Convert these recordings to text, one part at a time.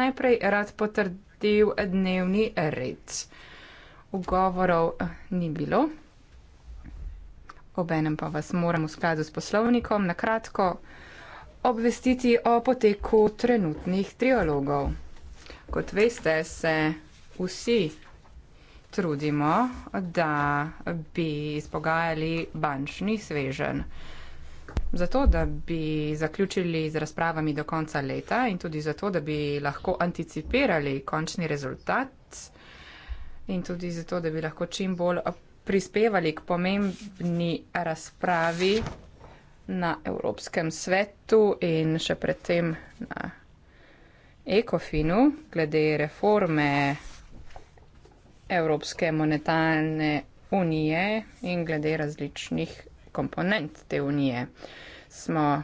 najprej rad potrdil dnevni red. Ugovorov eh, ni bilo. Obenem pa vas moram v skladu s poslovnikom na kratko obvestiti o poteku trenutnih triologov. Kot veste, se vsi trudimo, da bi izpogajali bančni svežen. Zato, da bi zaključili z razpravami do konca leta in tudi zato, da bi lahko anticipirali končni rezultat in tudi zato, da bi lahko čim bolj prispevali k pomembni razpravi na Evropskem svetu in še predtem na ekofinu glede reforme Evropske monetarne unije in glede različnih komponent te unije, smo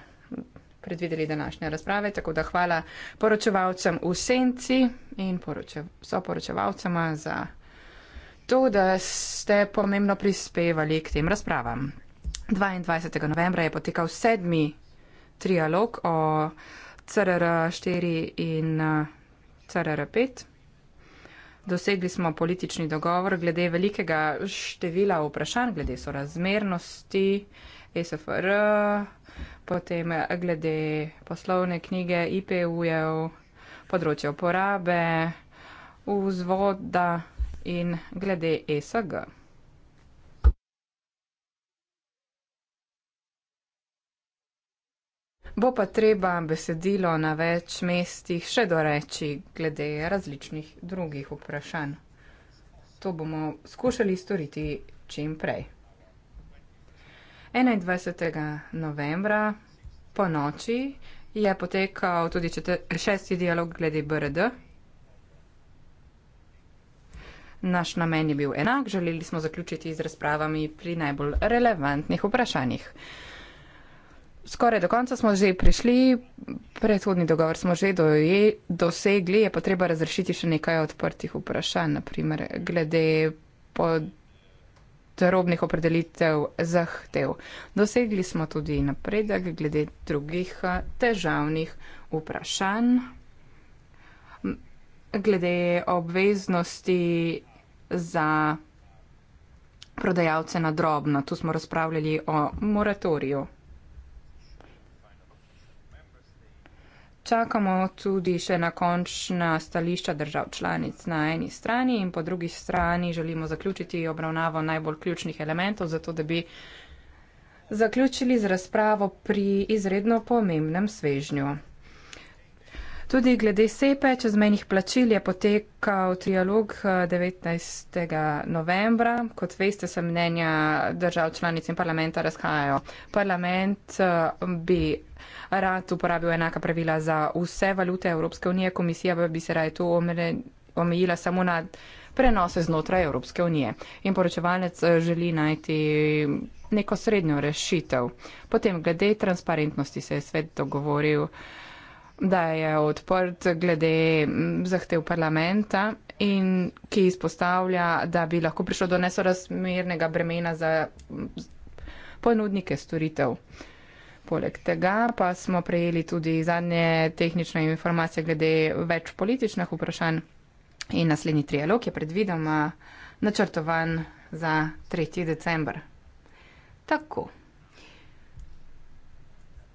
predvideli današnje razprave, tako da hvala poročevalcem v senci in poročev, so poročevalcema za to, da ste pomembno prispevali k tem razpravam. 22. novembra je potekal sedmi trialog o CRR4 in CRR5. Dosegli smo politični dogovor glede velikega števila vprašanj, glede sorazmernosti, e SFR, potem glede poslovne knjige, IPV-jev, področje uporabe, vzvoda in glede ESG. bo pa treba besedilo na več mestih še doreči glede različnih drugih vprašanj. To bomo skušali storiti čim prej. 21. novembra po noči je potekal tudi četr, šesti dialog glede BRD. Naš namen je bil enak, želeli smo zaključiti z razpravami pri najbolj relevantnih vprašanjih skoraj do konca smo že prišli, predhodni dogovor smo že doje, dosegli, je pa treba razrešiti še nekaj odprtih vprašanj, naprimer glede podrobnih opredelitev zahtev. Dosegli smo tudi napredek glede drugih eh, težavnih vprašanj, glede obveznosti za prodajalce na drobno. Tu smo razpravljali o moratoriju. čakamo tudi še na končna stališča držav članic na eni strani in po drugi strani želimo zaključiti obravnavo najbolj ključnih elementov, zato da bi zaključili z razpravo pri izredno pomembnem svežnju. Tudi glede sepe čezmejnih plačil je potekal trialog 19. Eh, novembra. Kot veste, se mnenja držav članic in parlamenta razhajajo. Parlament eh, bi rad uporabil enaka pravila za vse valute Evropske unije, komisija pa bi se raje to omejila samo na prenose znotraj Evropske unije. In poročevalec eh, želi najti neko srednjo rešitev. Potem glede transparentnosti se je svet dogovoril da je odprt glede zahtev parlamenta in ki izpostavlja, da bi lahko prišlo do nesorazmernega bremena za ponudnike storitev. Poleg tega pa smo prejeli tudi zadnje tehnične informacije glede več političnih vprašanj in naslednji trialog je predvidoma načrtovan za 3. decembr. Tako.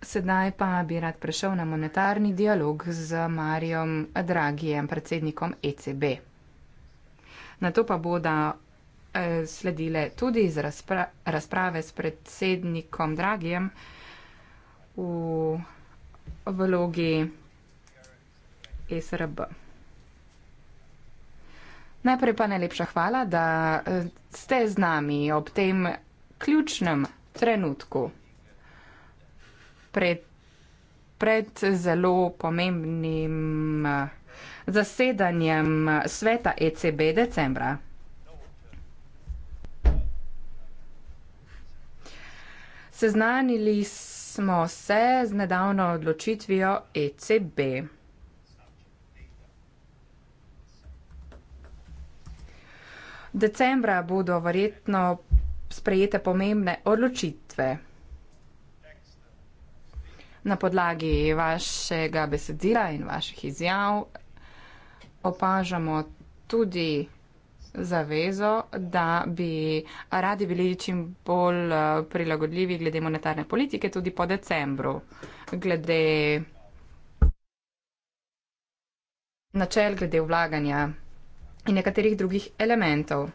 Sedaj pa bi rad prešel na monetarni dialog z Marijom Dragijem, predsednikom ECB. Na to pa bodo eh, sledile tudi z razpra razprave s predsednikom Dragijem v vlogi e SRB. Najprej pa najlepša hvala, da eh, ste z nami ob tem ključnem trenutku pred, pred zelo pomembnim eh, zasedanjem eh, sveta ECB decembra. Seznanili smo se z nedavno odločitvijo ECB. Decembra bodo verjetno sprejete pomembne odločitve na podlagi vašega besedila in vaših izjav opažamo tudi zavezo, da bi radi bili čim bolj eh, prilagodljivi glede monetarne politike tudi po decembru, glede načel, glede vlaganja in nekaterih drugih elementov.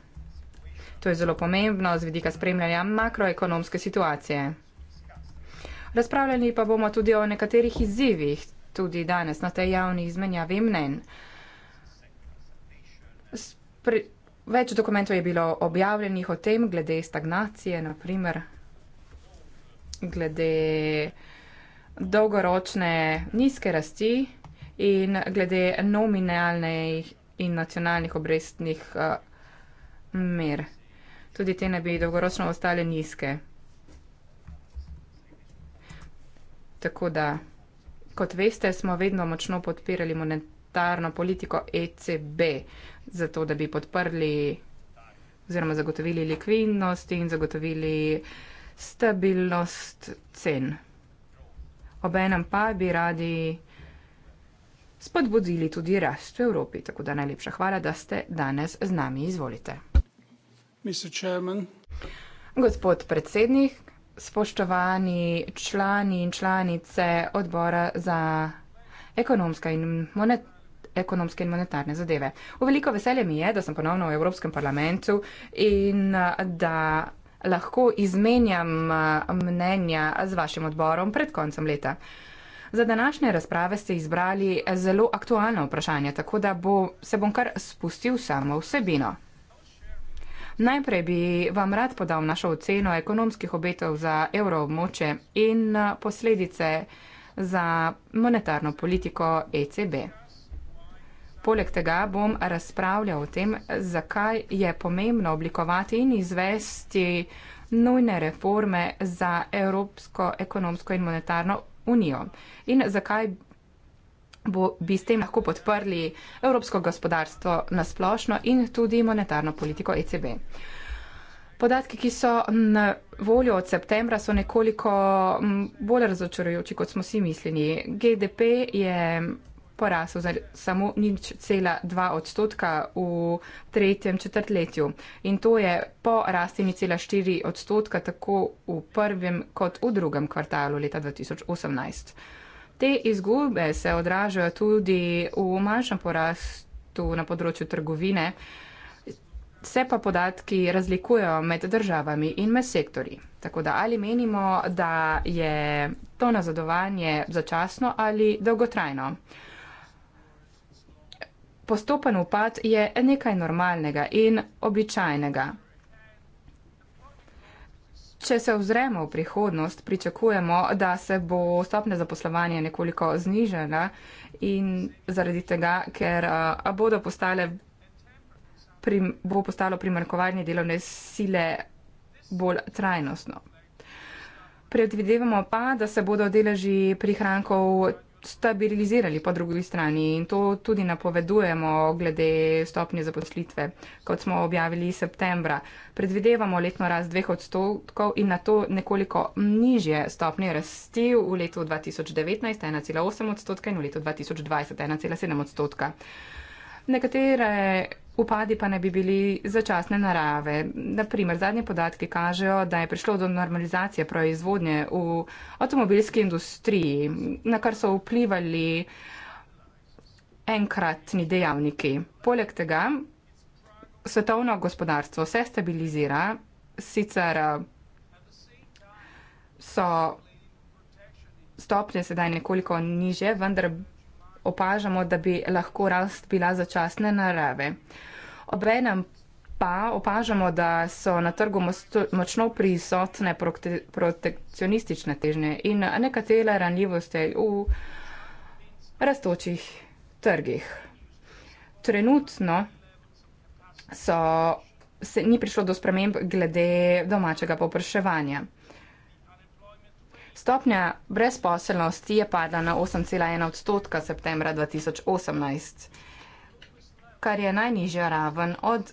To je zelo pomembno z vidika spremljanja makroekonomske situacije. Razpravljali pa bomo tudi o nekaterih izzivih, tudi danes na tej javni izmenjavi mnenj. Spre Več dokumentov je bilo objavljenih o tem, glede stagnacije, naprimer, glede dolgoročne nizke rasti in glede nominalnih in nacionalnih obrestnih uh, mer. Tudi te ne bi dolgoročno ostale nizke. Tako da, kot veste, smo vedno močno podpirali monetarno politiko ECB, zato da bi podprli oziroma zagotovili likvidnost in zagotovili stabilnost cen. Obenem pa bi radi spodbudili tudi rast v Evropi. Tako da najlepša hvala, da ste danes z nami. Izvolite. Gospod predsednik spoštovani člani in članice odbora za ekonomska in monetarna ekonomske in monetarne zadeve. V veliko veselje mi je, da sem ponovno v Evropskem parlamentu in da lahko izmenjam mnenja z vašim odborom pred koncem leta. Za današnje razprave ste izbrali zelo aktualno vprašanje, tako da bo, se bom kar spustil samo vsebino. Najprej bi vam rad podal našo oceno ekonomskih obetov za evroobmoče in eh, posledice za monetarno politiko ECB. Poleg tega bom razpravljal o tem, zakaj je pomembno oblikovati in izvesti nujne reforme za Evropsko ekonomsko in monetarno unijo in zakaj bo, bi s tem lahko podprli evropsko gospodarstvo na splošno in tudi monetarno politiko ECB. Podatki, ki so na voljo od septembra, so nekoliko bolj razočarujoči, kot smo si mislili. GDP je porasel za samo nič cela dva odstotka v tretjem četrtletju in to je po rasti nič cela štiri odstotka tako v prvem kot v drugem kvartalu leta 2018. Te izgube se odražajo tudi v manjšem porastu na področju trgovine, se pa podatki razlikujejo med državami in med sektorji. Tako da ali menimo, da je to nazadovanje začasno ali dolgotrajno. Postopen upad je nekaj normalnega in običajnega. Če se ozremo v prihodnost, pričakujemo, da se bo stopnja zaposlovanja nekoliko znižala in zaradi tega, ker bodo postale, bo postalo primarkovanje delovne sile bolj trajnostno. Predvidevamo pa, da se bodo deleži prihrankov stabilizirali po drugi strani in to tudi napovedujemo glede stopnje zaposlitve, kot smo objavili septembra. Predvidevamo letno rast dveh odstotkov in na to nekoliko nižje stopnje rasti v letu 2019 1,8 odstotka in v letu 2020 1,7 odstotka. Nekatere Upadi pa ne bi bili začasne narave. Naprimer, zadnje podatke kažejo, da je prišlo do normalizacije proizvodnje v avtomobilski industriji, na kar so vplivali enkratni dejavniki. Poleg tega svetovno gospodarstvo se stabilizira, sicer so stopnje sedaj nekoliko niže, vendar opažamo, da bi lahko rast bila začasne narave. Obenem pa opažamo, da so na trgu močno prisotne protekcionistične težnje in nekatere ranljivosti v rastočih trgih. Trenutno so, se ni prišlo do sprememb glede domačega popraševanja. Stopnja brezposelnosti je padla na 8,1 odstotka septembra 2018, kar je najnižja raven od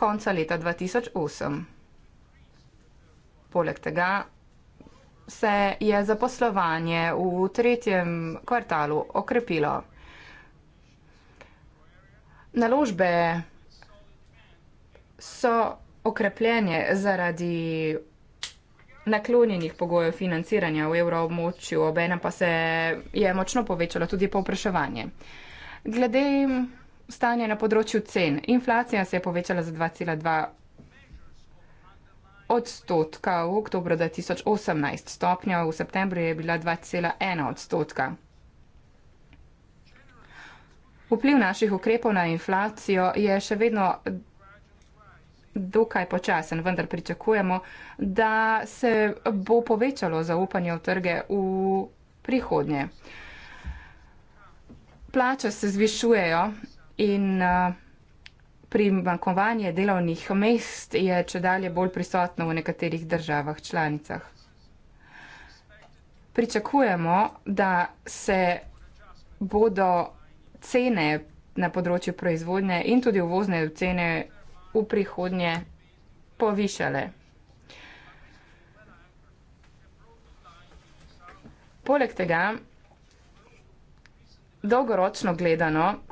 konca leta 2008. Poleg tega se je zaposlovanje v tretjem kvartalu okrepilo. Naložbe so okrepljene zaradi naklonjenih pogojev financiranja v evroobmočju, obenem pa se je močno povečalo tudi povpraševanje. Glede stanja na področju cen, inflacija se je povečala za 2,2 odstotka v oktobru 2018, stopnja v septembru je bila 2,1 odstotka. Vpliv naših ukrepov na inflacijo je še vedno dokaj počasen, vendar pričakujemo, da se bo povečalo zaupanje v trge v prihodnje. Plače se zvišujejo in eh, pri bankovanju delovnih mest je če dalje bolj prisotno v nekaterih državah članicah. Pričakujemo, da se bodo cene na področju proizvodnje in tudi uvozne cene v prihodnje povišale. Poleg tega, dolgoročno gledano,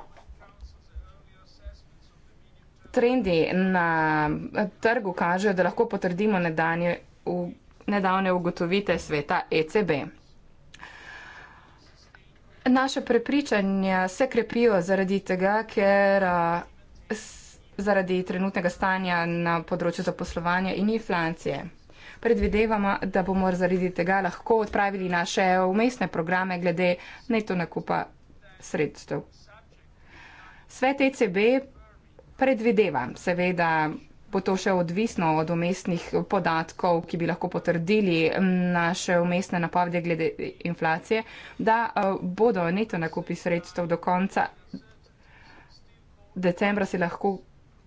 trendi na trgu kažejo, da lahko potrdimo nedanje, v, nedavne ugotovite sveta ECB. Naše prepričanja se krepijo zaradi tega, ker uh, zaradi trenutnega stanja na področju zaposlovanja in inflacije. Predvidevamo, da bomo zaradi tega lahko odpravili naše umestne programe glede neto nakupa sredstev. Svet ECB predvideva, seveda bo to še odvisno od umestnih podatkov, ki bi lahko potrdili naše umestne napovede glede inflacije, da eh, bodo neto nakupi sredstev do konca decembra se lahko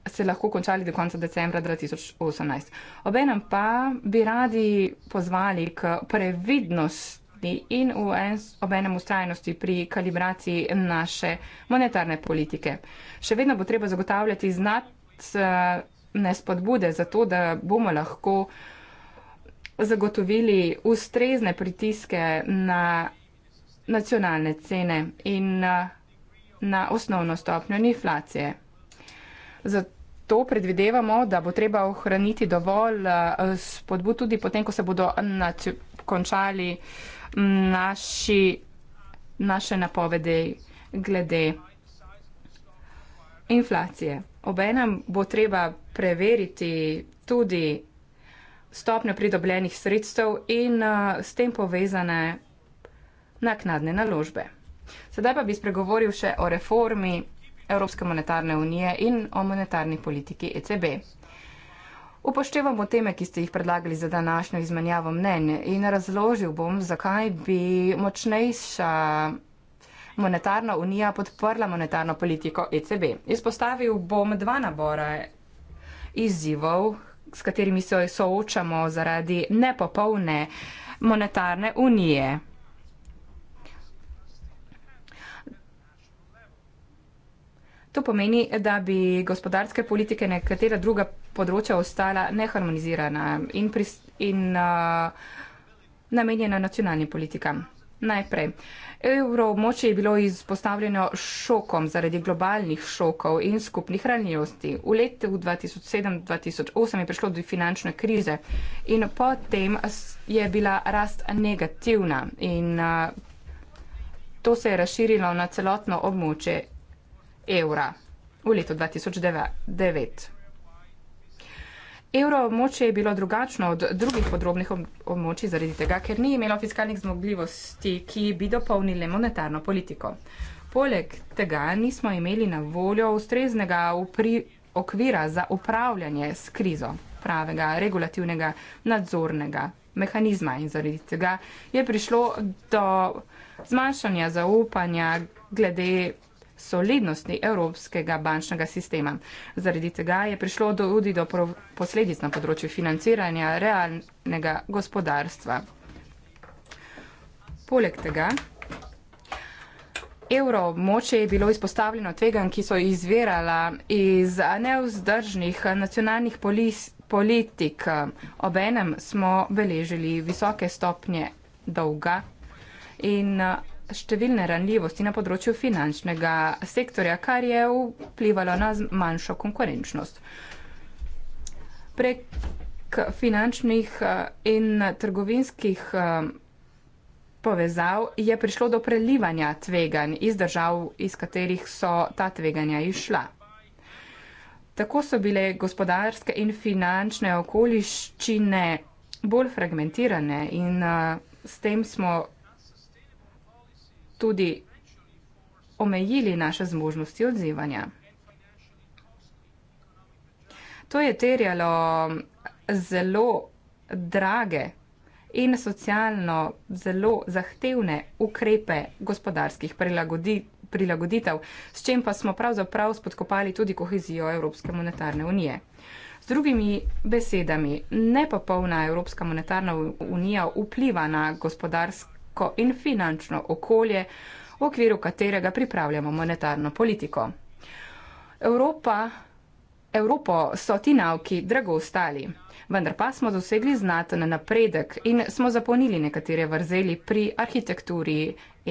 se lahko končali do konca decembra 2018. Obenem pa bi radi pozvali k previdnosti in v obenem ustrajnosti pri kalibraciji naše monetarne politike. Še vedno bo treba zagotavljati znatne spodbude za to, da bomo lahko zagotovili ustrezne pritiske na nacionalne cene in na osnovno stopnjo inflacije. Zato to predvidevamo, da bo treba ohraniti dovolj eh, spodbud tudi potem, ko se bodo končali mm, naši, naše napovedi glede inflacije. Obenem bo treba preveriti tudi stopnjo pridobljenih sredstev in eh, s tem povezane naknadne naložbe. Sedaj pa bi spregovoril še o reformi Evropske monetarne unije in o monetarni politiki ECB. Upoštevamo teme, ki ste jih predlagali za današnjo izmenjavo mnenj in razložil bom, zakaj bi močnejša monetarna unija podprla monetarno politiko ECB. Izpostavil bom dva nabora izzivov, s katerimi se soočamo zaradi nepopolne monetarne unije. To pomeni, da bi gospodarske politike nekatera druga področja ostala neharmonizirana in, pri, in uh, namenjena nacionalnim politikam. Najprej. Evroobmočje je bilo izpostavljeno šokom zaradi globalnih šokov in skupnih ranjivosti. V letu 2007-2008 je prišlo do finančne krize in potem je bila rast negativna in uh, to se je razširilo na celotno območje evra v letu 2009. Evro območje je bilo drugačno od drugih podrobnih območij zaradi tega, ker ni imelo fiskalnih zmogljivosti, ki bi dopolnile monetarno politiko. Poleg tega nismo imeli na voljo ustreznega okvira za upravljanje s krizo, pravega regulativnega nadzornega mehanizma in zaradi tega je prišlo do zmanjšanja zaupanja glede solidnosti evropskega bančnega sistema. Zaradi tega je prišlo tudi do posledic na področju financiranja realnega gospodarstva. Poleg tega. Evro moče je bilo izpostavljeno tvegan, ki so izvirala iz neuzdržnih nacionalnih polis, politik. Obenem smo beležili visoke stopnje dolga in številne ranljivosti na področju finančnega sektorja, kar je vplivalo na manjšo konkurenčnost. Prek finančnih eh, in trgovinskih eh, povezav je prišlo do prelivanja tveganj iz držav, iz katerih so ta tveganja išla. Tako so bile gospodarske in finančne okoliščine bolj fragmentirane in uh, s tem smo tudi omejili naše zmožnosti odzivanja. To je terjalo zelo drage in socialno zelo zahtevne ukrepe gospodarskih prilagoditev, s čem pa smo pravzaprav spodkopali tudi kohezijo Evropske monetarne unije. Z drugimi besedami, nepopolna Evropska monetarna unija vpliva na gospodarsko politiko in finančno okolje, v okviru katerega pripravljamo monetarno politiko. Evropa, Evropo so ti navki drago ostali, vendar pa smo dosegli znaten napredek in smo zapolnili nekatere vrzeli pri arhitekturi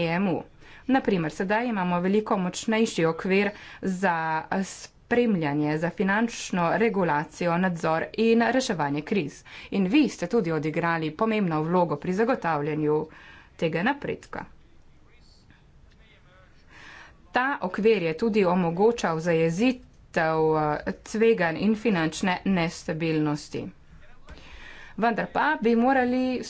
EMU. Naprimer, sedaj imamo veliko močnejši okvir za spremljanje, za finančno regulacijo, nadzor in reševanje kriz. In vi ste tudi odigrali pomembno vlogo pri zagotavljanju tega napredka. Ta okvir je tudi omogočal zajezitev eh, tvegan in finančne nestabilnosti. Vendar pa bi morali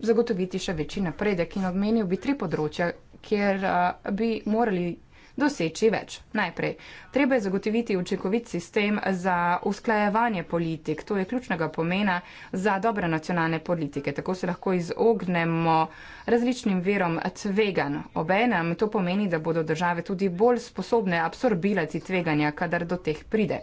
zagotoviti še večji napredek in obmenil bi tri področja, kjer eh, bi morali doseči več. Najprej, treba je zagotoviti učinkovit sistem za usklajevanje politik. To je ključnega pomena za dobre nacionalne politike. Tako se lahko izognemo različnim verom tvegan. Obenem to pomeni, da bodo države tudi bolj sposobne absorbirati tveganja, kadar do teh pride.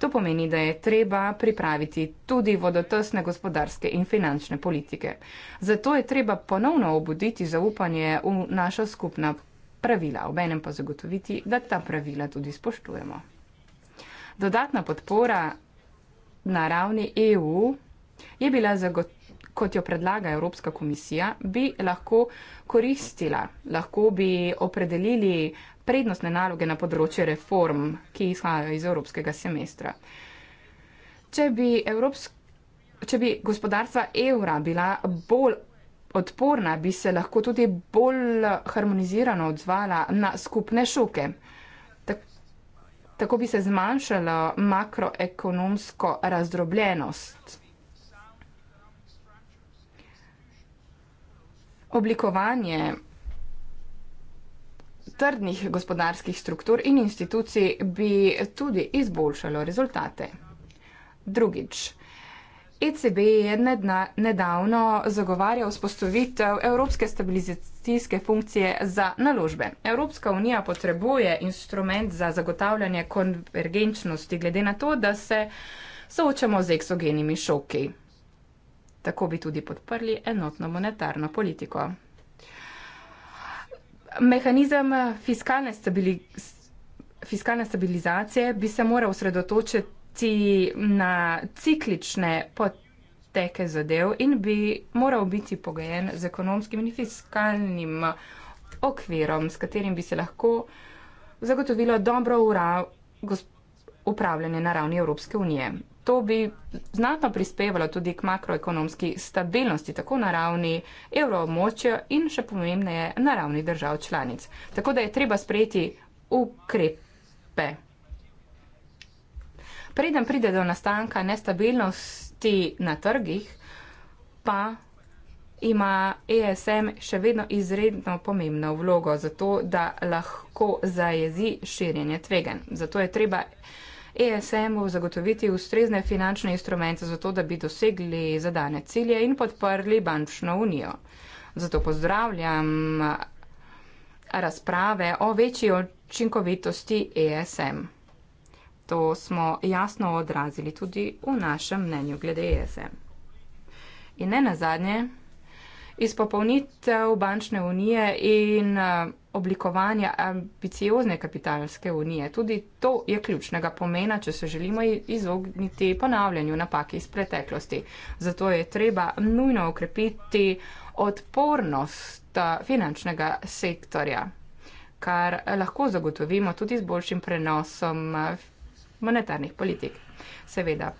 To pomeni, da je treba pripraviti tudi vodotesne gospodarske in finančne politike. Zato je treba ponovno obuditi zaupanje v naša skupna pravila, obenem pa zagotoviti, da ta pravila tudi spoštujemo. Dodatna podpora na ravni EU je bila zagotovljena kot jo predlaga Evropska komisija, bi lahko koristila, lahko bi opredelili prednostne naloge na področju reform, ki izhajajo iz evropskega semestra. Če bi, evropsk... Če bi gospodarstva evra bila bolj odporna, bi se lahko tudi bolj harmonizirano odzvala na skupne šoke. Tako bi se zmanjšala makroekonomsko razdrobljenost. Oblikovanje trdnih gospodarskih struktur in institucij bi tudi izboljšalo rezultate. Drugič, ECB je nedavno zagovarjal vzpostavitev Evropske stabilizacijske funkcije za naložbe. Evropska unija potrebuje instrument za zagotavljanje konvergenčnosti, glede na to, da se soočamo z eksogenimi šoki. Tako bi tudi podprli enotno monetarno politiko. Mehanizem fiskalne, stabili fiskalne stabilizacije bi se moral osredotočiti pritiskati na ciklične poteke zadev in bi moral biti pogojen z ekonomskim in fiskalnim okvirom, s katerim bi se lahko zagotovilo dobro ura, upravljanje na ravni Evropske unije. To bi znatno prispevalo tudi k makroekonomski stabilnosti, tako na ravni evroobmočja in še pomembneje na ravni držav članic. Tako da je treba sprejeti ukrepe. Preden pride do nastanka nestabilnosti na trgih, pa ima ESM še vedno izredno pomembno vlogo za to, da lahko zajezi širjenje tvegan. Zato je treba ESM-u zagotoviti ustrezne finančne instrumente za to, da bi dosegli zadane cilje in podprli bančno unijo. Zato pozdravljam razprave o večji očinkovitosti ESM. -u. To smo jasno odrazili tudi v našem mnenju glede ESM. In ne nazadnje, izpopolnitev bančne unije in eh, oblikovanje ambiciozne kapitalske unije, tudi to je ključnega pomena, če se želimo izogniti ponavljanju napak iz preteklosti. Zato je treba nujno okrepiti odpornost eh, finančnega sektorja kar eh, lahko zagotovimo tudi z boljšim prenosom monetarnih politik. Seveda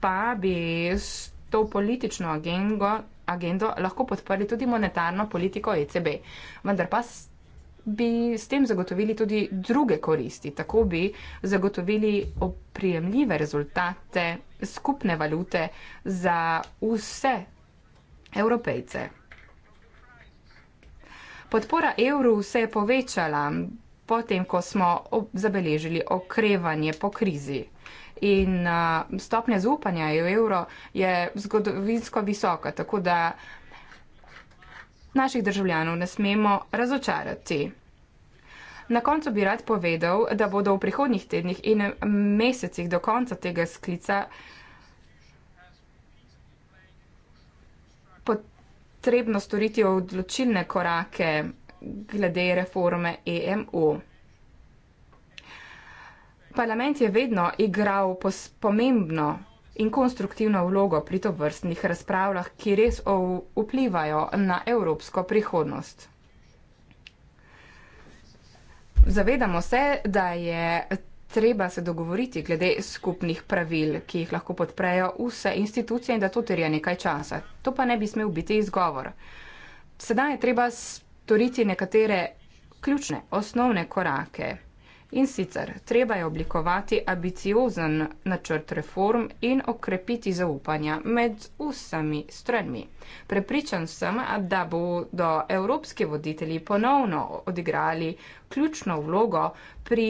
pa bi s to politično agendo, agendo lahko podprli tudi monetarno politiko ECB. Vendar pa bi s tem zagotovili tudi druge koristi. Tako bi zagotovili oprijemljive rezultate skupne valute za vse evropejce. Podpora evru se je povečala, potem, ko smo ob, zabeležili okrevanje po krizi. In uh, stopnja zaupanja v evro je zgodovinsko visoka, tako da naših državljanov ne smemo razočarati. Na koncu bi rad povedal, da bodo v prihodnjih tednih in mesecih do konca tega sklica potrebno storiti odločilne korake glede reforme EMU. Parlament je vedno igral pomembno in konstruktivno vlogo pri tovrstnih razpravljah, ki res vplivajo na evropsko prihodnost. Zavedamo se, da je treba se dogovoriti glede skupnih pravil, ki jih lahko podprejo vse institucije in da to terja nekaj časa. To pa ne bi smel biti izgovor. Sedaj je treba storiti nekatere ključne, osnovne korake. In sicer treba je oblikovati ambiciozen načrt reform in okrepiti zaupanja med vsemi stranmi. Prepričan sem, da bodo evropski voditelji ponovno odigrali ključno vlogo pri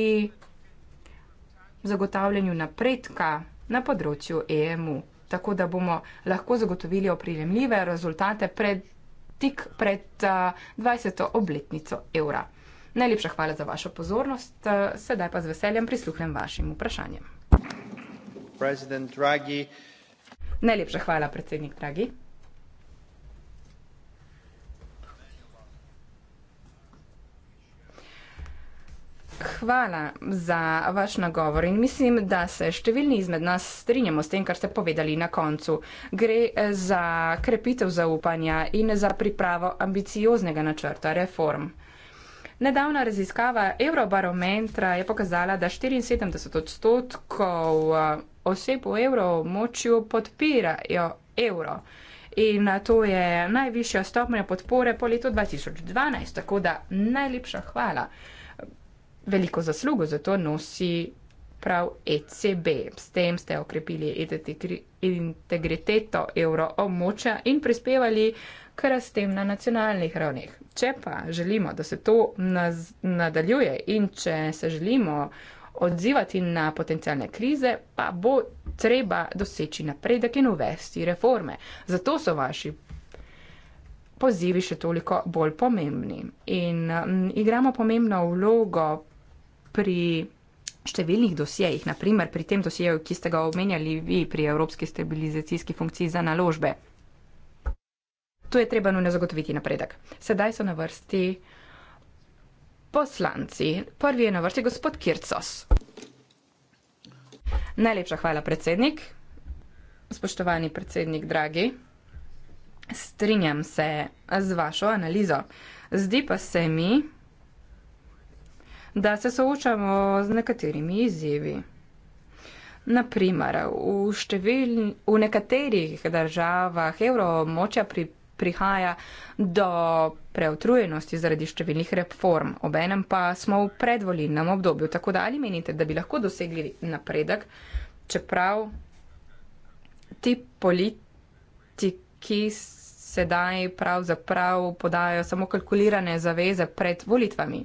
zagotavljanju napredka na področju EMU, tako da bomo lahko zagotovili oprijemljive rezultate pred tik pred uh, eh, 20. obletnico evra. Najlepša hvala za vašo pozornost, uh, sedaj pa z veseljem prisluhnem vašim vprašanjem. Najlepša hvala, predsednik Dragi. hvala za vaš nagovor in mislim, da se številni izmed nas strinjamo s tem, kar ste povedali na koncu. Gre eh, za krepitev zaupanja in za pripravo ambicioznega načrta reform. Nedavna raziskava Eurobarometra je pokazala, da 74 odstotkov eh, oseb v evromočju podpirajo evro. In eh, to je najvišja stopnja podpore po letu 2012, tako da najlepša hvala veliko zaslugo za to nosi prav ECB. S tem ste okrepili integriteto evro območja in prispevali k rastem na nacionalnih ravneh. Če pa želimo, da se to nadaljuje in če se želimo odzivati na potencijalne krize, pa bo treba doseči napredek in uvesti reforme. Zato so vaši pozivi še toliko bolj pomembni. In um, igramo pomembno vlogo pri številnih dosjejih, naprimer pri tem dosjeju, ki ste ga omenjali vi pri Evropski stabilizacijski funkciji za naložbe. Tu je treba nujno zagotoviti napredek. Sedaj so na vrsti poslanci. Prvi je na vrsti gospod Kircos. Najlepša hvala, predsednik. Spoštovani predsednik, dragi, strinjam se z vašo analizo. Zdi pa se mi, da se soočamo z nekaterimi izzivi. Naprimer, v, števil, v nekaterih državah evromoča pri, prihaja do preotrujenosti zaradi številnih reform, obenem pa smo v predvolilnem obdobju. Tako da ali menite, da bi lahko dosegli napredek, čeprav ti politiki sedaj pravzaprav podajo samo kalkulirane zaveze pred volitvami?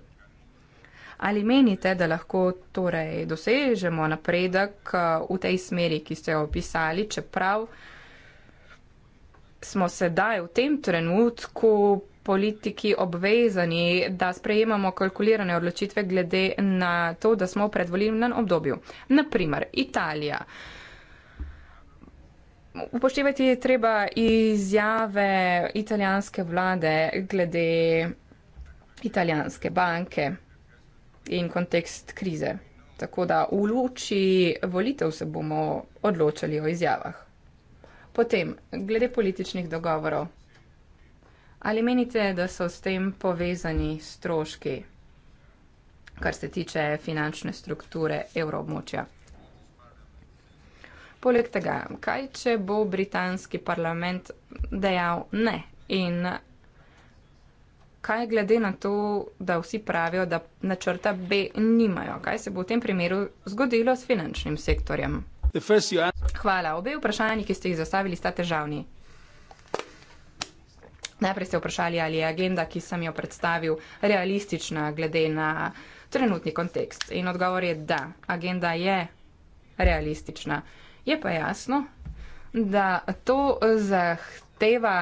Ali menite, da lahko torej dosežemo napredek eh, v tej smeri, ki ste jo opisali, čeprav smo sedaj v tem trenutku politiki obvezani, da sprejemamo kalkulirane odločitve glede na to, da smo v predvolilnem obdobju. Naprimer, Italija. Upoštevati je treba izjave italijanske vlade glede italijanske banke in kontekst krize. Tako da v luči volitev se bomo odločali o izjavah. Potem, glede političnih dogovorov. Ali menite, da so s tem povezani stroški, kar se tiče finančne strukture evroobmočja? Poleg tega, kaj če bo britanski parlament dejal ne in kaj glede na to, da vsi pravijo, da načrta B nimajo? Kaj se bo v tem primeru zgodilo s finančnim sektorjem? Hvala. Obe vprašanji, ki ste jih zastavili, sta težavni. Najprej ste vprašali, ali je agenda, ki sem jo predstavil, realistična glede na trenutni kontekst. In odgovor je, da agenda je realistična. Je pa jasno, da to zahteva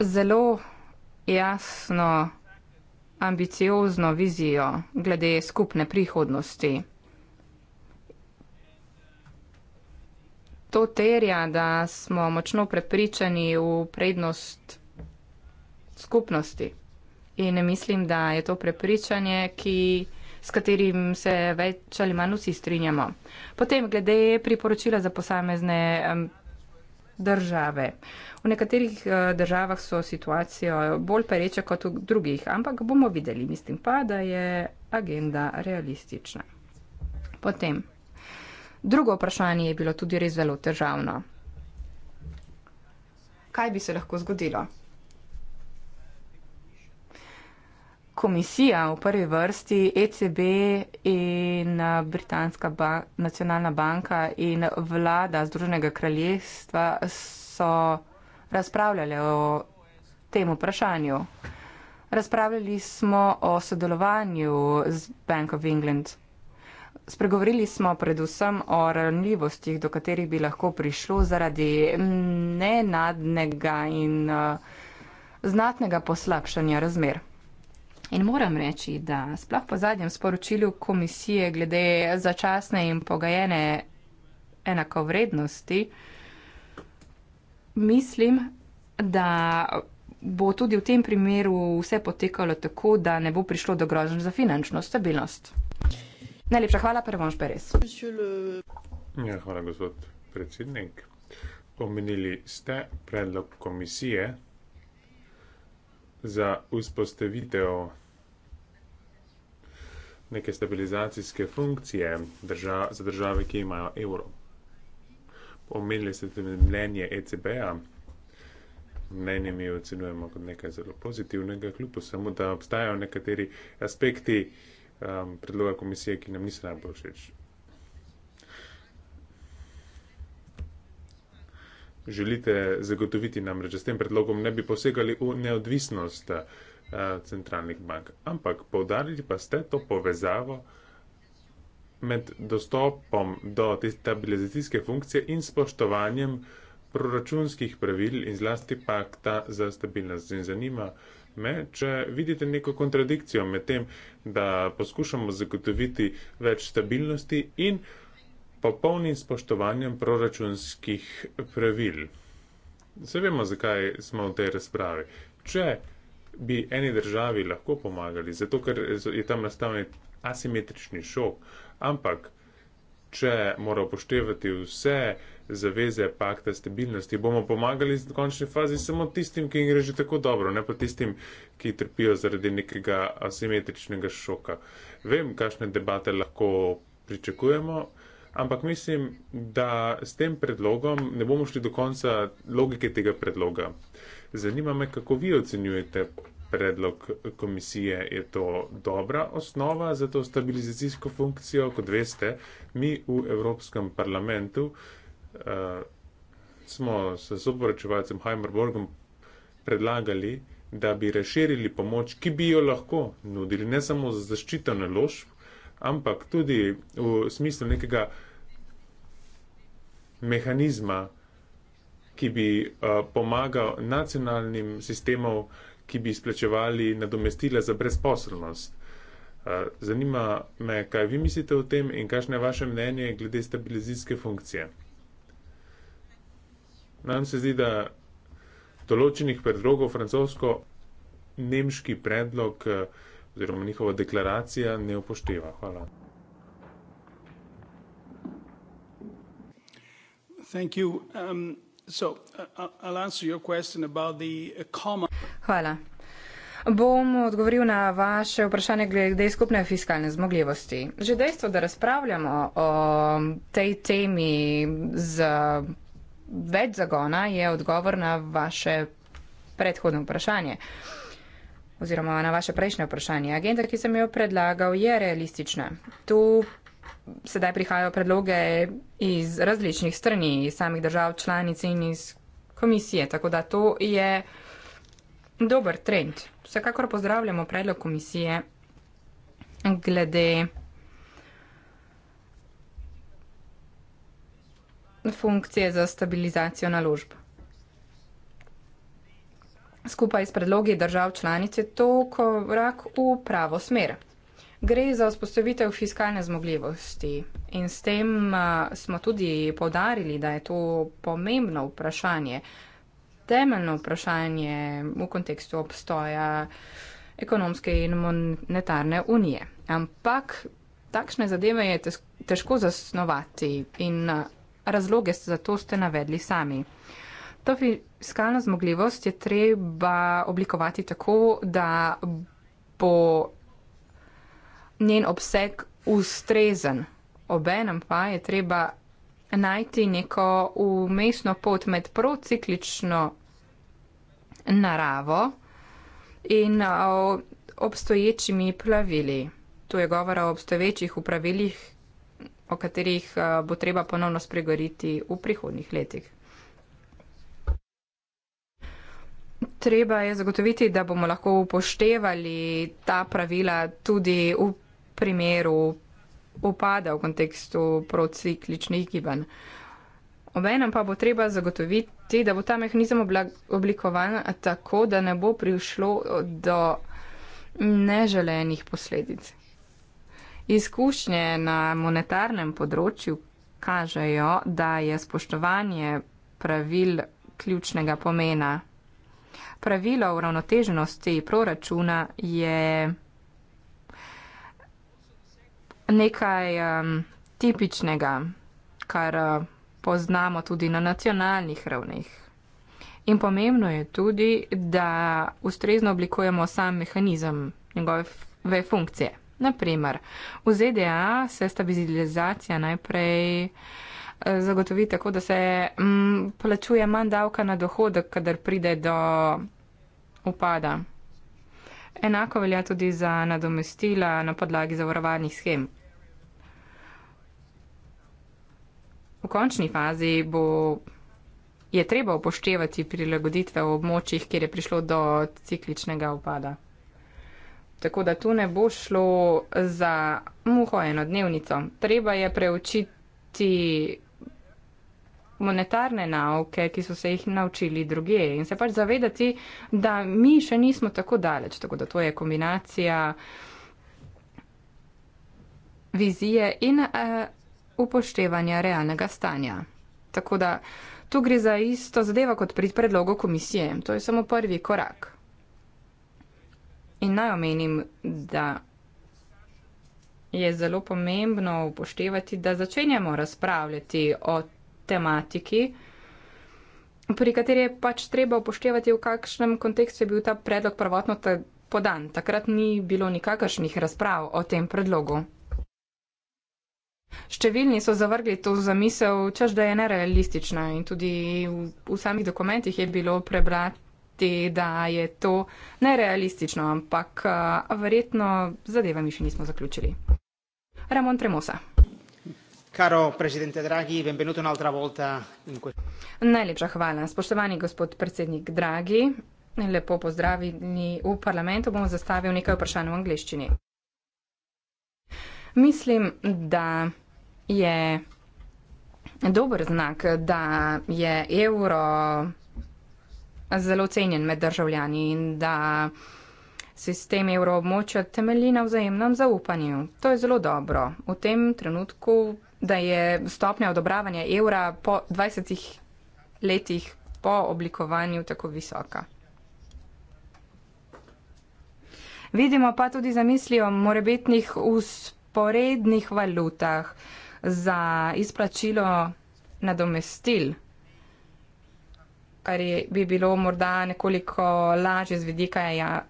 zelo jasno, ambiciozno vizijo glede skupne prihodnosti. To terja, da smo močno prepričani v prednost skupnosti. In mislim, da je to prepričanje, ki, s katerim se več ali manj vsi strinjamo. Potem glede priporočila za posamezne države. V nekaterih eh, državah so situacijo bolj pereče kot v drugih, ampak bomo videli, mislim pa, da je agenda realistična. Potem, drugo vprašanje je bilo tudi res zelo težavno. Kaj bi se lahko zgodilo? komisija v prvi vrsti, ECB in eh, Britanska ba nacionalna banka in vlada Združenega kraljestva so razpravljali o tem vprašanju. Razpravljali smo o sodelovanju z Bank of England. Spregovorili smo predvsem o ranljivostih, do katerih bi lahko prišlo zaradi nenadnega in eh, znatnega poslabšanja razmer. In moram reči, da sploh po zadnjem sporočilu komisije glede začasne in pogajene enakovrednosti, mislim, da bo tudi v tem primeru vse potekalo tako, da ne bo prišlo do grožen za finančno stabilnost. Najlepša hvala, Prvonš Beres. Ja, hvala, gospod predsednik. Omenili ste predlog komisije za vzpostavitev neke stabilizacijske funkcije držav, za države, ki imajo evro. Omenili ste tudi mnenje ECB-a. Mnenje mi ocenujemo kot nekaj zelo pozitivnega, kljub samo, da obstajajo nekateri aspekti um, predloga komisije, ki nam niso najbolj všeč. želite zagotoviti. Namreč s tem predlogom ne bi posegali v neodvisnost eh, centralnih bank. Ampak povdarili pa ste to povezavo med dostopom do te stabilizacijske funkcije in spoštovanjem proračunskih pravil in zlasti pakta za stabilnost. In zanima me, če vidite neko kontradikcijo med tem, da poskušamo zagotoviti več stabilnosti in popolnim spoštovanjem proračunskih pravil. Se vemo, zakaj smo v tej razpravi. Če bi eni državi lahko pomagali, zato ker je tam nastavljen asimetrični šok, ampak če mora upoštevati vse zaveze pakta stabilnosti, bomo pomagali v končni fazi samo tistim, ki jim gre že tako dobro, ne pa tistim, ki trpijo zaradi nekega asimetričnega šoka. Vem, kakšne debate lahko pričakujemo ampak mislim, da s tem predlogom ne bomo šli do konca logike tega predloga. Zanima me, kako vi ocenjujete predlog komisije. Je to dobra osnova za to stabilizacijsko funkcijo? Kot veste, mi v Evropskem parlamentu uh, smo s soporočevalcem Heimerborgom predlagali, da bi razširili pomoč, ki bi jo lahko nudili ne samo za zaščito naložb, ampak tudi v smislu nekega mehanizma, ki bi uh, pomagal nacionalnim sistemom, ki bi izplačevali nadomestila za brezposobnost. Eh, zanima me, kaj vi mislite o tem in kakšno je vaše mnenje glede stabilizacijske funkcije. Nam se zdi, da določenih predlogov, francosko-nemški predlog, eh, oziroma njihova deklaracija ne upošteva. Hvala. Thank you. Um, so, uh, uh I'll answer your question about the uh, common. Hvala. Bom odgovoril na vaše vprašanje glede skupne fiskalne zmogljivosti. Že dejstvo, da razpravljamo o tej temi z več zagona, je odgovor na vaše predhodno vprašanje. Uh, oziroma na vaše prejšnje vprašanje. Agenda, ki sem jo predlagal, je realistična. Tu sedaj prihajajo predloge iz različnih strani, iz samih držav članic in iz komisije, tako da to je dober trend. Vsekakor pozdravljamo predlog komisije glede funkcije za stabilizacijo naložb skupaj s predlogi držav članice to korak v pravo smer. Gre za vzpostavitev fiskalne zmogljivosti in s tem smo tudi podarili, da je to pomembno vprašanje, temeljno vprašanje v kontekstu obstoja ekonomske in monetarne unije. Ampak takšne zadeve je težko zasnovati in razloge za to ste navedli sami. To fiskalno zmogljivost je treba oblikovati tako, da bo njen obseg ustrezen. Obenem pa je treba najti neko umestno pot med prociklično naravo in obstoječimi pravili. Tu je govora o obstoječih upravilih, o katerih bo treba ponovno spregovoriti v prihodnih letih. treba je zagotoviti, da bomo lahko upoštevali ta pravila tudi v primeru upada v kontekstu prociklični gibanj. Obenem pa bo treba zagotoviti, da bo ta mehanizem oblikovan tako, da ne bo prišlo do neželenih posledic. Izkušnje na monetarnem področju kažejo, da je spoštovanje pravil ključnega pomena pravilo uravnoteženosti proračuna je nekaj um, tipičnega, kar uh, poznamo tudi na nacionalnih ravneh. In pomembno je tudi, da ustrezno oblikujemo sam mehanizem njegove funkcije. Naprimer, v ZDA se stabilizacija najprej zagotovi tako, da se m, mm, plačuje manj davka na dohodek, kadar pride do upada. Enako velja tudi za nadomestila na podlagi zavarovalnih schem. V končni fazi bo, je treba upoštevati prilagoditve v območjih, kjer je prišlo do cikličnega upada. Tako da tu ne bo šlo za muho enodnevnico. Treba je preučiti monetarne nauke, ki so se jih naučili druge in se pač zavedati, da mi še nismo tako daleč. Tako da to je kombinacija vizije in uh, upoštevanja realnega stanja. Tako da tu gre za isto zadevo kot pri predlogu komisije. To je samo prvi korak. In naj omenim, da je zelo pomembno upoštevati, da začenjamo razpravljati o tematiki, pri kateri je pač treba upoštevati, v kakšnem kontekstu je bil ta predlog prvotno ta podan. Takrat ni bilo nikakršnih razprav o tem predlogu. Številni so zavrgli to zamisel, čež da je nerealistična in tudi v, v samih dokumentih je bilo prebrati, da je to nerealistično, ampak verjetno zadevami še nismo zaključili. Ramon Tremosa. Caro predsednik Draghi, benvenuto un'altra volta in questo. Najlepša hvala. Spoštovani gospod predsednik Draghi, lepo pozdravljeni v parlamentu. Bom zastavil nekaj vprašanj v angleščini. Mislim, da je dober znak, da je evro zelo cenjen med državljani in da sistem evroobmočja temelji na vzajemnem zaupanju. To je zelo dobro. V tem trenutku da je stopnja odobravanja evra po 20 letih po oblikovanju tako visoka. Vidimo pa tudi zamislijo morebitnih usporednih valutah za izplačilo nadomestil, kar je, bi bilo morda nekoliko lažje z vidika ja,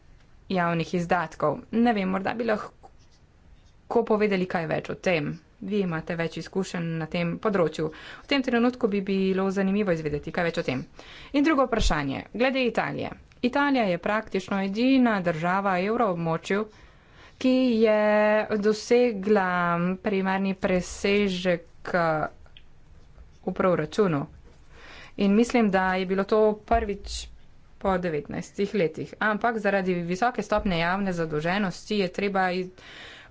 javnih izdatkov. Ne vem, morda bi lahko povedali kaj več o tem vi imate več izkušenj na tem področju. V tem trenutku bi bilo zanimivo izvedeti kaj več o tem. In drugo vprašanje, glede Italije. Italija je praktično edina država evroobmočju, ki je dosegla primarni presežek v proračunu. In mislim, da je bilo to prvič po 19 letih. Ampak zaradi visoke stopne javne zadolženosti je treba. Iz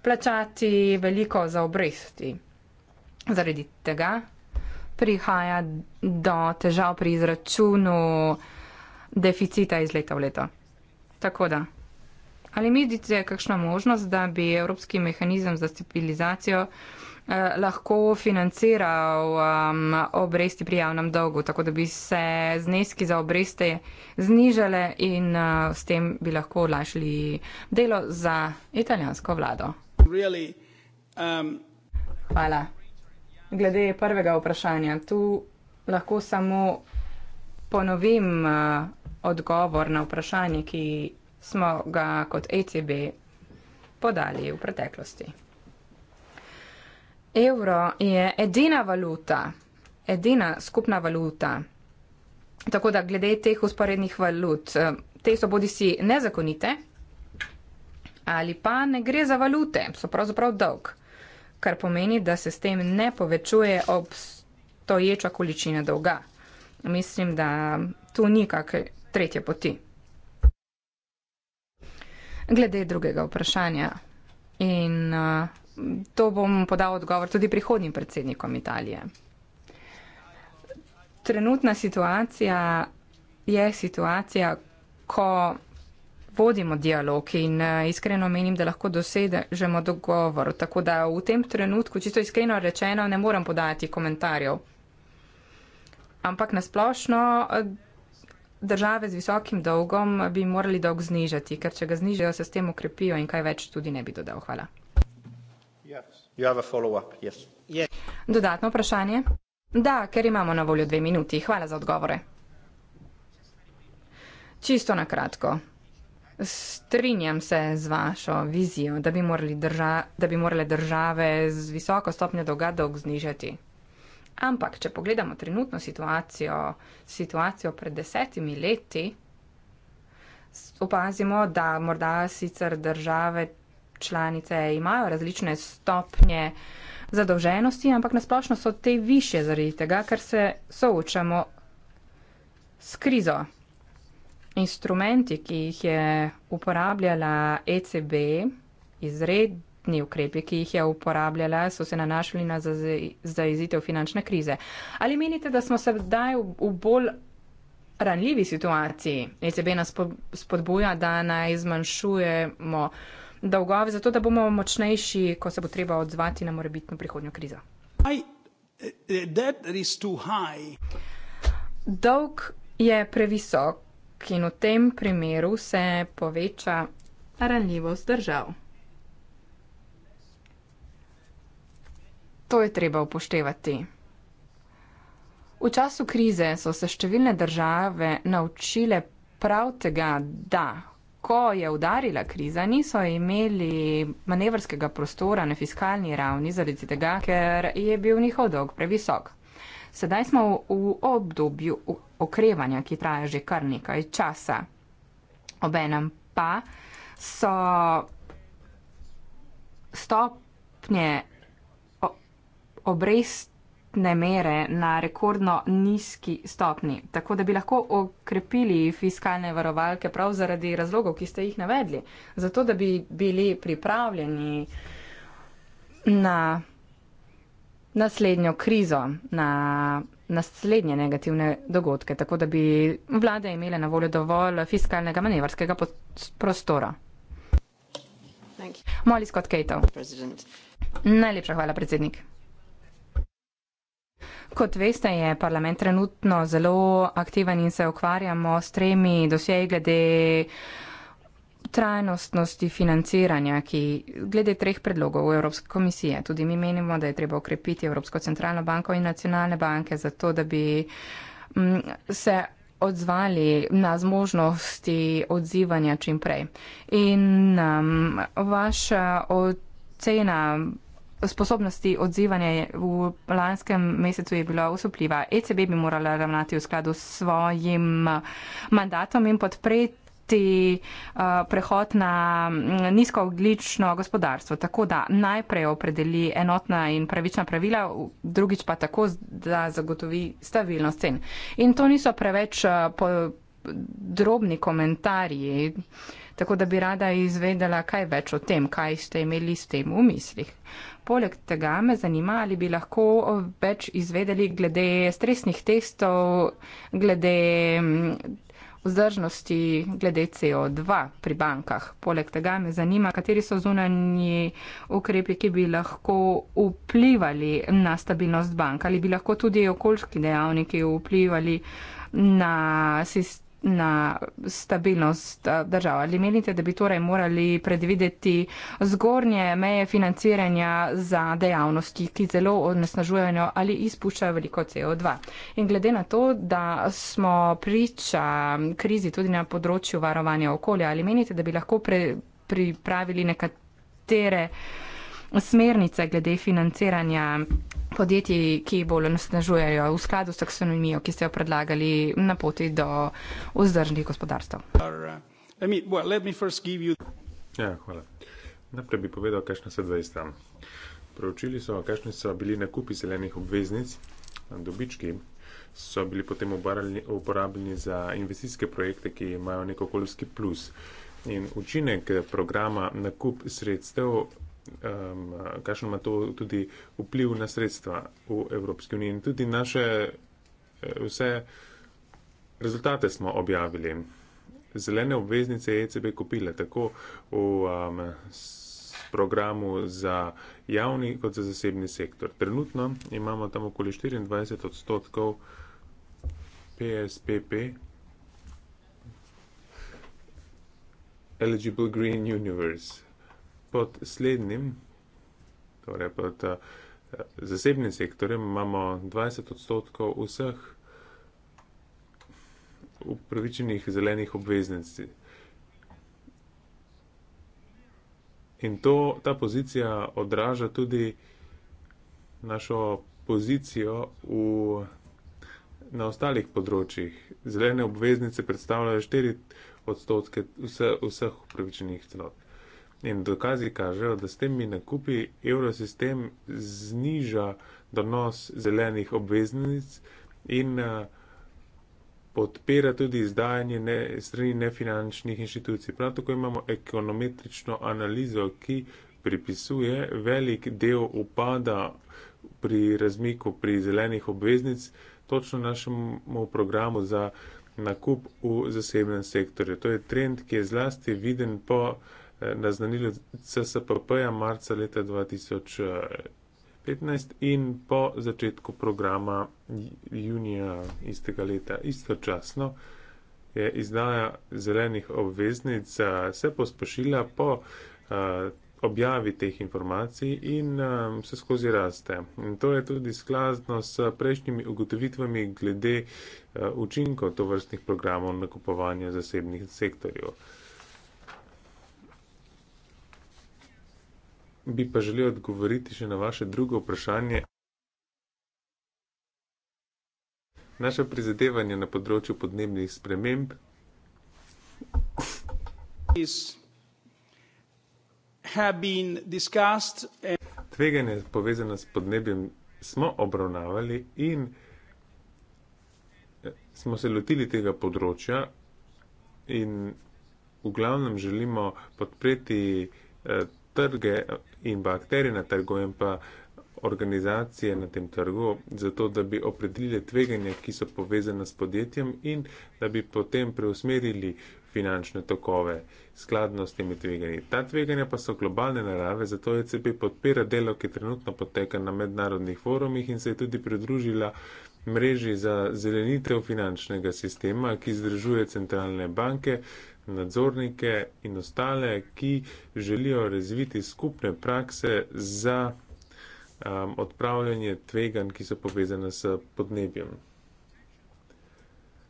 plačati veliko za obresti. Zaradi tega prihaja do težav pri izračunu deficita iz leta v leto. Tako da, ali mislite, kakšna možnost, da bi Evropski mehanizem za stabilizacijo eh, lahko financiral um, obresti pri javnem dolgu, tako da bi se zneski za obreste znižale in uh, s tem bi lahko olajšali delo za italijansko vlado? Um, Hvala. Glede prvega vprašanja, tu lahko samo ponovim uh, odgovor na vprašanje, ki smo ga kot ECB podali v preteklosti. Evro je edina valuta, edina skupna valuta, tako da glede teh usporednih valut, eh, te so bodisi nezakonite, ali pa ne gre za valute, so pravzaprav dolg, kar pomeni, da se s tem ne povečuje obstoječa količina dolga. Mislim, da tu ni kakšne tretje poti. Glede drugega vprašanja in uh, to bom podal odgovor tudi prihodnim predsednikom Italije. Trenutna situacija je situacija, ko vodimo dialog in eh, iskreno menim, da lahko dosežemo dogovor. Tako da v tem trenutku, čisto iskreno rečeno, ne morem podati komentarjev. Ampak nasplošno eh, države z visokim dolgom bi morali dolg znižati, ker če ga znižajo, se s tem ukrepijo in kaj več tudi ne bi dodal. Hvala. Dodatno vprašanje? Da, ker imamo na voljo dve minuti. Hvala za odgovore. Čisto na kratko. Strinjam se z vašo vizijo, da bi, drža da bi morale države z visoko stopnjo dolga dolg znižati. Ampak, če pogledamo trenutno situacijo, situacijo pred desetimi leti, opazimo, da morda sicer države članice imajo različne stopnje zadolženosti, ampak nasplošno so te više zaradi tega, ker se soočamo s krizo. Instrumenti, ki jih je uporabljala ECB, izredni ukrepi, ki jih je uporabljala, so se nanašali na zaizitev finančne krize. Ali menite, da smo se zdaj v, v bolj ranljivi situaciji? ECB nas spodbuja, da naj zmanjšujemo dolgove, zato da bomo močnejši, ko se bo treba odzvati na morebitno prihodnjo krizo. I, eh, Dolg je previsok in v tem primeru se poveča ranljivost držav. To je treba upoštevati. V času krize so se številne države naučile prav tega, da ko je udarila kriza, niso imeli manevrskega prostora na fiskalni ravni zaradi tega, ker je bil njihov dolg previsok. Sedaj smo v obdobju okrevanja, ki traja že kar nekaj časa. Obenem pa so stopnje obrestne mere na rekordno nizki stopni, tako da bi lahko okrepili fiskalne varovalke prav zaradi razlogov, ki ste jih navedli, zato da bi bili pripravljeni na naslednjo krizo, na naslednje negativne dogodke, tako da bi vlade imele na voljo dovolj fiskalnega manevrskega prostora. Molly Scott Cato. Najlepša hvala, predsednik. Kot veste, je parlament trenutno zelo aktiven in se ukvarjamo s tremi dosjeji glede trajnostnosti financiranja, ki glede treh predlogov Evropske komisije. Tudi mi menimo, da je treba okrepiti Evropsko centralno banko in nacionalne banke za to, da bi mm, se odzvali na zmožnosti odzivanja čim prej. In um, vaša ocena sposobnosti odzivanja v lanskem mesecu je bila usupljiva. ECB bi morala ravnati v skladu s svojim mm, mandatom in podpreti tudi uh, eh, prehod na mm, nizkooglično gospodarstvo. Tako da najprej opredeli enotna in pravična pravila, drugič pa tako, da zagotovi stabilnost cen. In to niso preveč uh, eh, podrobni komentarji, tako da bi rada izvedela kaj več o tem, kaj ste imeli s tem v mislih. Poleg tega me zanima, ali bi lahko več izvedeli glede stresnih testov, glede mm, vzdržnosti glede CO2 pri bankah. Poleg tega me zanima, kateri so zunanji ukrepi, ki bi lahko vplivali na stabilnost bank ali bi lahko tudi okoljski dejavniki vplivali na sistem na stabilnost eh, držav. Ali menite, da bi torej morali predvideti zgornje meje financiranja za dejavnosti, ki zelo onesnažujejo ali izpuščajo veliko CO2? In glede na to, da smo priča krizi tudi na področju varovanja okolja, ali menite, da bi lahko pre, pripravili nekatere smernice glede financiranja podjetji, ki bolj nasnažujejo v skladu s taksonomijo, ki ste jo predlagali na poti do vzdržnih gospodarstv? Ja, hvala. Najprej bi povedal, kakšne so zdaj tam. Proučili so, kakšni so bili nakupi zelenih obveznic, dobički so bili potem uporabljeni za investicijske projekte, ki imajo nek okoljski plus. In učinek programa nakup sredstev um, kakšen ima to tudi vpliv na sredstva v Evropski uniji. In tudi naše eh, vse rezultate smo objavili. Zelene obveznice je ECB kupila tako v um, programu za javni kot za zasebni sektor. Trenutno imamo tam okoli 24 odstotkov PSPP. Eligible Green Universe pod slednjim, torej pod eh, zasebnim sektorjem, imamo 20 odstotkov vseh upravičenih zelenih obveznic. In to, ta pozicija odraža tudi našo pozicijo v, na ostalih področjih. Zelene obveznice predstavljajo 4 odstotke vse, vseh upravičenih celot. In dokazi kažejo, da s temi nakupi evrosistem zniža donos zelenih obveznic in eh, podpira tudi izdajanje ne, strani nefinančnih inštitucij. Prav tako imamo ekonometrično analizo, ki pripisuje velik del upada pri razmiku pri zelenih obveznic točno našemu programu za nakup v zasebnem sektorju. To je trend, ki je zlasti viden po naznanili CSPP-ja marca leta 2015 in po začetku programa junija istega leta. Istočasno je izdaja zelenih obveznic se pospešila po objavi teh informacij in se skozi raste. In to je tudi skladno s prejšnjimi ugotovitvami glede učinkov tovrstnih programov nakupovanja zasebnih sektorjev. bi pa želel odgovoriti še na vaše drugo vprašanje. Naše prizadevanje na področju podnebnih sprememb. Tveganje povezane s podnebjem smo obravnavali in eh, smo se lotili tega področja in v glavnem želimo podpreti eh, trge in pa akteri na trgu in pa organizacije na tem trgu, zato da bi opredelili tveganja, ki so povezane s podjetjem in da bi potem preusmerili finančne tokove skladno s temi tveganji. Ta tveganja pa so globalne narave, zato ECB podpira delo, ki trenutno poteka na mednarodnih forumih in se je tudi pridružila mreži za zelenitev finančnega sistema, ki združuje centralne banke, nadzornike in ostale, ki želijo razviti skupne prakse za um, odpravljanje tvegan, ki so povezane s podnebjem.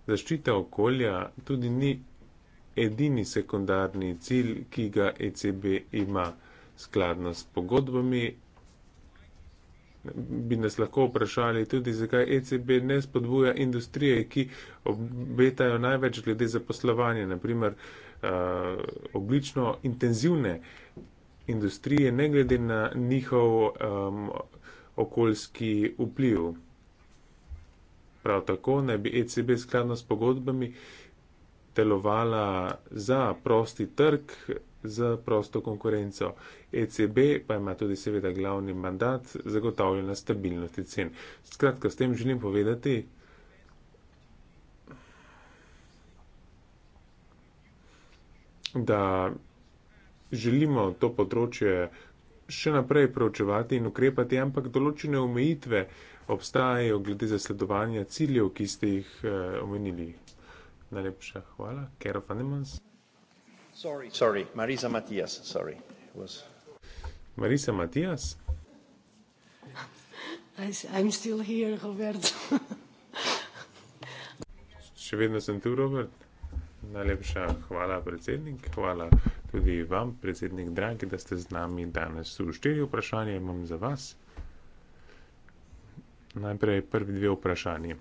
Zaščita okolja tudi ni edini sekundarni cilj, ki ga ECB ima. Skladno s pogodbami bi nas lahko vprašali tudi, zakaj ECB ne spodbuja industrije, ki obetajo največ glede zaposlovanja, naprimer uh, eh, oblično intenzivne industrije, ne glede na njihov um, okoljski vpliv. Prav tako ne bi ECB skladno s pogodbami delovala za prosti trg z prosto konkurenco. ECB pa ima tudi seveda glavni mandat zagotavljanja stabilnosti cen. Skratka, s tem želim povedati, da želimo to področje še naprej preučevati in ukrepati, ampak določene omejitve obstajajo glede zasledovanja ciljev, ki ste jih eh, omenili. Najlepša hvala, Kero Fanemans. Sorry, Marisa Matias, sorry. Was... Marisa Matias? I, I'm still here, Roberto. Še vedno sem tu, Robert. Najlepša hvala, predsednik. Hvala tudi vam, predsednik Dragi, da ste z nami danes. V štiri vprašanje imam za vas. Najprej prvi dve vprašanje.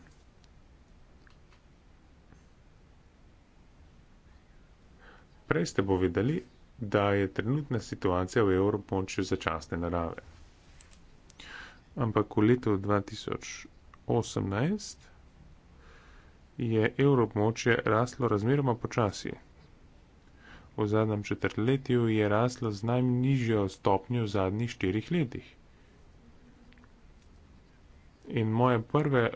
Prej ste povedali, da je trenutna situacija v evropočju začasne narave. Ampak v letu 2018 je evropočje raslo razmeroma počasi. V zadnjem četrtletju je raslo z najnižjo stopnjo v zadnjih štirih letih. In moje prve,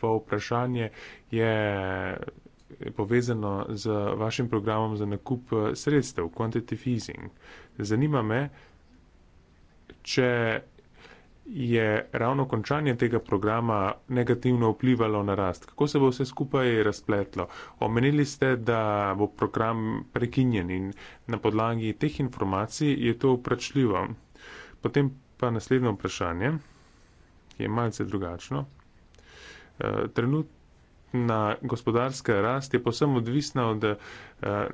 prvo vprašanje je povezano z vašim programom za nakup eh, sredstev, quantitative easing. Zanima me, če je ravno končanje tega programa negativno vplivalo na rast. Kako se bo vse skupaj razpletlo? Omenili ste, da bo program prekinjen in na podlagi teh informacij je to vprašljivo. Potem pa naslednje vprašanje, ki je malce drugačno. Eh, Trenutno celotna gospodarska rast je posem odvisna od eh,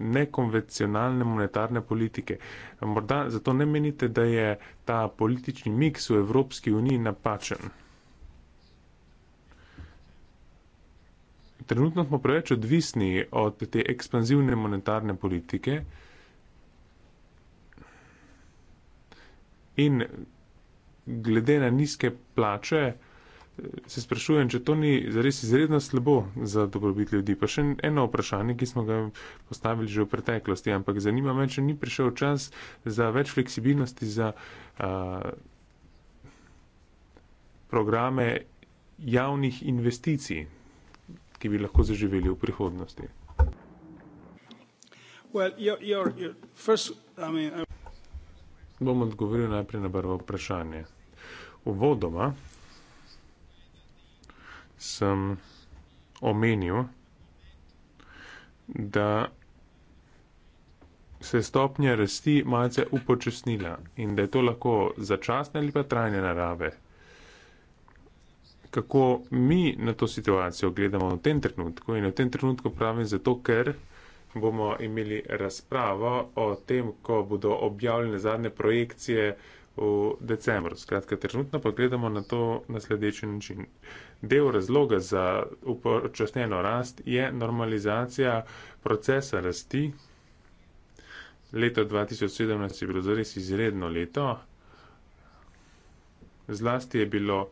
nekonvencionalne monetarne politike. Morda zato ne menite, da je ta politični miks v Evropski uniji napačen. Trenutno smo preveč odvisni od te ekspanzivne monetarne politike in glede na nizke plače, se sprašujem, če to ni res izredno slabo za dobrobit ljudi. Pa še eno vprašanje, ki smo ga postavili že v preteklosti, ampak zanima me, če ni prišel čas za več fleksibilnosti za a, programe javnih investicij, ki bi lahko zaživeli v prihodnosti. Well, you're, you're first, I mean, I... Uh Bom odgovoril najprej na prvo vprašanje. Uvodoma sem omenil, da se je stopnja rasti malce upočasnila in da je to lahko začasne ali pa trajne narave. Kako mi na to situacijo gledamo v tem trenutku in v tem trenutku pravim zato, ker bomo imeli razpravo o tem, ko bodo objavljene zadnje projekcije v decembru. Skratka, trenutno pa gledamo na to na sledeči način. Uh, Del razloga za upočasneno rast je normalizacija procesa rasti. Leto 2017 je bilo zares izredno leto. Zlasti je bilo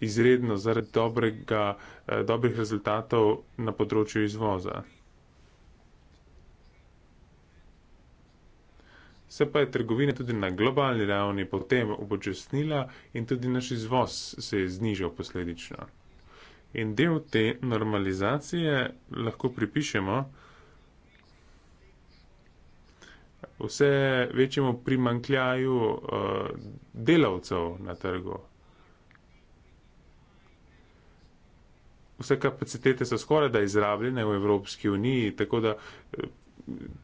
izredno zaradi dobrega, eh, dobrih rezultatov na področju izvoza. se pa je trgovina tudi na globalni ravni potem upočasnila in tudi naš izvoz se je znižal posledično. In del te normalizacije lahko pripišemo vse večjemu primankljaju uh, delavcev na trgu. Vse kapacitete so skoraj da izrabljene v Evropski uniji, tako da eh,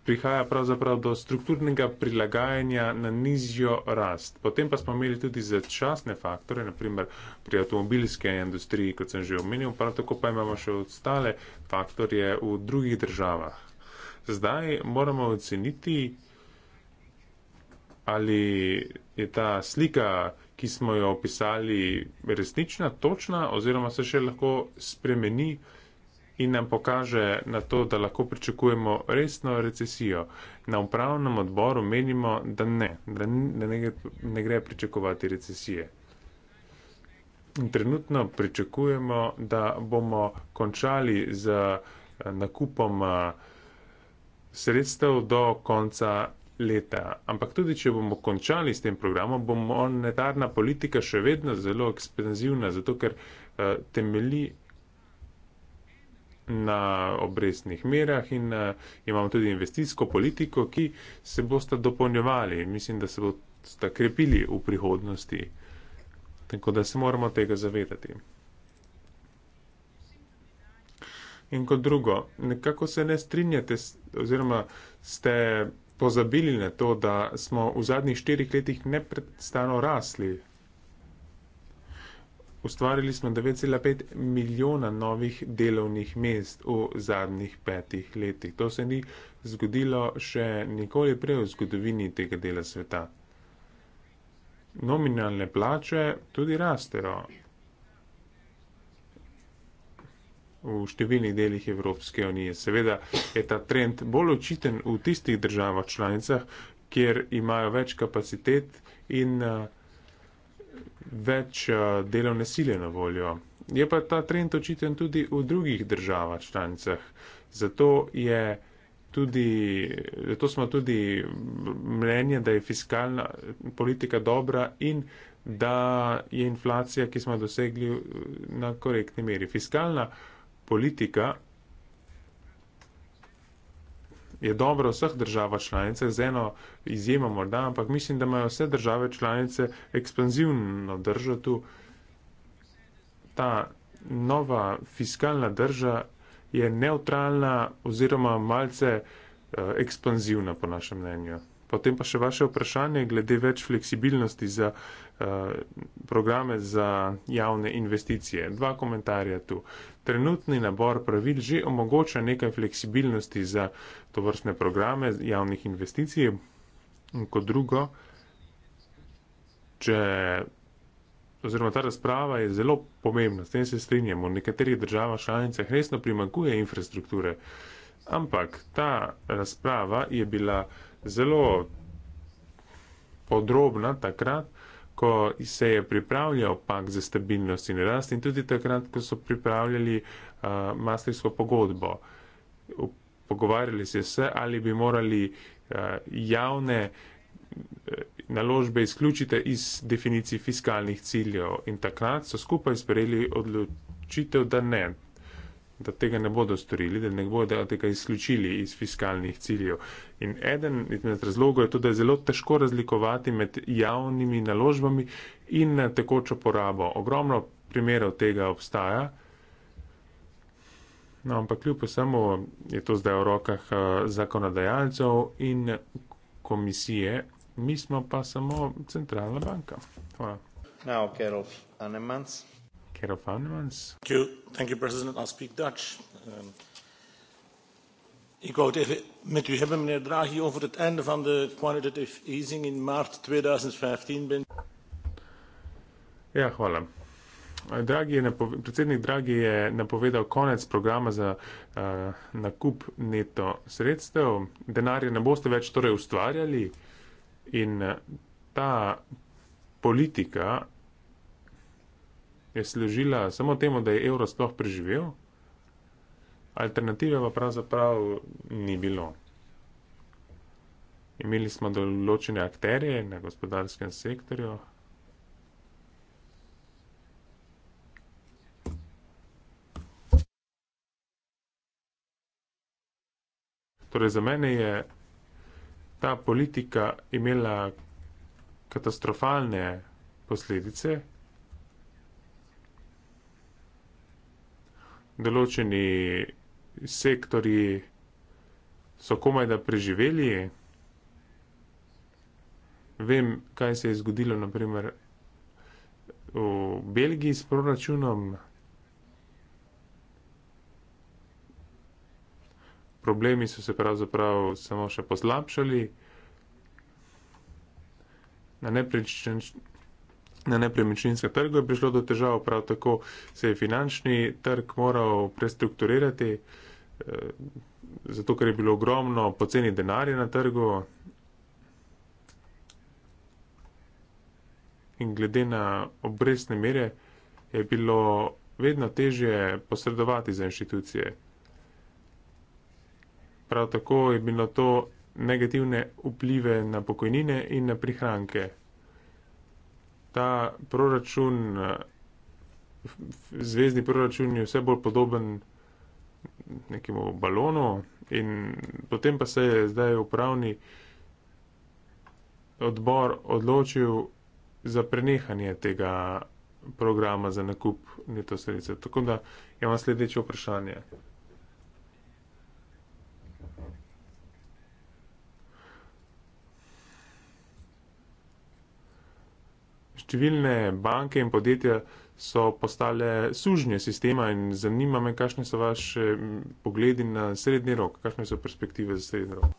prihaja pravzaprav do strukturnega prilagajanja na nizjo rast. Potem pa smo imeli tudi začasne faktore, naprimer pri avtomobilske industriji, kot sem že omenil, prav tako pa imamo še ostale faktorje v drugih državah. Zdaj moramo oceniti, ali je ta slika, ki smo jo opisali, resnična, točna oziroma se še lahko spremeni in nam pokaže na to, da lahko pričakujemo resno recesijo. Na upravnem odboru menimo, da ne, da ne, ne, ne gre pričakovati recesije. In trenutno pričakujemo, da bomo končali z eh, nakupom eh, sredstev do konca leta. Ampak tudi, če bomo končali s tem programom, bo monetarna politika še vedno zelo ekspenzivna, zato ker uh, temelji na obrestnih merah in na, eh, imamo tudi investicijsko politiko, ki se bosta dopolnjevali. Mislim, da se bosta krepili v prihodnosti. Tako da se moramo tega zavedati. In kot drugo, nekako se ne strinjate oziroma ste pozabili na to, da smo v zadnjih štirih letih neprestano rasli Ustvarili smo 9,5 milijona novih delovnih mest v zadnjih petih letih. To se ni zgodilo še nikoli prej v zgodovini tega dela sveta. Nominalne plače tudi rastejo v številnih delih Evropske unije. Seveda je ta trend bolj očiten v tistih državah članicah, kjer imajo več kapacitet in uh, več eh, delovne sile na voljo. Je pa ta trend očiten tudi v drugih državah članicah. Zato, je tudi, zato smo tudi mnenje, da je fiskalna politika dobra in da je inflacija, ki smo dosegli na korektni meri. Fiskalna politika je dobro vseh država članice, z eno izjemo morda, ampak mislim, da imajo vse države članice ekspanzivno držo tu. Ta nova fiskalna drža je neutralna oziroma malce eh, ekspanzivna po našem mnenju. Potem pa še vaše vprašanje glede več fleksibilnosti za uh, programe za javne investicije. Dva komentarja tu trenutni nabor pravil že omogoča nekaj fleksibilnosti za to vrstne programe javnih investicij. In kot drugo, če, oziroma ta razprava je zelo pomembna, s tem se strinjamo, v nekaterih državah članicah resno primankuje infrastrukture, ampak ta razprava je bila zelo podrobna takrat, ko se je pripravljal pakt za stabilnost in rast in tudi takrat, ko so pripravljali uh, mastersko pogodbo. Pogovarjali se se, ali bi morali uh, javne uh, naložbe izključiti iz definicij fiskalnih ciljev in takrat so skupaj sprejeli odločitev, da ne, da tega ne bodo storili, da ne bodo tega izključili iz fiskalnih ciljev. In eden izmed razlogov je to, da je zelo težko razlikovati med javnimi naložbami in tekočo porabo. Ogromno primerov tega obstaja. No, ampak kljub vsemu je to zdaj v rokah eh, zakonodajalcev in komisije, mi smo pa samo centralna banka. Hvala. Now, head of Parliament. Thank you. Thank you, President. I'll speak Dutch. Um, ik wou het even met u hebben, meneer Draghi, over het einde van de quantitative easing in maart 2015. Ja, hvala. Dragi predsednik Draghi je napovedal konec programa za uh, nakup neto sredstev. Denarje ne boste več torej ustvarjali in uh, ta politika je služila samo temu, da je evro sploh preživel, alternative pa pravzaprav ni bilo. Imeli smo določene akterje na gospodarskem sektorju. Torej, za mene je ta politika imela katastrofalne posledice, določeni sektori so komaj da preživeli. Vem, kaj se je zgodilo naprimer v Belgiji s proračunom. Problemi so se pravzaprav samo še poslabšali. Na Na nepremičninskem trgu je prišlo do težav, prav tako se je finančni trg moral prestrukturirati, eh, zato ker je bilo ogromno poceni denarja na trgu. In glede na obrestne mere je bilo vedno težje posredovati za inštitucije. Prav tako je bilo to negativne vplive na pokojnine in na prihranke ta proračun, zvezdni proračun je vse bolj podoben nekemu balonu in potem pa se je zdaj upravni odbor odločil za prenehanje tega programa za nakup netosredice. Tako da imam sledeče vprašanje. Številne banke in podjetja so postale sužnje sistema in zanima me, kakšne so vaše pogledi na srednji rok, kakšne so perspektive za srednji rok.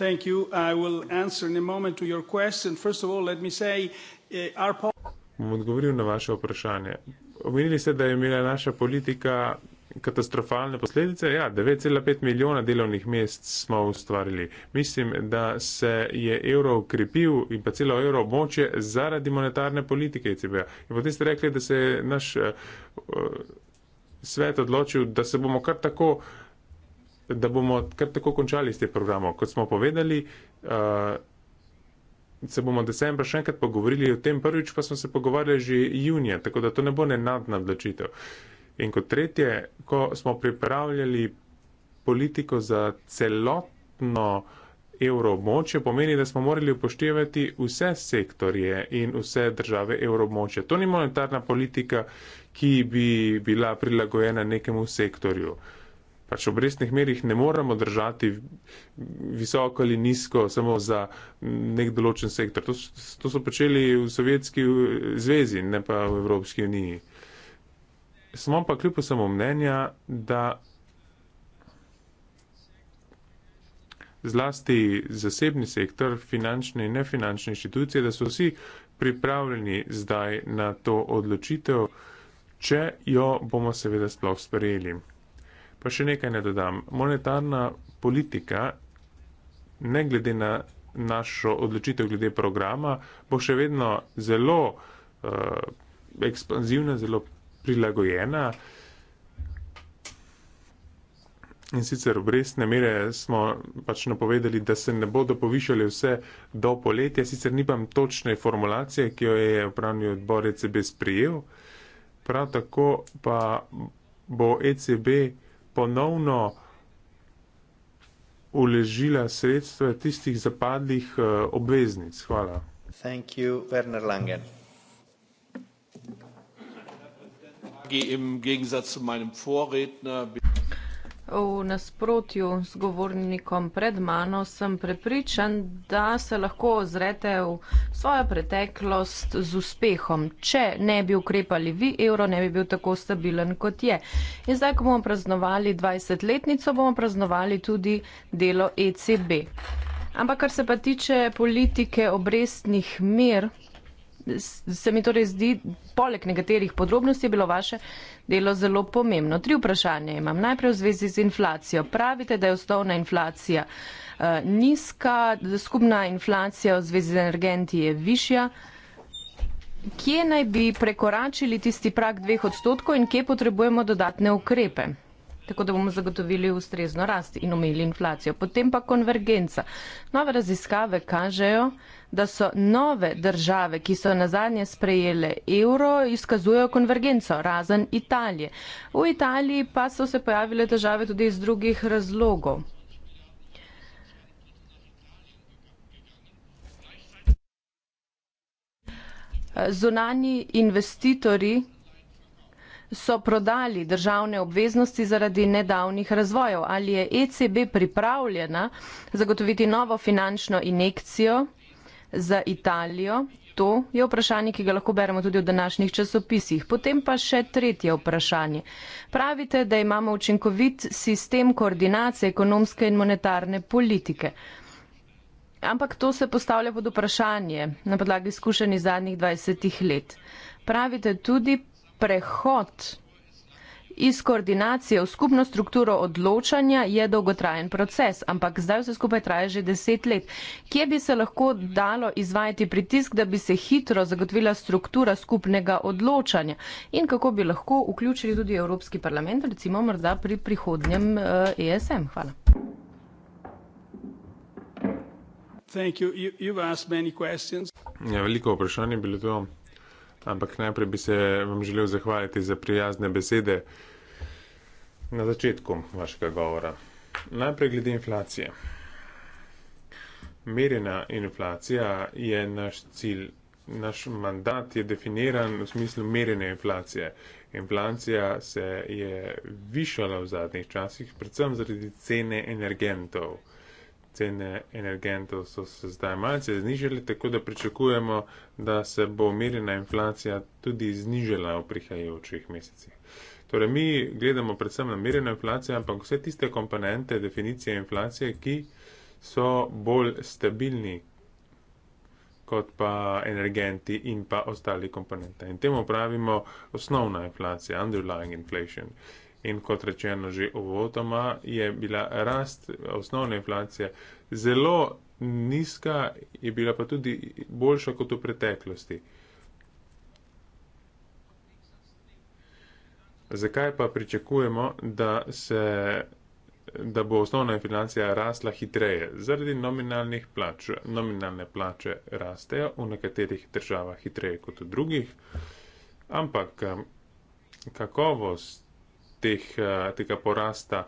Thank you. I will answer in a moment to your question. First of all, let me say uh, our policy. Bom odgovoril na vaše vprašanje. Omenili ste, da je imela naša politika katastrofalne posledice. Ja, 9,5 milijona delovnih mest smo ustvarili. Mislim, da se je evro ukrepil in pa celo evro območje zaradi monetarne politike ECB-ja. In potem ste rekli, da se je naš eh, eh, svet odločil, da se bomo kar tako da bomo kar tako končali s tem programom. Kot smo povedali, uh, se bomo decembra še enkrat pogovorili o tem, prvič pa smo se pogovarjali že junija, tako da to ne bo nenadna odločitev. Uh, In kot tretje, ko smo pripravljali politiko za celotno evroobmočje, pomeni, da smo morali upoštevati vse sektorje in vse države evroobmočja. To ni monetarna politika, ki bi bila prilagojena nekemu sektorju. Pač v obrestnih merih ne moramo držati visoko ali nizko samo za nek določen sektor. To, to so počeli v Sovjetski zvezi, ne pa v Evropski uniji. Smo pa kljub vsemu mnenja, da zlasti zasebni sektor, finančne in nefinančne inštitucije, da so vsi pripravljeni zdaj na to odločitev, če jo bomo seveda sploh sprejeli. Pa še nekaj ne dodam. Monetarna politika, ne glede na našo odločitev glede programa, bo še vedno zelo uh, ekspanzivna, zelo prilagojena. In sicer obrestne mere smo pač napovedali, da se ne bodo povišali vse do poletja, sicer nimam točne formulacije, ki jo je upravni odbor ECB sprijel. Prav tako pa bo ECB ponovno uležila sredstva tistih zapadlih eh, obveznic. Hvala. Thank you, Werner Langen. im Gegensatz zu meinem Vorredner. V nasprotju s govornikom pred mano sem prepričan, da se lahko ozrete v svojo preteklost z uspehom. Če ne bi ukrepali vi, evro ne bi bil tako stabilen, kot je. In zdaj, ko bomo praznovali 20-letnico, bomo praznovali tudi delo ECB. Ampak kar se pa tiče politike obrestnih mer, se mi torej zdi, poleg nekaterih podrobnosti je bilo vaše delo zelo pomembno. Tri vprašanje imam. Najprej v zvezi z inflacijo. Pravite, da je osnovna inflacija eh, nizka, skupna inflacija v zvezi z energenti je višja. Kje naj bi prekoračili tisti prak dveh odstotkov in kje potrebujemo dodatne ukrepe? tako da bomo zagotovili ustrezno rast in omejili inflacijo. Potem pa konvergenca. Nove raziskave kažejo, da so nove države, ki so na zadnje sprejele evro, izkazujejo konvergenco, razen Italije. V Italiji pa so se pojavile države tudi iz drugih razlogov. Zunani investitorji so prodali državne obveznosti zaradi nedavnih razvojev. Ali je ECB pripravljena zagotoviti novo finančno injekcijo za Italijo? To je vprašanje, ki ga lahko beremo tudi v današnjih časopisih. Potem pa še tretje vprašanje. Pravite, da imamo učinkovit sistem koordinacije ekonomske in monetarne politike. Ampak to se postavlja pod vprašanje na podlagi izkušenj zadnjih 20 let. Pravite tudi, prehod iz koordinacije v skupno strukturo odločanja je dolgotrajen proces, ampak zdaj vse skupaj traja že deset let. Kje bi se lahko dalo izvajati pritisk, da bi se hitro zagotovila struktura skupnega odločanja in kako bi lahko vključili tudi Evropski parlament, recimo morda pri prihodnjem ESM? Eh, e Hvala. Thank you. You, you've asked many questions. Ja, veliko vprašanje je bilo to. Ampak najprej bi se vam želel zahvaliti za prijazne besede na začetku vašega govora. Najprej glede inflacije. Merjena inflacija je naš cilj. Naš mandat je definiran v smislu merjene inflacije. Inflacija se je višala v zadnjih časih, predvsem zaradi cene energentov cene energentov so se zdaj malce znižali, tako da pričakujemo, da se bo merjena inflacija tudi znižala v prihajajočih mesecih. Torej, mi gledamo predvsem na merjeno inflacijo, ampak vse tiste komponente definicije inflacije, ki so bolj stabilni kot pa energenti in pa ostali komponente. In temu pravimo osnovna inflacija, underlying inflation. Uh, In kot rečeno že uvodoma, je bila rast osnovne inflacije zelo nizka, je bila pa tudi boljša kot v preteklosti. Zakaj pa pričakujemo, da, se, da bo osnovna inflacija rasla hitreje? Zaradi nominalnih plač. Nominalne plače rastejo v nekaterih državah hitreje kot v drugih, ampak kakovost teh, eh, tega porasta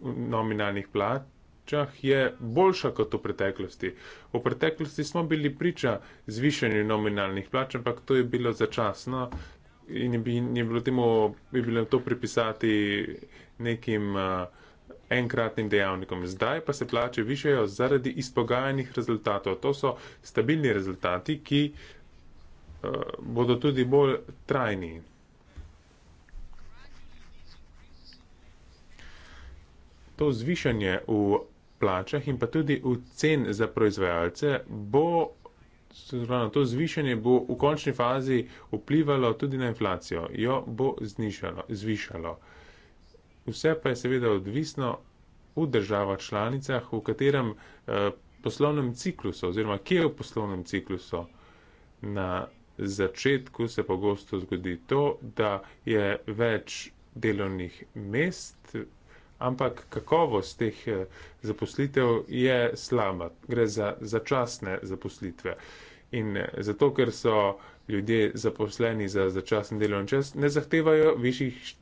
v nominalnih plačah je boljša kot v preteklosti. V preteklosti smo bili priča zvišanju nominalnih plač, ampak to je bilo začasno in je, bi, je bilo temu, je bilo to pripisati nekim uh, enkratnim dejavnikom. Zdaj pa se plače višajo zaradi izpogajanih rezultatov. To so stabilni rezultati, ki uh, bodo tudi bolj trajni. to zvišanje v plačah in pa tudi v cen za proizvajalce bo, zelo, to zvišanje bo v končni fazi vplivalo tudi na inflacijo, jo bo znišalo, zvišalo. Vse pa je seveda odvisno v državah članicah, v katerem eh, poslovnem ciklusu oziroma kje v poslovnem ciklusu na začetku se pogosto zgodi to, da je več delovnih mest, ampak kakovost teh eh, zaposlitev je slaba. Gre za začasne zaposlitve. In eh, zato, ker so ljudje zaposleni za začasen delovni čas, ne zahtevajo višjih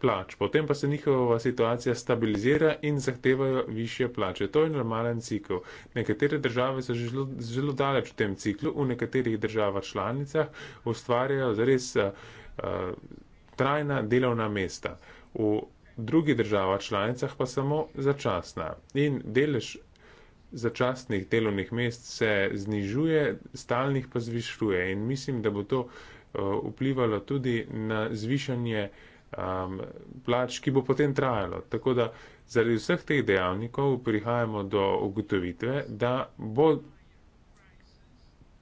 plač. Potem pa se njihova situacija stabilizira in zahtevajo više plače. To je normalen cikl. Nekatere države so že zelo, zelo daleč v tem ciklu, v nekaterih državah članicah ustvarjajo zares uh, trajna delovna mesta. V v drugih državah članicah pa samo začasna. In delež začasnih delovnih mest se znižuje, stalnih pa zvišuje. In mislim, da bo to eh, vplivalo tudi na zvišanje um, plač, ki bo potem trajalo. Tako da zaradi vseh teh dejavnikov prihajamo do ugotovitve, da bo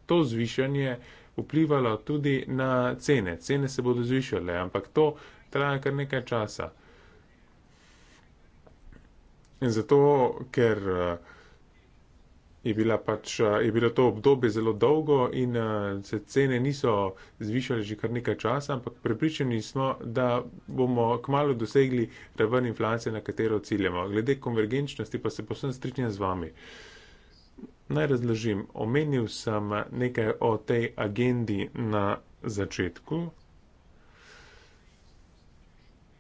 to zvišanje vplivalo tudi na cene. Cene se bodo zvišale, ampak to traja kar nekaj časa. In zato, ker eh, je, pač, eh, je bilo to obdobje zelo dolgo in eh, se cene niso zvišale že kar nekaj časa, ampak prepričani smo, da bomo kmalo dosegli raven inflacije, na katero ciljamo. Glede konvergenčnosti pa se posebno strinjam z vami. Naj razložim, omenil sem nekaj o tej agendi na začetku,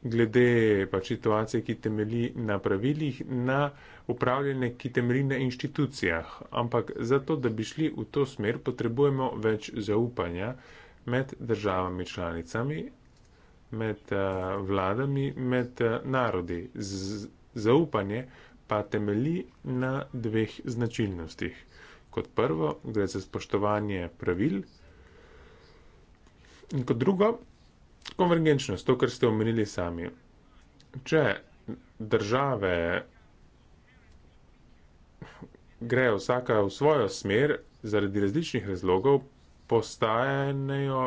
glede pač situacije, ki temelji na pravilih, na upravljanje, ki temelji na inštitucijah. Ampak zato, da bi šli v to smer, potrebujemo več zaupanja med državami članicami, med uh, vladami, med uh, narodi. Z zaupanje pa temelji na dveh značilnostih. Kot prvo, gre za spoštovanje pravil, in kot drugo, Konvergenčnost, to, kar ste omenili sami. Če države grejo vsaka v svojo smer, zaradi različnih razlogov, postajajo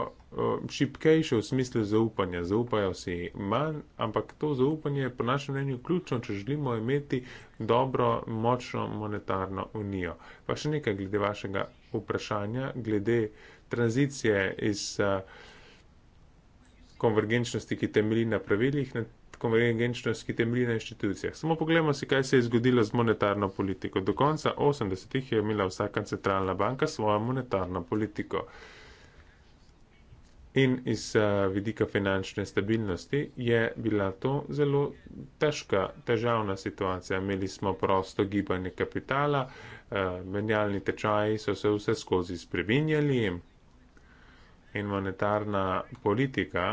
šipkejše v smislu zaupanja. Zaupajo si manj, ampak to zaupanje je po našem mnenju ključno, če želimo imeti dobro, močno monetarno unijo. Pa še nekaj glede vašega vprašanja, glede tranzicije iz. Uh, konvergenčnosti, ki temelji na pravilih, na konvergenčnosti, ki temelji na inštitucijah. Samo pogledamo si, kaj se je zgodilo z monetarno politiko. Do konca 80-ih je imela vsaka centralna banka svojo monetarno politiko. In iz uh, vidika finančne stabilnosti je bila to zelo težka, težavna situacija. Imeli smo prosto gibanje kapitala, uh, menjalni tečaji so se vse skozi spreminjali in monetarna politika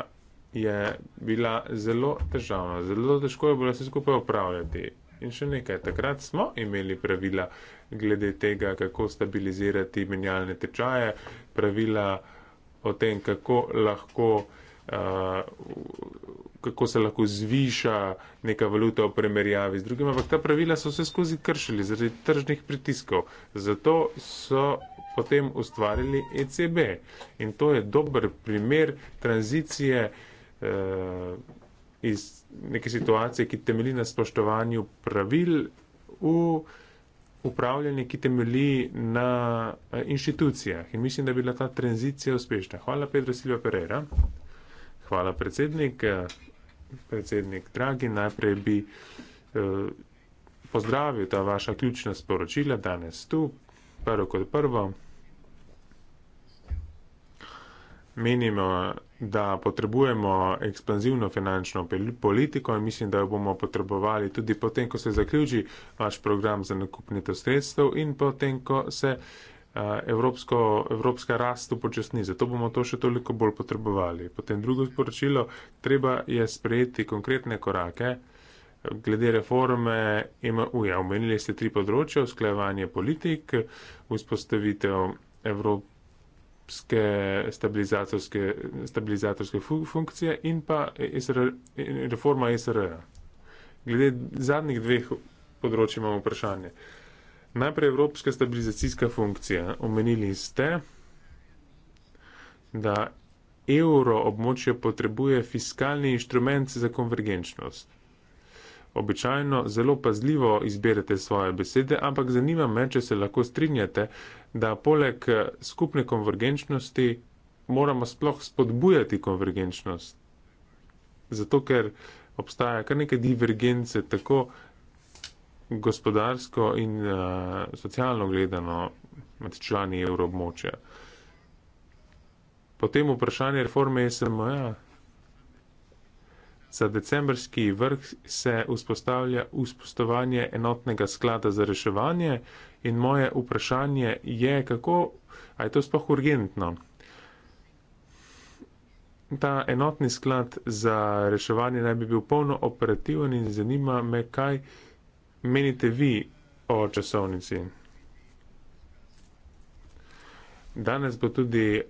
je bila zelo težavna, zelo težko je bilo vse skupaj upravljati. In še nekaj, takrat smo imeli pravila glede tega, kako stabilizirati menjalne tečaje, pravila o tem, kako, lahko, uh, kako se lahko zviša neka valuta v primerjavi z drugim, ampak ta pravila so se skozi kršili zaradi tržnih pritiskov. Zato so potem ustvarili ECB. In to je dober primer tranzicije. Eh, iz neke situacije, ki temeli na spoštovanju pravil, v upravljanje, ki temeli na eh, inštitucijah. In mislim, da bi bila ta tranzicija uspešna. Hvala, Pedro Silva Pereira. Hvala, predsednik. Predsednik, dragi, najprej bi eh, pozdravil ta vaša ključna sporočila danes tu. Prvo kot prvo. Menimo, da potrebujemo ekspanzivno finančno politiko in mislim, da jo bomo potrebovali tudi potem, ko se zaključi vaš program za nakupnitev sredstev in potem, ko se eh, evropsko, evropska rast upočasni. Zato bomo to še toliko bolj potrebovali. Potem drugo sporočilo, treba je sprejeti konkretne korake. Eh, glede reforme, ujaj, e. omenili ste tri področja, usklajevanje politik, vzpostavitev Evrope stabilizatorske, stabilizatorske funkcije in pa SR, reforma SR. -ja. E. Glede zadnjih dveh področji imamo vprašanje. Najprej evropska stabilizacijska funkcija. Omenili ste, da evro območje potrebuje fiskalni inštrument za konvergenčnost običajno zelo pazljivo izberete svoje besede, ampak zanima me, če se lahko strinjate, da poleg eh, skupne konvergenčnosti moramo sploh spodbujati konvergenčnost. Zato, ker obstaja kar nekaj divergence, tako gospodarsko in uh, socialno gledano med člani evroobmočja. Potem vprašanje reforme SMO-ja. Za decembrski vrh se vzpostavlja vzpostovanje enotnega sklada za reševanje in moje vprašanje je, kako, a je to sploh urgentno? Ta enotni sklad za reševanje naj bi bil polno operativen in zanima me, kaj menite vi o časovnici. Danes bo tudi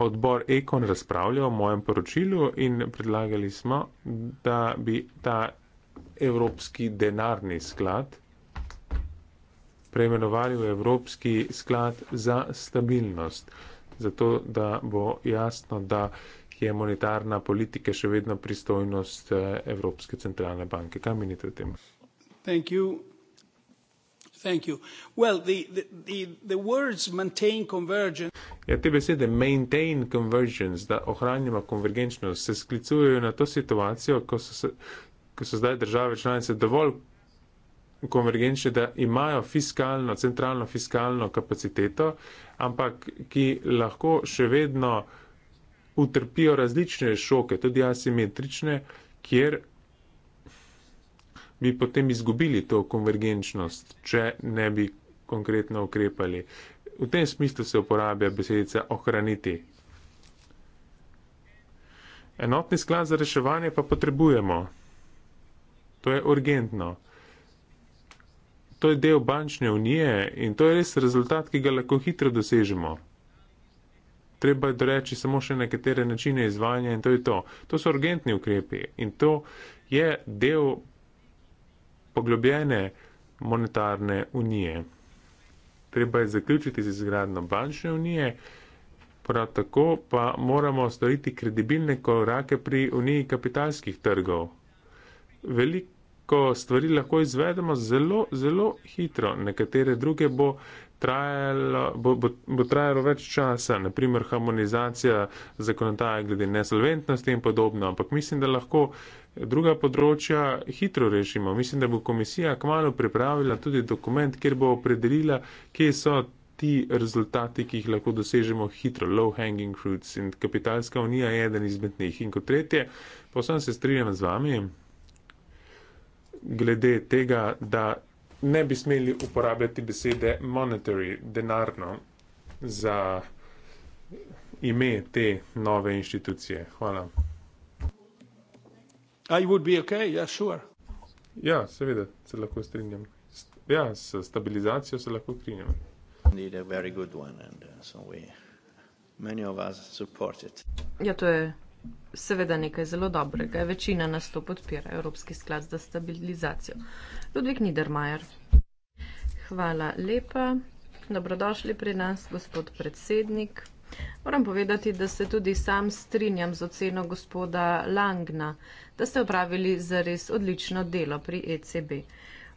odbor Ekon razpravljal o mojem poročilu in predlagali smo, da bi ta Evropski denarni sklad preimenovali v Evropski sklad za stabilnost, zato da bo jasno, da je monetarna politika še vedno pristojnost eh, Evropske centralne banke. Kaj menite o tem? Thank you. Thank you. Well, the, the, the, the words maintain convergence. Ja, te besede maintain convergence, da ohranjamo konvergenčnost, se sklicujejo na to situacijo, ko so, se, ko so zdaj države članice dovolj konvergenčne, da imajo fiskalno, centralno fiskalno kapaciteto, ampak ki lahko še vedno utrpijo različne šoke, tudi asimetrične, kjer bi potem izgubili to konvergenčnost, če ne bi konkretno ukrepali. V tem smislu se uporablja besedica ohraniti. Enotni sklad za reševanje pa potrebujemo. To je urgentno. To je del bančne unije in to je res rezultat, ki ga lahko hitro dosežemo. Treba je doreči samo še nekatere načine izvajanja in to je to. To so urgentni ukrepi in to je del poglobljene monetarne unije. Treba je zaključiti z izgradno bančne unije, prav tako pa moramo storiti kredibilne korake pri uniji kapitalskih trgov. Veliko stvari lahko izvedemo zelo, zelo hitro, nekatere druge bo trajalo, bo, bo, bo trajalo več časa, naprimer harmonizacija zakonodaje glede nesolventnosti in podobno, ampak mislim, da lahko uh, druga področja hitro rešimo. Mislim, da bo komisija kmalo pripravila tudi dokument, kjer bo opredelila, kje so ti rezultati, ki jih lahko dosežemo hitro, low hanging fruits in kapitalska unija je eden izmed njih. In kot tretje, posebno se strinjam z vami glede tega, da ne bi smeli uporabljati besede monetary, denarno, za ime te nove inštitucije. Hvala. I would be okay, yeah, sure. Ja, seveda se lahko strinjam. Ja, s stabilizacijo se lahko strinjam. Need a very good one and uh, so we many of us support it. Ja, to je seveda nekaj zelo dobrega. Večina nas to podpira, Evropski sklad za stabilizacijo. Ludvik Niedermayer. Hvala lepa. Dobrodošli pri nas, gospod predsednik. Moram povedati, da se tudi sam strinjam z oceno gospoda Langna, da ste upravili za res odlično delo pri ECB.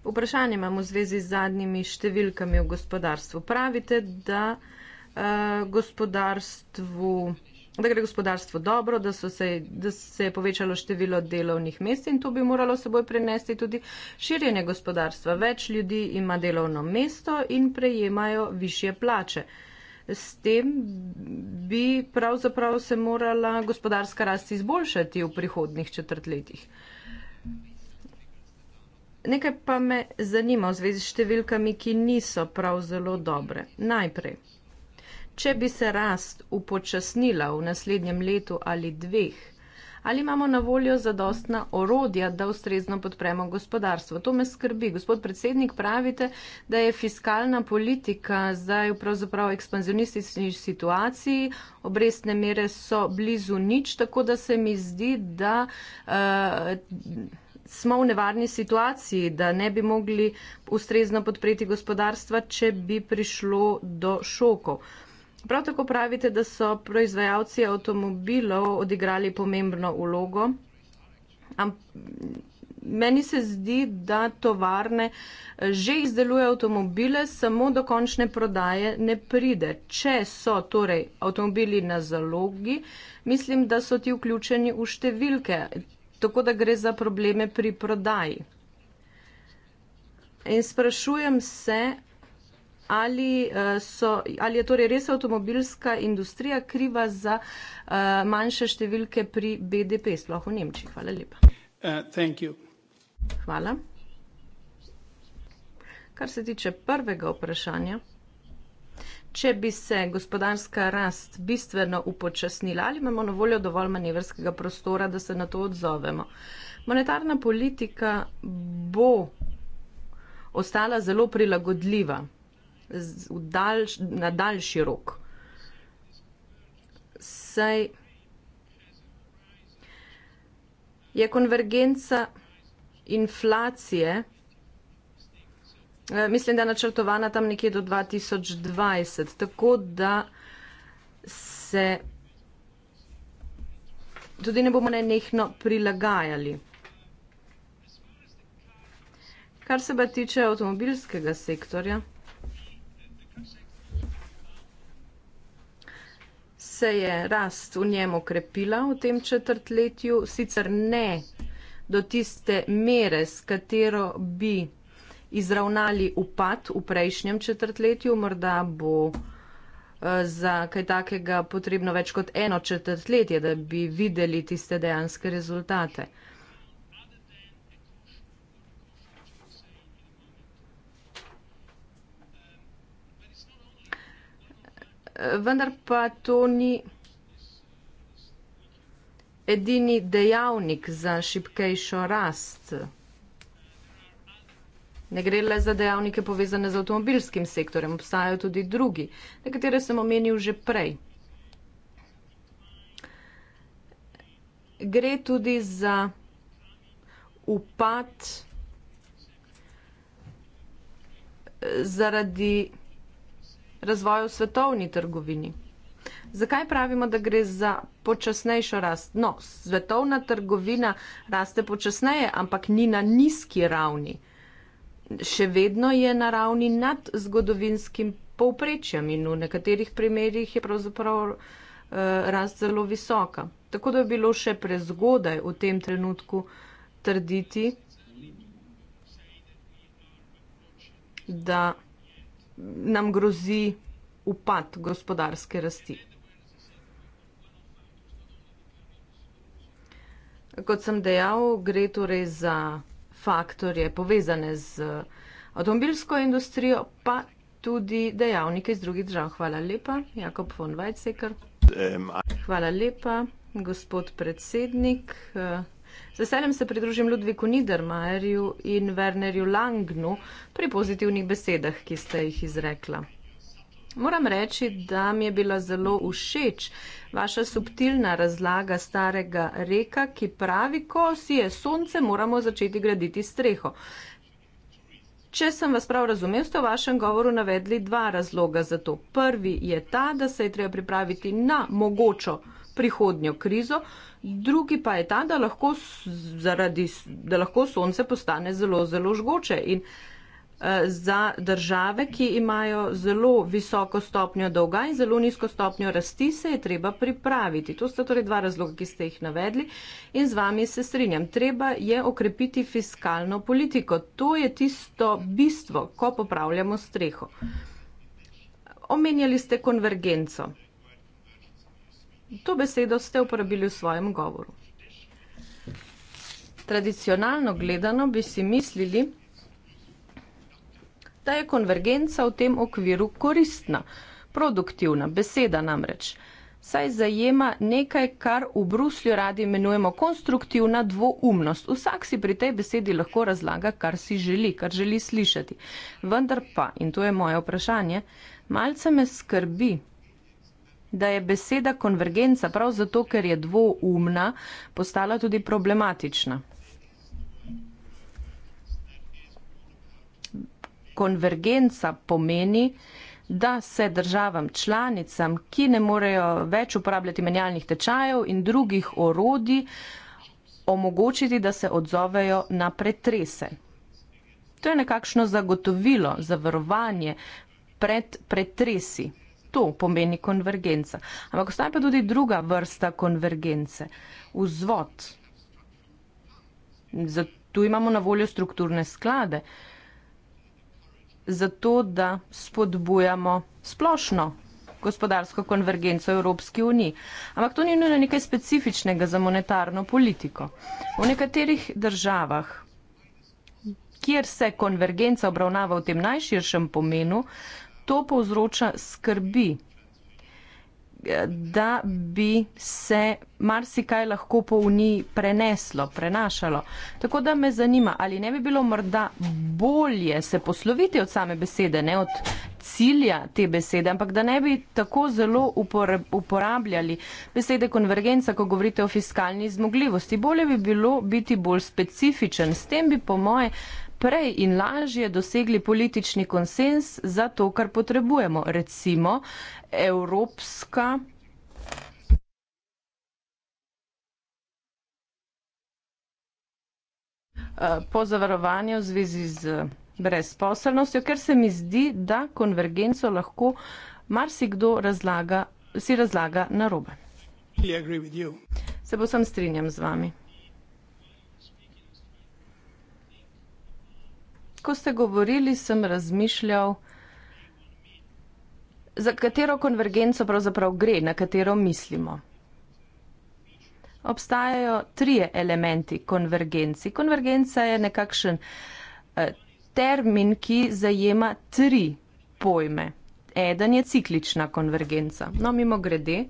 Vprašanje imamo v zvezi z zadnjimi številkami v gospodarstvu. Pravite, da, eh, gospodarstvu, da gre gospodarstvo dobro, da, se, da se je povečalo število delovnih mest in to bi moralo seboj prenesti tudi širjenje gospodarstva. Več ljudi ima delovno mesto in prejemajo više plače. Uh, S tem bi pravzaprav se morala gospodarska rast izboljšati v prihodnih četrtletjih. Nekaj pa me zanima v zvezi s številkami, ki niso prav zelo dobre. Najprej, če bi se rast upočasnila v naslednjem letu ali dveh, ali imamo na voljo zadostna orodja, da ustrezno podpremo gospodarstvo. To me skrbi. Gospod predsednik, pravite, da je fiskalna politika zdaj pravzaprav v ekspanzionistični situaciji, obrestne mere so blizu nič, tako da se mi zdi, da. Uh, Smo v nevarni situaciji, da ne bi mogli ustrezno podpreti gospodarstva, če bi prišlo do šokov. Uh, Prav tako pravite, da so proizvajalci avtomobilov odigrali pomembno ulogo. Am, meni se zdi, da tovarne eh, že izdelujejo avtomobile, samo do končne prodaje ne pride. Če so torej avtomobili na zalogi, mislim, da so ti vključeni v številke, tako da gre za probleme pri prodaji. In sprašujem se, Ali, eh, so, ali je torej res avtomobilska industrija kriva za eh, manjše številke pri BDP, sploh v Nemčiji? Hvala lepa. Eh, Hvala. Kar se tiče prvega vprašanja, če bi se gospodarska rast bistveno upočasnila, ali imamo na voljo dovolj manevrskega prostora, da se na to odzovemo? Monetarna politika bo ostala zelo prilagodljiva daljš, na daljši rok. Saj je konvergenca inflacije, eh, mislim, da je načrtovana tam nekje do 2020, tako da se tudi ne bomo nenehno prilagajali. Kar se pa tiče avtomobilskega sektorja. se je rast v njem okrepila v tem četrtletju, sicer ne do tiste mere, s katero bi izravnali upad v prejšnjem četrtletju, morda bo eh, za kaj takega potrebno več kot eno četrtletje, da bi videli tiste dejanske rezultate. vendar pa to ni edini dejavnik za šipkejšo rast. Ne gre le za dejavnike povezane z avtomobilskim sektorjem, obstajajo tudi drugi, nekatere sem omenil že prej. Gre tudi za upad eh, zaradi razvoju svetovni trgovini. Zakaj pravimo, da gre za počasnejšo rast? No, svetovna trgovina raste počasneje, ampak ni na nizki ravni. Še vedno je na ravni nad zgodovinskim povprečjem in v nekaterih primerjih je pravzaprav eh, rast zelo visoka. Tako da je bilo še prezgodaj v tem trenutku trditi, da nam grozi upad gospodarske rasti. Kot sem dejal, gre torej za faktorje povezane z avtomobilsko industrijo, pa tudi dejavnike iz drugih držav. Hvala lepa, Jakob von Weizsäcker. Hvala lepa, gospod predsednik. Z veseljem se pridružim Ludviku Niedermayerju in Wernerju Langnu pri pozitivnih besedah, ki ste jih izrekla. Moram reči, da mi je bila zelo všeč vaša subtilna razlaga starega reka, ki pravi, ko si je sonce, moramo začeti graditi streho. Če sem vas prav razumel, ste v vašem govoru navedli dva razloga za to. Prvi je ta, da se je treba pripraviti na mogočo prihodnjo krizo, drugi pa je ta, da lahko, zaradi, da lahko sonce postane zelo, zelo žgoče. In eh, za države, ki imajo zelo visoko stopnjo dolga in zelo nizko stopnjo rasti, se je treba pripraviti. To sta torej dva razloga, ki ste jih navedli in z vami se strinjam. Treba je okrepiti fiskalno politiko. To je tisto bistvo, ko popravljamo streho. Omenjali ste konvergenco. To besedo ste uporabili v svojem govoru. Tradicionalno gledano bi si mislili, da je konvergenca v tem okviru koristna, produktivna beseda namreč. Saj zajema nekaj, kar v Bruslju radi imenujemo konstruktivna dvoumnost. Vsak si pri tej besedi lahko razlaga, kar si želi, kar želi slišati. Vendar pa, in to je moje vprašanje, malce me skrbi, da je beseda konvergenca prav zato, ker je dvoumna, postala tudi problematična. Konvergenca pomeni, da se državam članicam, ki ne morejo več uporabljati menjalnih tečajev in drugih orodij, omogočiti, da se odzovejo na pretrese. To je nekakšno zagotovilo, zavarovanje pred pretresi to pomeni konvergenca. Ampak obstaja pa tudi druga vrsta konvergence, vzvod. Zato imamo na voljo strukturne sklade, zato da spodbujamo splošno gospodarsko konvergenco Evropske unije. Ampak to ni nujno nekaj specifičnega za monetarno politiko. V nekaterih državah, kjer se konvergenca obravnava v tem najširšem pomenu, to povzroča skrbi, da bi se marsikaj lahko po uniji preneslo, prenašalo. Tako da me zanima, ali ne bi bilo morda bolje se posloviti od same besede, ne od cilja te besede, ampak da ne bi tako zelo uporabljali besede konvergenca, ko govorite o fiskalni zmogljivosti. Bolje bi bilo biti bolj specifičen. S tem bi po moje prej in lažje dosegli politični konsens za to, kar potrebujemo. Recimo Evropska. Eh, po zavarovanju v zvezi z brezposelnostjo, ker se mi zdi, da konvergenco lahko marsikdo razlaga, si razlaga narobe. Se bo sem strinjam z vami. ko ste govorili, sem razmišljal, za katero konvergenco pravzaprav gre, na katero mislimo. Obstajajo trije elementi konvergenci. Konvergenca je nekakšen eh, termin, ki zajema tri pojme. Eden je ciklična konvergenca. No, mimo grede.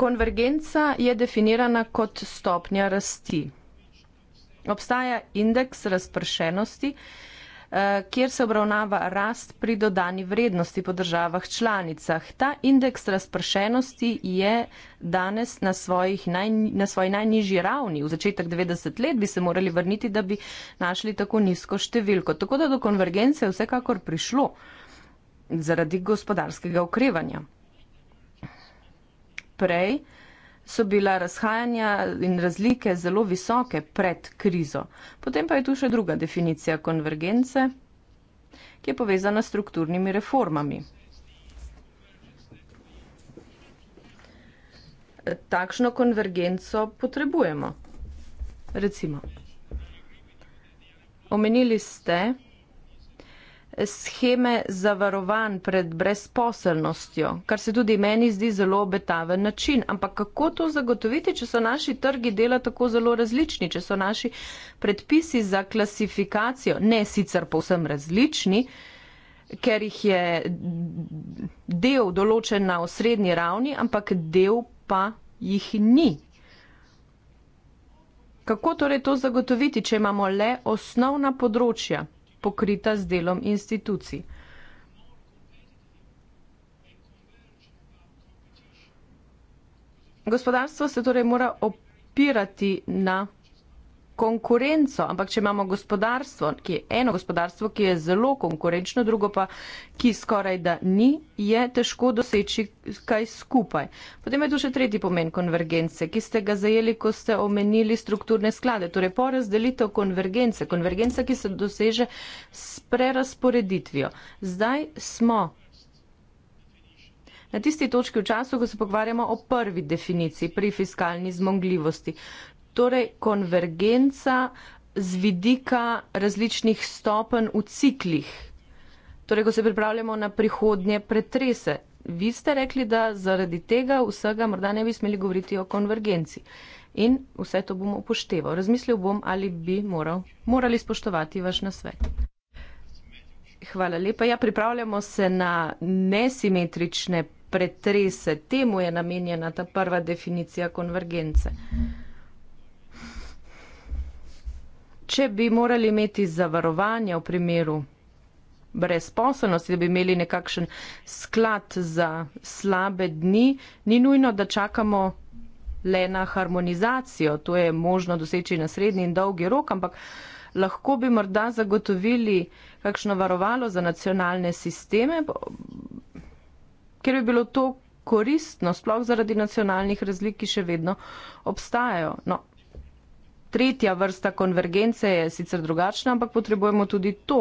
Konvergenca je definirana kot stopnja rasti. Obstaja indeks razpršenosti, eh, kjer se obravnava rast pri dodani vrednosti po državah članicah. Ta indeks razpršenosti je danes na, svojih, na svoji najnižji ravni. V začetek 90 let bi se morali vrniti, da bi našli tako nizko številko. Tako da do konvergence je vsekakor prišlo zaradi gospodarskega okrevanja. Prej so bila razhajanja in razlike zelo visoke pred krizo. Potem pa je tu še druga definicija konvergence, ki je povezana s strukturnimi reformami. Takšno konvergenco potrebujemo. Recimo, omenili ste, scheme zavarovanj pred brezposelnostjo, kar se tudi meni zdi zelo obetaven način. Ampak kako to zagotoviti, če so naši trgi dela tako zelo različni, če so naši predpisi za klasifikacijo ne sicer povsem različni, ker jih je del določen na osrednji ravni, ampak del pa jih ni. Kako torej to zagotoviti, če imamo le osnovna področja? pokrita z delom institucij. Gospodarstvo se torej mora opirati na konkurenco, ampak če imamo gospodarstvo, ki je eno gospodarstvo, ki je zelo konkurenčno, drugo pa, ki skoraj da ni, je težko doseči kaj skupaj. Potem je tu še tretji pomen konvergence, ki ste ga zajeli, ko ste omenili strukturne sklade, torej porazdelitev konvergence, konvergence, ki se doseže s prerasporeditvijo. Zdaj smo. Na tisti točki v času, ko se pogovarjamo o prvi definiciji pri fiskalni zmogljivosti, torej konvergenca z vidika različnih stopenj v ciklih. Torej, ko se pripravljamo na prihodnje pretrese. Vi ste rekli, da zaradi tega vsega morda ne bi smeli govoriti o konvergenci. In vse to bom upošteval. Razmislil bom, ali bi moral, morali spoštovati vaš nasvet. Hvala lepa. Ja, pripravljamo se na nesimetrične pretrese. Temu je namenjena ta prva definicija konvergence. Mhm če bi morali imeti zavarovanje v primeru brezposelnosti, da bi imeli nekakšen sklad za slabe dni, ni nujno, da čakamo le na harmonizacijo. To je možno doseči na srednji in dolgi rok, ampak lahko bi morda zagotovili kakšno varovalo za nacionalne sisteme, ker bi bilo to koristno, sploh zaradi nacionalnih razlik, ki še vedno obstajajo. No, tretja vrsta konvergence je sicer drugačna, ampak potrebujemo tudi to.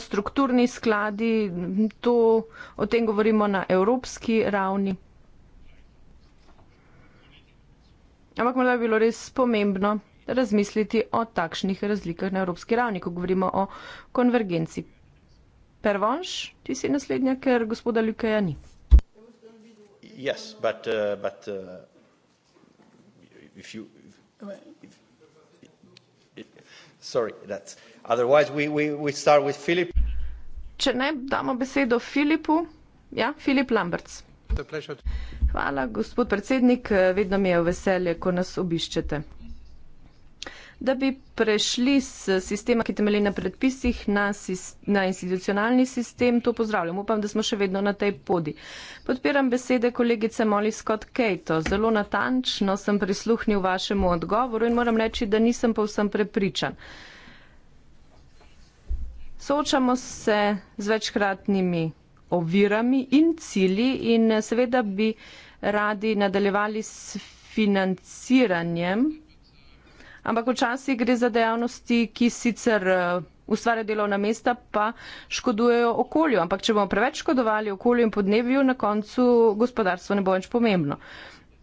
Strukturni skladi, to, o tem govorimo na evropski ravni. Ampak morda bi bilo res pomembno razmisliti o takšnih razlikah na evropski ravni, ko govorimo o konvergenci. Pervonš, ti si naslednja, ker gospoda Ljukeja ni yes, but uh, but uh, if you. If, if, Sorry, that's. Otherwise, we, we, we start with Philip. Če ne, damo besedo Filipu. Ja, Filip Lamberts. Hvala, gospod predsednik. Vedno mi je veselje, ko nas obiščete da bi prešli z sistema, ki temelji na predpisih, na, na institucionalni sistem. To pozdravljam. Upam, da smo še vedno na tej podi. Podpiram besede kolegice Molly Scott Kato. Zelo natančno sem prisluhnil vašemu odgovoru in moram reči, da nisem povsem prepričan. Soočamo se z večkratnimi ovirami in cilji in seveda bi radi nadaljevali s financiranjem ampak včasih gre za dejavnosti, ki sicer eh, ustvarjajo delovna mesta, pa škodujejo okolju. Ampak če bomo preveč škodovali okolju in podnebju, na koncu gospodarstvo ne bo več pomembno.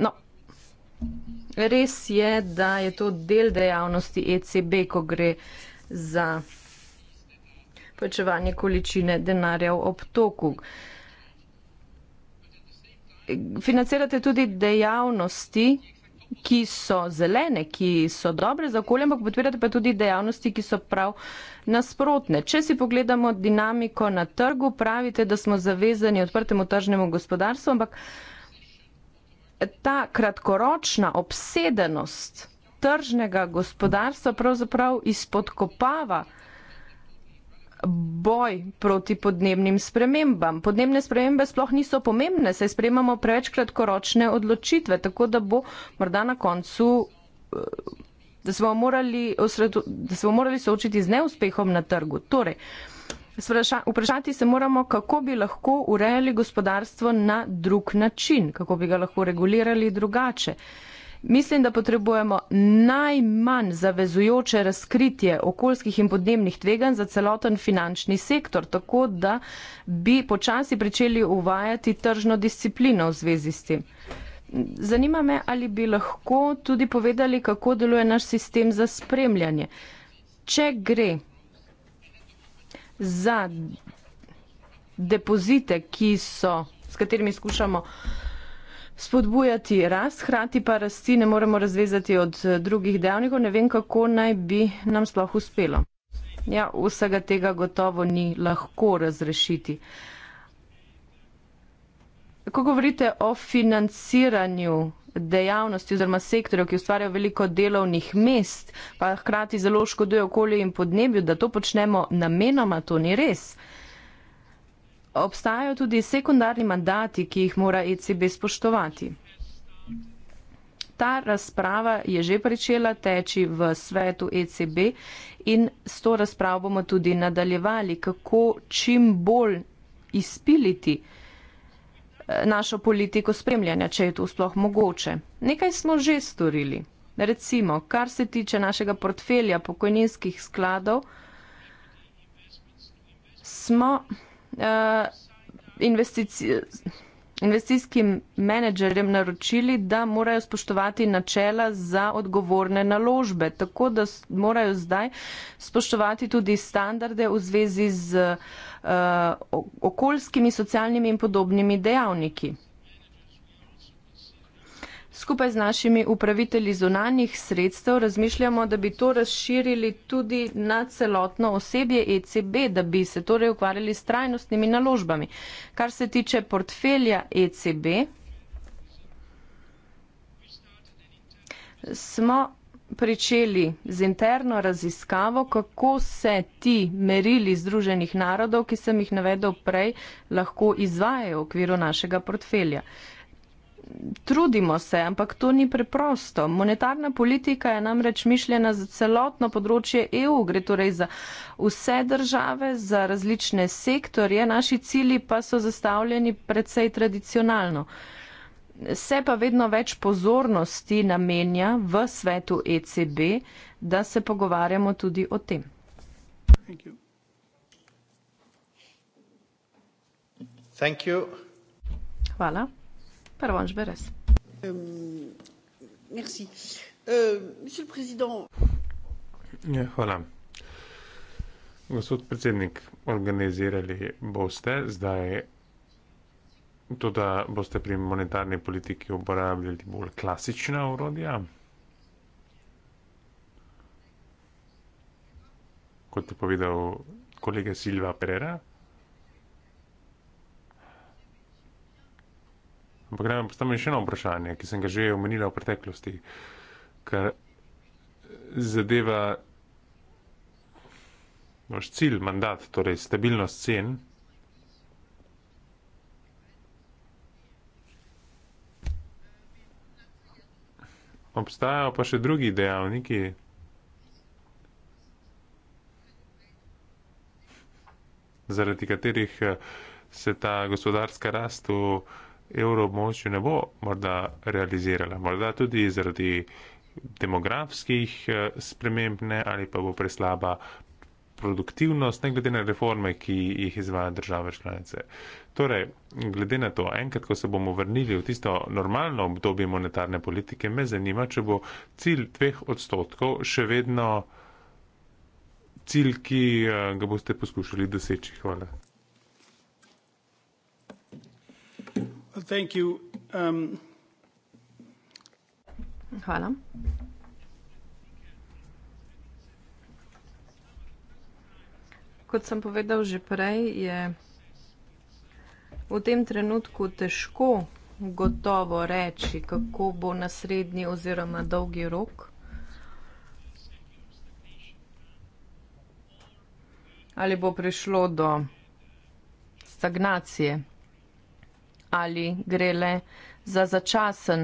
No. Res je, da je to del dejavnosti ECB, ko gre za povečevanje količine denarja v obtoku. Financirate tudi dejavnosti, ki so zelene, ki so dobre za okolje, ampak podpirate pa tudi dejavnosti, ki so prav nasprotne. Če si pogledamo dinamiko na trgu, pravite, da smo zavezani odprtemu tržnemu gospodarstvu, ampak ta kratkoročna obsedenost tržnega gospodarstva pravzaprav izpodkopava boj proti podnebnim spremembam. Podnebne spremembe sploh niso pomembne, saj sprejemamo preveč kratkoročne odločitve, tako da bo morda na koncu. Eh, da smo, morali, da smo morali soočiti z neuspehom na trgu. Torej, spraša, vprašati se moramo, kako bi lahko urejali gospodarstvo na drug način, kako bi ga lahko regulirali drugače. Mislim, da potrebujemo najmanj zavezujoče razkritje okoljskih in podnebnih tveganj za celoten finančni sektor, tako da bi počasi pričeli uvajati tržno disciplino v zvezi s tem. Zanima me, ali bi lahko tudi povedali, kako deluje naš sistem za spremljanje. Če gre za depozite, s katerimi skušamo uh, spodbujati rast, hkrati pa rasti ne moremo razvezati od eh, drugih dejavnikov. Ne vem, kako naj bi nam sploh uspelo. Ja, vsega tega gotovo ni lahko razrešiti. Ko govorite o financiranju dejavnosti oziroma sektorjev, ki ustvarjajo veliko delovnih mest, pa hkrati zelo škodujejo okolju in podnebju, da to počnemo namenoma, to ni res obstajajo tudi sekundarni mandati, ki jih mora ECB spoštovati. Ta razprava je že pričela teči v svetu ECB in s to razpravo bomo tudi nadaljevali, kako čim bolj izpiliti eh, našo politiko spremljanja, če je to sploh mogoče. Nekaj smo že storili. Recimo, kar se tiče našega portfelja pokojninskih skladov, smo Eh, investicijskim menedžerjem naročili, da morajo spoštovati načela za odgovorne naložbe, tako da morajo zdaj spoštovati tudi standarde v zvezi z uh, okoljskimi, socialnimi in podobnimi dejavniki skupaj z našimi upravitelji zunanjih sredstev razmišljamo, da bi to razširili tudi na celotno osebje ECB, da bi se torej ukvarjali s trajnostnimi naložbami. Kar se tiče portfelja ECB, smo pričeli z interno raziskavo, kako se ti merili Združenih narodov, ki sem jih navedel prej, lahko izvajajo v okviru našega portfelja trudimo se, ampak to ni preprosto. Monetarna politika je namreč mišljena za celotno področje EU, gre torej za vse države, za različne sektorje, naši cili pa so zastavljeni predvsej tradicionalno. Se pa vedno več pozornosti namenja v svetu ECB, da se pogovarjamo tudi o tem. Thank you. Thank you. Hvala monsieur le président ja, voilà gospod predsednik organizirali boste zdaj to da boste pri monetarni politiki uporabljali bolj klasična orodja kot je povedal kolega Silva Pereira Ampak gremo postaviti še eno vprašanje, ki sem ga že omenila v preteklosti, ker zadeva vaš cilj, mandat, torej stabilnost cen. Obstajajo pa še drugi dejavniki. Zaradi katerih eh, se ta gospodarska rast v evroobmočju ne bo morda realizirala, morda tudi zaradi demografskih eh, sprememb ne, ali pa bo preslaba produktivnost, ne glede na reforme, ki jih izvaja države članice. Torej, glede na to, enkrat, ko se bomo vrnili v tisto normalno obdobje monetarne politike, me zanima, če bo cilj dveh odstotkov še vedno cilj, ki eh, ga boste poskušali doseči. Hvala. Thank you. Um... Hvala. Kot sem povedal že prej, je v tem trenutku težko gotovo reči, kako bo naslednji oziroma dolgi rok. Ali bo prišlo do stagnacije? ali gre le za začasen,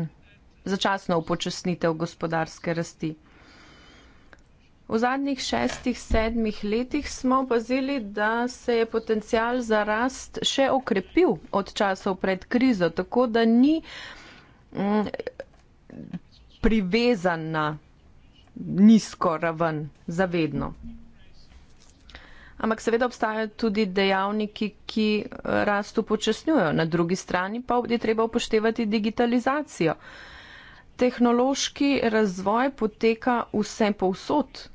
začasno upočasnitev gospodarske rasti. V zadnjih šestih, sedmih letih smo opazili, da se je potencial za rast še okrepil od časov pred krizo, tako da ni mm, privezan na nizko raven za vedno ampak seveda obstajajo tudi dejavniki, ki eh, rast upočasnjujejo. Na drugi strani pa je treba upoštevati digitalizacijo. Tehnološki razvoj poteka vse povsod,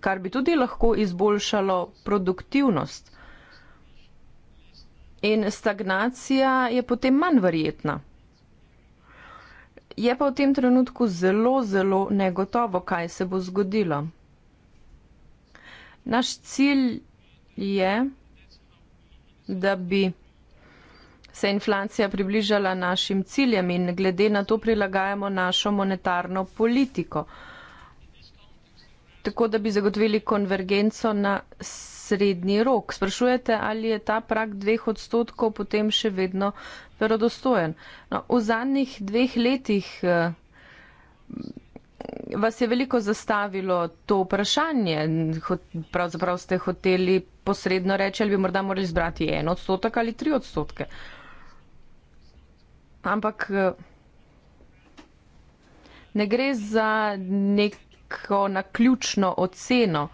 kar bi tudi lahko izboljšalo produktivnost. In stagnacija je potem manj verjetna. Je pa v tem trenutku zelo, zelo negotovo, kaj se bo zgodilo. Naš cilj je, da bi se inflacija približala našim ciljem in glede na to prilagajamo našo monetarno politiko, tako da bi zagotovili konvergenco na srednji rok. Sprašujete, ali je ta prak dveh odstotkov potem še vedno verodostojen. No, v zadnjih dveh letih eh, vas je veliko zastavilo to vprašanje. Pravzaprav ste hoteli posredno reči, ali bi morda morali zbrati en odstotek ali tri odstotke. Ampak eh, ne gre za neko naključno oceno,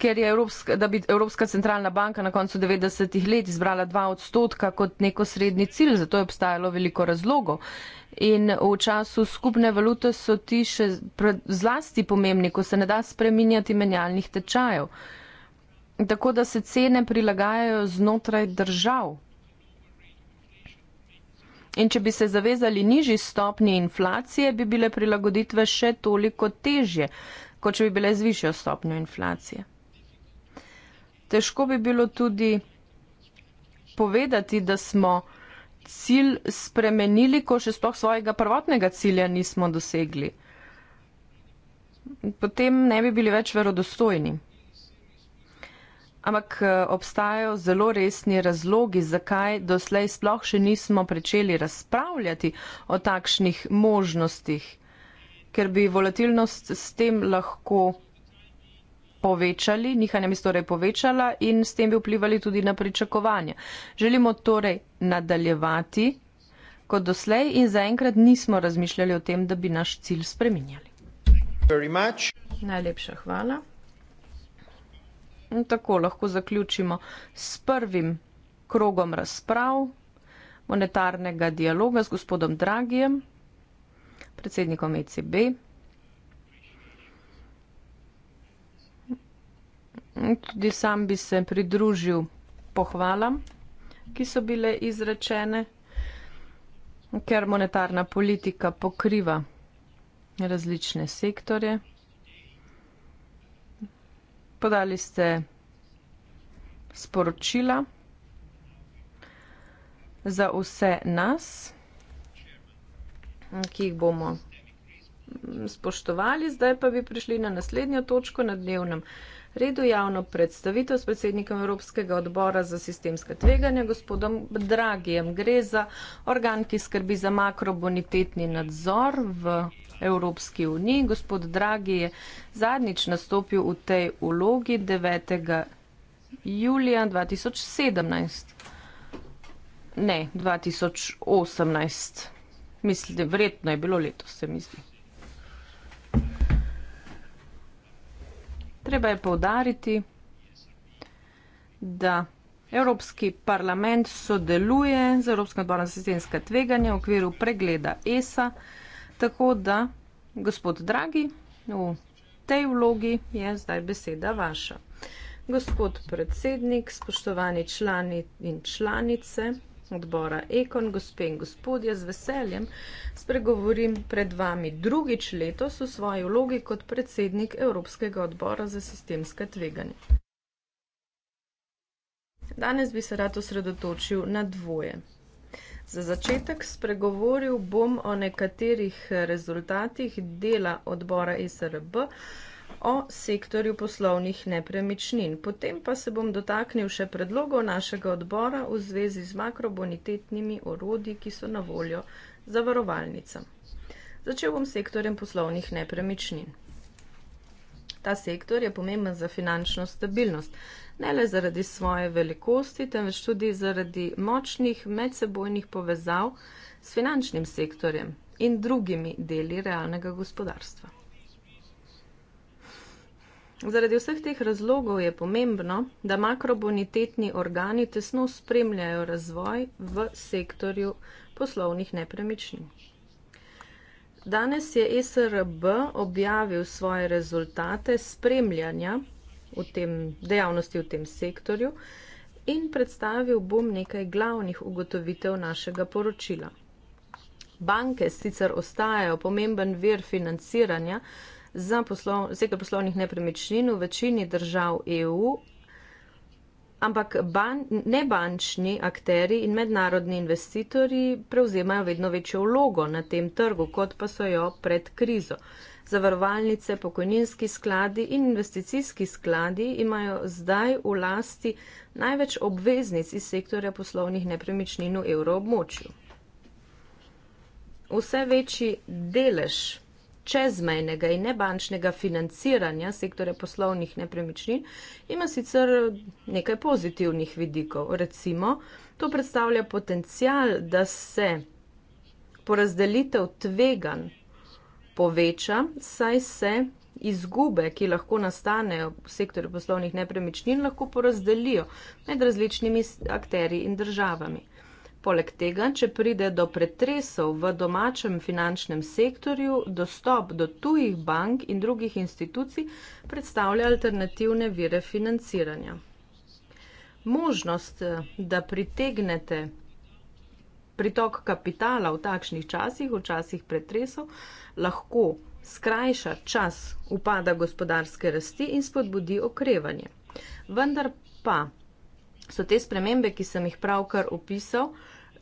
ker je Evropska, da bi Evropska centralna banka na koncu 90-ih let izbrala dva odstotka kot neko srednji cilj, zato je obstajalo veliko razlogov in v času skupne valute so ti še zlasti pomembni, ko se ne da spreminjati menjalnih tečajev. Tako da se cene prilagajajo znotraj držav. In če bi se zavezali nižji stopni inflacije, bi bile prilagoditve še toliko težje, kot če bi bile z višjo stopnjo inflacije. Težko bi bilo tudi povedati, da smo cilj spremenili, ko še sploh svojega prvotnega cilja nismo dosegli. Potem ne bi bili več verodostojni. Ampak eh, obstajajo zelo resni razlogi, zakaj doslej sploh še nismo začeli razpravljati o takšnih možnostih, ker bi volatilnost s tem lahko povečali, nihanja bi se torej povečala in s tem bi vplivali tudi na pričakovanja. Želimo torej nadaljevati kot doslej in zaenkrat nismo razmišljali o tem, da bi naš cilj spreminjali. Najlepša hvala. In tako lahko zaključimo s prvim krogom razprav monetarnega dialoga z gospodom Dragijem, predsednikom ECB. Tudi sam bi se pridružil pohvalam, ki so bile izrečene, ker monetarna politika pokriva različne sektorje. Podali ste sporočila za vse nas, ki jih bomo spoštovali. Zdaj pa bi prišli na naslednjo točko na dnevnem redu redu javno predstavitev s predsednikom Evropskega odbora za sistemska tveganja, gospodom Dragijem. Gre za organ, ki skrbi za makrobonitetni nadzor v Evropski uniji. Gospod Dragi je zadnjič nastopil v tej ulogi 9. julija 2017. Ne, 2018. Mislim, verjetno je bilo letos, se mi zdi. Treba je povdariti, da Evropski parlament sodeluje z Evropskim odborom za sistemska tveganja v okviru pregleda ESA, tako da gospod Dragi v tej vlogi je zdaj beseda vaša. Gospod predsednik, spoštovani člani in članice odbora Ekon, gospe in gospodje, z veseljem spregovorim pred vami drugič letos v svoji vlogi kot predsednik Evropskega odbora za sistemske tveganje. Danes bi se rad osredotočil na dvoje. Za začetek spregovoril bom o nekaterih rezultatih dela odbora ESRB o sektorju poslovnih nepremičnin. Potem pa se bom dotaknil še predlogov našega odbora v zvezi z makrobonitetnimi orodji, ki so na voljo zavarovalnicam. Začel bom s sektorjem poslovnih nepremičnin. Ta sektor je pomemben za finančno stabilnost, ne le zaradi svoje velikosti, temveč tudi zaradi močnih medsebojnih povezav s finančnim sektorjem in drugimi deli realnega gospodarstva. Zaradi vseh teh razlogov je pomembno, da makrobonitetni organi tesno spremljajo razvoj v sektorju poslovnih nepremičnin. Danes je SRB objavil svoje rezultate spremljanja v tem, dejavnosti v tem sektorju in predstavil bom nekaj glavnih ugotovitev našega poročila. Banke sicer ostajajo pomemben vir financiranja, za poslov, sektor poslovnih nepremičnin v večini držav EU, ampak ban, nebančni akteri in mednarodni investitorji prevzemajo vedno večjo vlogo na tem trgu, kot pa so jo pred krizo. Zavarovalnice, pokojninski skladi in investicijski skladi imajo zdaj v lasti največ obveznic iz sektorja poslovnih nepremičnin v evroobmočju. Vse večji delež čezmejnega in nebančnega financiranja sektorja poslovnih nepremičnin ima sicer nekaj pozitivnih vidikov. Recimo, to predstavlja potencial, da se porazdelitev tvegan poveča, saj se izgube, ki lahko nastanejo v sektorju poslovnih nepremičnin, lahko porazdelijo med različnimi akteri in državami. Poleg tega, če pride do pretresov v domačem finančnem sektorju, dostop do tujih bank in drugih institucij predstavlja alternativne vire financiranja. Možnost, eh, da pritegnete pritok kapitala v takšnih časih, v časih pretresov, lahko skrajša čas upada gospodarske rasti in spodbudi okrevanje. Vendar pa so te spremembe, ki sem jih pravkar opisal,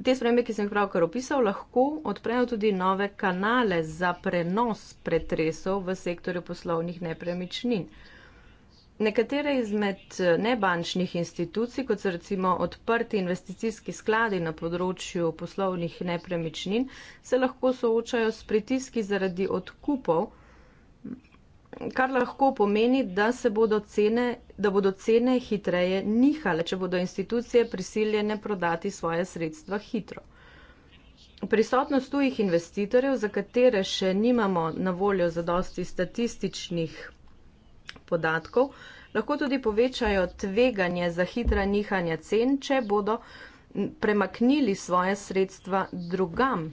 te spremembe, ki sem jih pravkar opisal, lahko odprejo tudi nove kanale za prenos pretresov v sektorju poslovnih nepremičnin. Nekatere izmed eh, nebančnih institucij, kot so recimo odprti investicijski skladi na področju poslovnih nepremičnin, se lahko soočajo s pritiski zaradi odkupov kar lahko pomeni, da se bodo cene, da bodo cene hitreje nihale, če bodo institucije prisiljene prodati svoje sredstva hitro. Prisotnost tujih investitorjev, za katere še nimamo na voljo zadosti statističnih podatkov, lahko tudi povečajo tveganje za hitra nihanja cen, če bodo premaknili svoje sredstva drugam.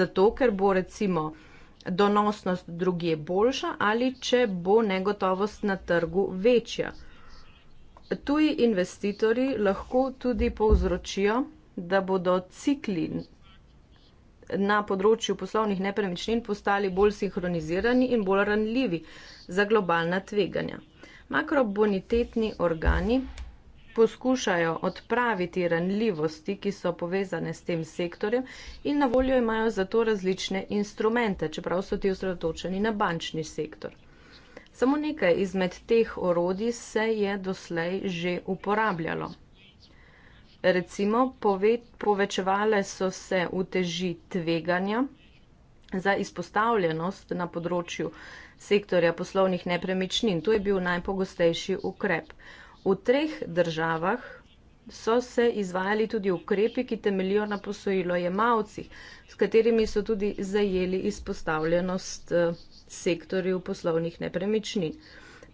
Zato, ker bo recimo donosnost drugje boljša ali če bo negotovost na trgu večja. Tuji investitorji lahko tudi povzročijo, da bodo cikli na področju poslovnih nepremičnin postali bolj sinhronizirani in bolj ranljivi za globalna tveganja. Makrobonitetni organi poskušajo odpraviti ranljivosti, ki so povezane s tem sektorjem in na voljo imajo za to različne instrumente, čeprav so ti osredotočeni na bančni sektor. Samo nekaj izmed teh orodij se je doslej že uporabljalo. Recimo, pove, povečevale so se uteži tveganja za izpostavljenost na področju sektorja poslovnih nepremičnin. To je bil najpogostejši ukrep. V treh državah so se izvajali tudi ukrepi, ki temeljijo na posojilojemalcih, s katerimi so tudi zajeli izpostavljenost eh, sektorju poslovnih nepremičnin.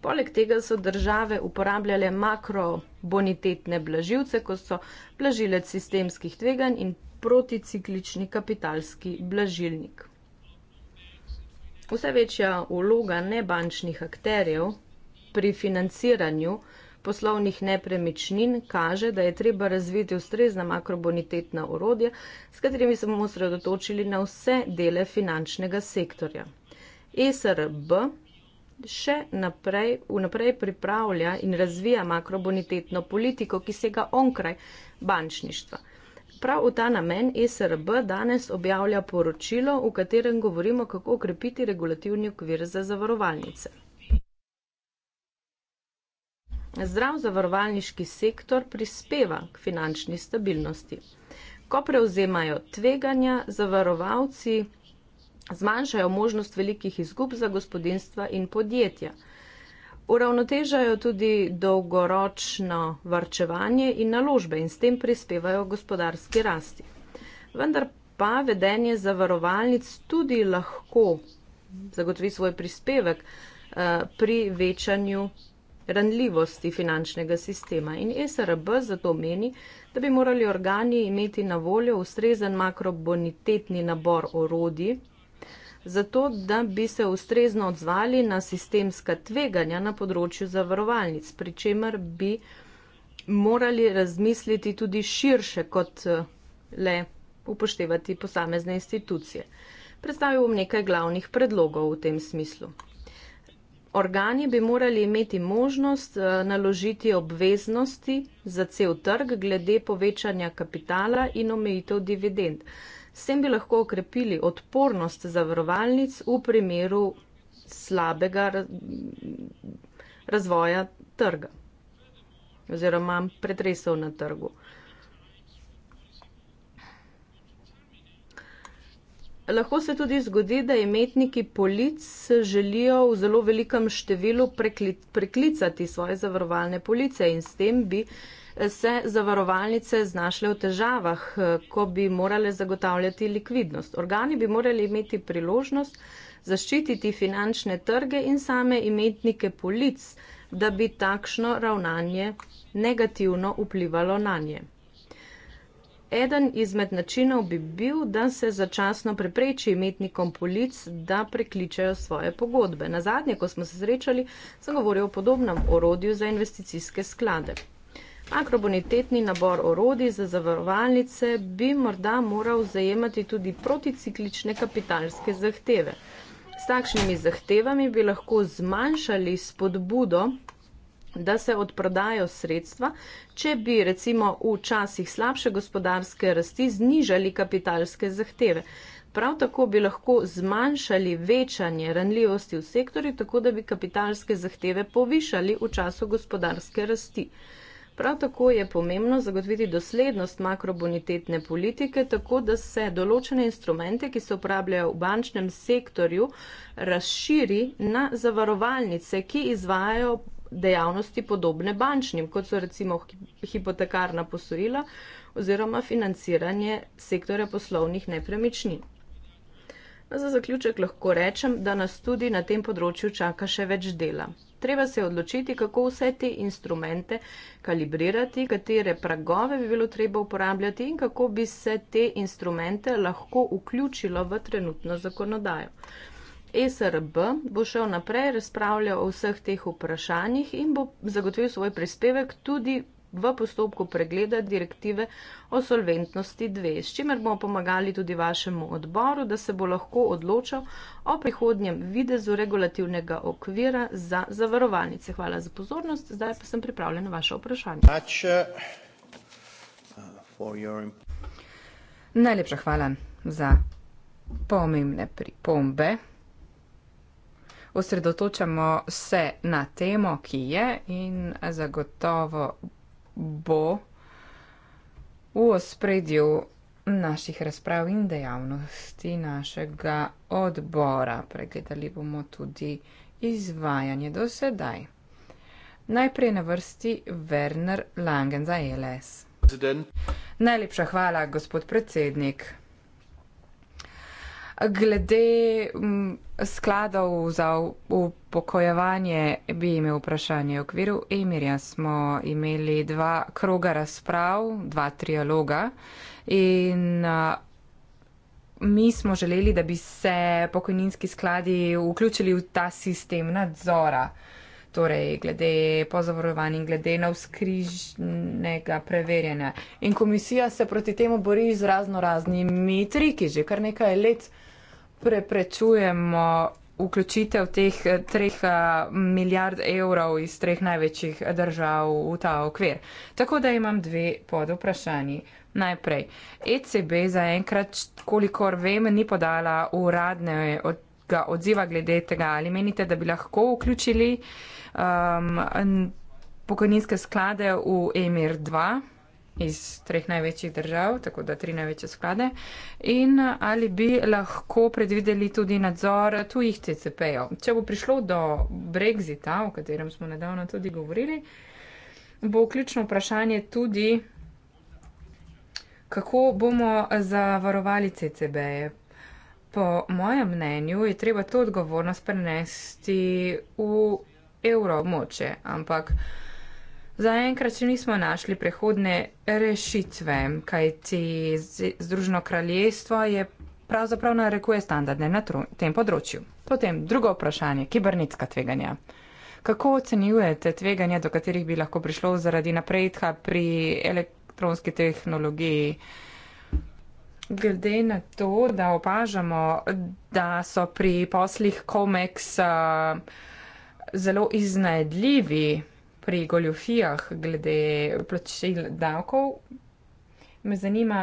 Poleg tega so države uporabljale makrobonitetne blažilce, kot so blažilec sistemskih tveganj in proticiklični kapitalski blažilnik. Vse večja vloga nebančnih akterjev pri financiranju poslovnih nepremičnin kaže, da je treba razviti ustrezna makrobonitetna orodja, s katerimi se bomo sredotočili na vse dele finančnega sektorja. E SRB še naprej, vnaprej pripravlja in razvija makrobonitetno politiko, ki sega onkraj bančništva. Prav v ta namen e SRB danes objavlja poročilo, v katerem govorimo, kako okrepiti regulativni okvir za zavarovalnice. Zdrav zavarovalniški sektor prispeva k finančni stabilnosti. Ko prevzemajo tveganja, zavarovalci zmanjšajo možnost velikih izgub za gospodinstva in podjetja. Uravnotežajo tudi dolgoročno varčevanje in naložbe in s tem prispevajo gospodarski rasti. Vendar pa vedenje zavarovalnic tudi lahko zagotovi svoj prispevek eh, pri večanju ranljivosti finančnega sistema in e SRB zato meni, da bi morali organi imeti na voljo ustrezen makrobonitetni nabor orodij, zato da bi se ustrezno odzvali na sistemska tveganja na področju zavarovalnic, pri čemer bi morali razmisliti tudi širše kot le upoštevati posamezne institucije. Predstavil bom nekaj glavnih predlogov v tem smislu organi bi morali imeti možnost eh, naložiti obveznosti za cel trg glede povečanja kapitala in omejitev dividend. S tem bi lahko okrepili odpornost zavarovalnic v primeru slabega razvoja trga oziroma pretresov na trgu. Lahko se tudi zgodi, da imetniki polic želijo v zelo velikem številu preklicati svoje zavarovalne police in s tem bi eh, se zavarovalnice znašle v težavah, eh, ko bi morale zagotavljati likvidnost. Organi bi morali imeti priložnost zaščititi finančne trge in same imetnike polic, da bi takšno ravnanje negativno vplivalo na nje. Eden izmed načinov bi bil, da se začasno prepreči imetnikom polic, da prekličajo svoje pogodbe. Na zadnje, ko smo se srečali, sem govoril o podobnem orodju za investicijske sklade. Makrobonitetni nabor orodij za zavarovalnice bi morda moral zajemati tudi proticiklične kapitalske zahteve. S takšnimi zahtevami bi lahko zmanjšali spodbudo da se odprodajo sredstva, če bi recimo v časih slabše gospodarske rasti znižali kapitalske zahteve. Prav tako bi lahko zmanjšali večanje ranljivosti v sektorju, tako da bi kapitalske zahteve povišali v času gospodarske rasti. Prav tako je pomembno zagotoviti doslednost makrobonitetne politike, tako da se določene instrumente, ki se uporabljajo v bančnem sektorju, razširi na zavarovalnice, ki izvajajo dejavnosti podobne bančnim, kot so recimo hipotekarna posojila oziroma financiranje sektorja poslovnih nepremičnin. No, za zaključek lahko rečem, da nas tudi na tem področju čaka še več dela. Treba se odločiti, kako vse te instrumente kalibrirati, katere pragove bi bilo treba uporabljati in kako bi se te instrumente lahko vključilo v trenutno zakonodajo. ESRB bo šel naprej, razpravljal o vseh teh vprašanjih in bo zagotovil svoj prispevek tudi v postopku pregleda direktive o solventnosti 2, s čimer bomo pomagali tudi vašemu odboru, da se bo lahko odločal o prihodnjem videzu regulativnega okvira za zavarovalnice. Hvala za pozornost, zdaj pa sem pripravljen na vaše vprašanje. Najlepša hvala za pomembne pripombe osredotočamo se na temo, ki je in zagotovo bo v ospredju naših razprav in dejavnosti našega odbora. Pregledali bomo tudi izvajanje do sedaj. Najprej na vrsti Werner Langen za e LS. Najlepša hvala, gospod predsednik. Glede mm, skladov za upokojevanje bi imel vprašanje. V okviru Emirja smo imeli dva kroga razprav, dva trialoga in mi smo želeli, da bi se pokojninski skladi vključili v ta sistem nadzora. Torej, glede pozavarovanja in glede na vzkrižnega preverjanja. In komisija se proti temu bori z razno raznimi triki, že kar nekaj let. Uh, preprečujemo vključitev teh treh eh, milijard evrov iz treh največjih držav v ta okvir. Tako da imam dve podvprašanji. Najprej, ECB zaenkrat, kolikor vem, ni podala uradne odziva glede tega, ali menite, da bi lahko vključili um, pokojninske sklade v EMIR 2 iz treh največjih držav, tako da tri največje sklade, in ali bi lahko predvideli tudi nadzor tujih CCP-jev. Če bo prišlo do brexita, o katerem smo nedavno tudi govorili, bo ključno vprašanje tudi, kako bomo zavarovali CCB-je. Po mojem mnenju je treba to odgovornost prenesti v evroobmoče, ampak Zaenkrat še nismo našli prehodne rešitve, kajti Združeno kraljestvo je pravzaprav narekuje standarde na tem področju. Potem drugo vprašanje, kibernetska tveganja. Kako ocenjujete tveganja, do katerih bi lahko prišlo zaradi napredka pri elektronski tehnologiji? Glede na to, da opažamo, da so pri poslih COMEX uh, zelo iznajdljivi, pri goljofijah glede plačil davkov, me zanima,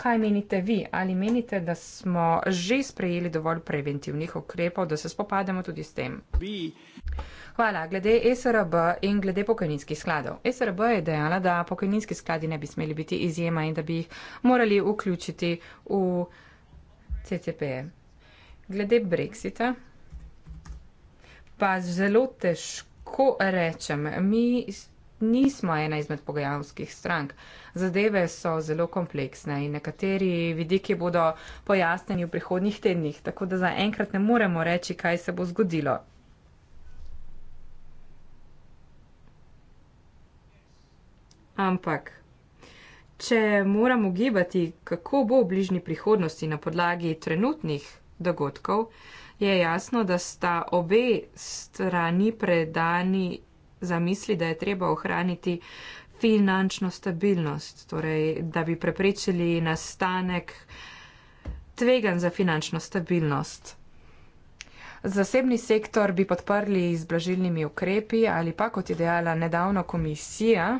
kaj menite vi? Ali menite, da smo že sprejeli dovolj preventivnih ukrepov, da se spopademo tudi s tem? Bi. Hvala. Glede SRB in glede pokojninskih skladov. SRB je dejala, da pokojninski skladi ne bi smeli biti izjema in da bi jih morali vključiti v CCP. Glede Brexita, pa zelo težko lahko rečem, mi nismo ena izmed pogajalskih strank. Zadeve so zelo kompleksne in nekateri vidiki bodo pojasneni v prihodnjih tednih, tako da zaenkrat ne moremo reči, kaj se bo zgodilo. Ampak, če moramo gibati, kako bo v bližnji prihodnosti na podlagi trenutnih dogodkov, je jasno, da sta obe strani predani za misli, da je treba ohraniti finančno stabilnost, torej da bi preprečili nastanek tvegan za finančno stabilnost. Zasebni sektor bi podprli z blažilnimi ukrepi ali pa, kot je dejala nedavno komisija,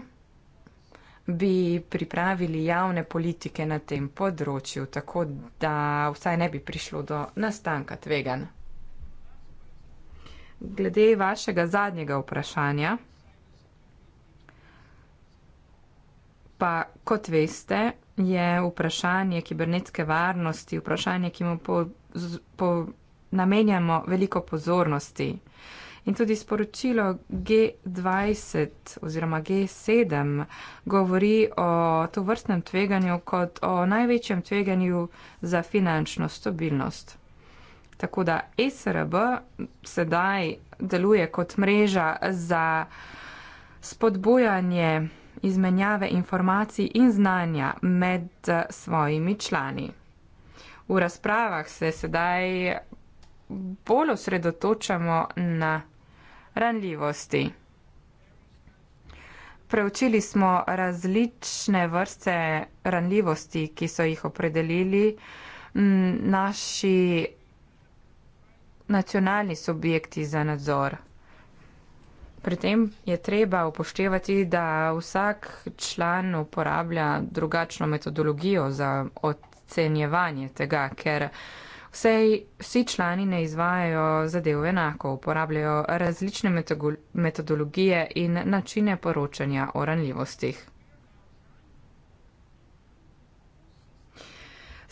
bi pripravili javne politike na tem področju, tako da vsaj ne bi prišlo do nastanka tvegan. Glede vašega zadnjega vprašanja, pa kot veste, je vprašanje kibernetske varnosti, vprašanje, ki mu po, po, namenjamo veliko pozornosti. Uh, In tudi sporočilo G20 oziroma G7 govori o to vrstnem tveganju kot o največjem tveganju za finančno stabilnost. Tako da e SRB sedaj deluje kot mreža za spodbujanje izmenjave informacij in znanja med svojimi člani. V razpravah se sedaj bolj osredotočamo na ranljivosti. Preučili smo različne vrste ranljivosti, ki so jih opredelili mm, naši nacionalni subjekti za nadzor. Pri tem je treba upoštevati, da vsak član uporablja drugačno metodologijo za ocenjevanje tega, ker Vse, vsi člani ne izvajajo zadev enako, uporabljajo različne metodologije in načine poročanja o ranljivostih.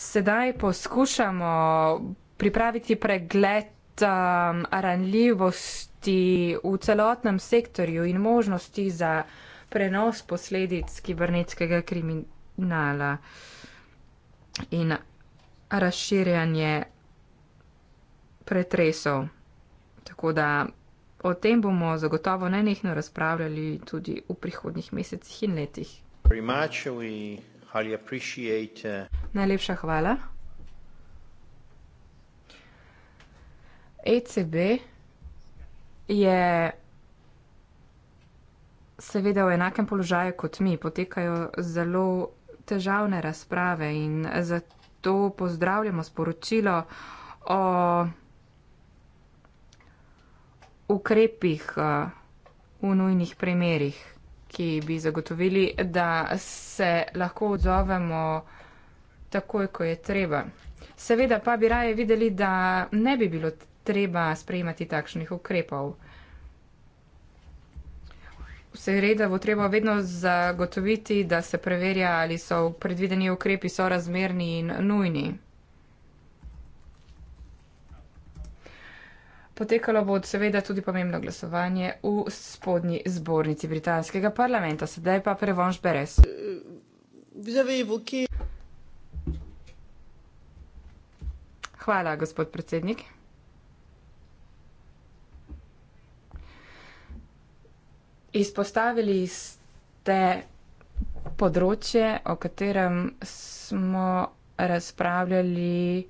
Sedaj poskušamo pripraviti pregled um, ranljivosti v celotnem sektorju in možnosti za prenos posledic kibernetskega kriminala. In razširjanje pretresov. Tako da o tem bomo zagotovo nenehno razpravljali tudi v prihodnjih mesecih in letih. Uh, Najlepša hvala. ECB je seveda v enakem položaju kot mi. Potekajo zelo težavne razprave in zato to pozdravljamo sporočilo o ukrepih eh, v nujnih primerih, ki bi zagotovili, da se lahko odzovemo takoj, ko je treba. Seveda pa bi raje videli, da ne bi bilo treba sprejemati takšnih ukrepov. Seveda bo treba vedno zagotoviti, da se preverja, ali so predvideni ukrepi sorazmerni in nujni. Potekalo bo seveda tudi pomembno glasovanje v spodnji zbornici britanskega parlamenta. Sedaj pa prevonš beres. Hvala, gospod predsednik. Izpostavili ste področje, o katerem smo razpravljali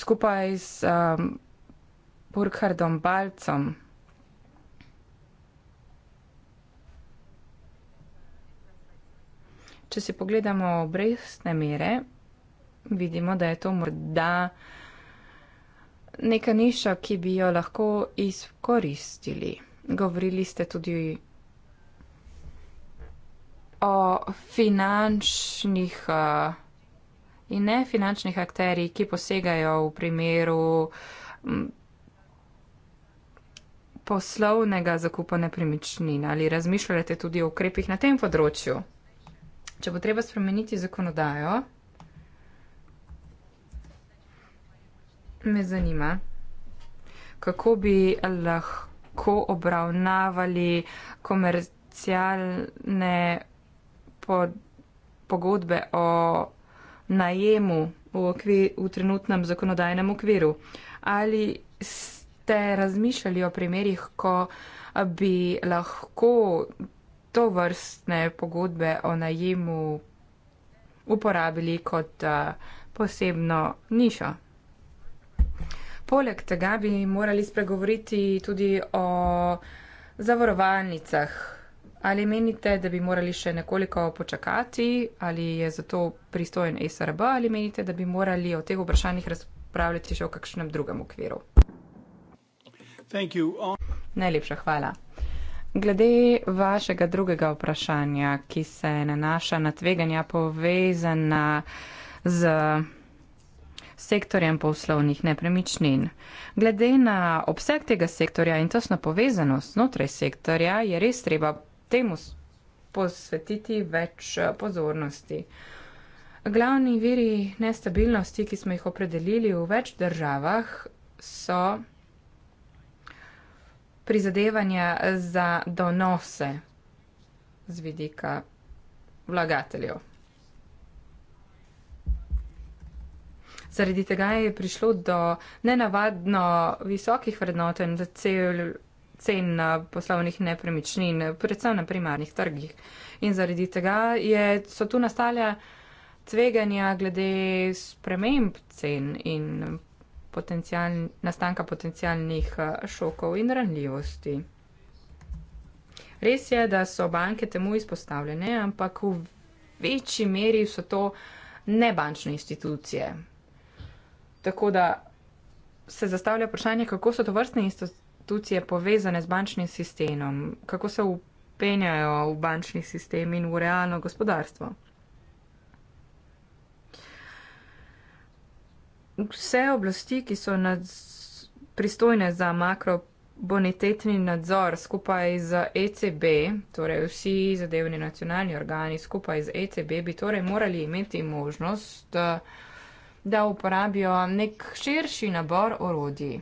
skupaj z um, Burkhardom Balcom. Če si pogledamo obrestne mere, vidimo, da je to morda neka niša, ki bi jo lahko izkoristili govorili ste tudi o finančnih eh, in nefinančnih akterjih, ki posegajo v primeru poslovnega zakupa nepremičnina. Ali razmišljate tudi o ukrepih na tem področju? Če bo treba spremeniti zakonodajo, me zanima, kako bi lahko lahko obravnavali komercialne pod, pogodbe o najemu v, okvir, v trenutnem zakonodajnem okviru. Ali ste razmišljali o primerjih, ko bi lahko to vrstne pogodbe o najemu uporabili kot posebno nišo? Poleg tega bi morali spregovoriti tudi o zavarovalnicah. Ali menite, da bi morali še nekoliko počakati, ali je za to pristojen SRB, ali menite, da bi morali o teh vprašanjih razpravljati še v kakšnem drugem okviru? Najlepša hvala. Glede vašega drugega vprašanja, ki se nanaša na tveganja povezana z sektorjem poslovnih nepremičnin. Glede na obseg tega sektorja in tesno povezanost znotraj sektorja je res treba temu posvetiti več eh, pozornosti. Glavni viri nestabilnosti, ki smo jih opredelili v več državah, so prizadevanja za donose z vidika vlagateljev. Zaradi tega je prišlo do nenavadno visokih vrednoten cel cen eh, poslovnih nepremičnin, predvsem na primarnih trgih. In zaradi tega je, so tu nastale tveganja glede sprememb cen in potencijal, nastanka potencijalnih eh, šokov in ranljivosti. Res je, da so banke temu izpostavljene, ampak v večji meri so to nebančne institucije, Tako da se zastavlja vprašanje, kako so to vrstne institucije povezane z bančnim sistemom, kako se upenjajo v bančni sistem in v realno gospodarstvo. Vse oblasti, ki so pristojne za makrobonitetni nadzor skupaj z ECB, torej vsi zadevni nacionalni organi skupaj z ECB, bi torej morali imeti možnost, da eh, da uporabijo nek širši nabor orodij.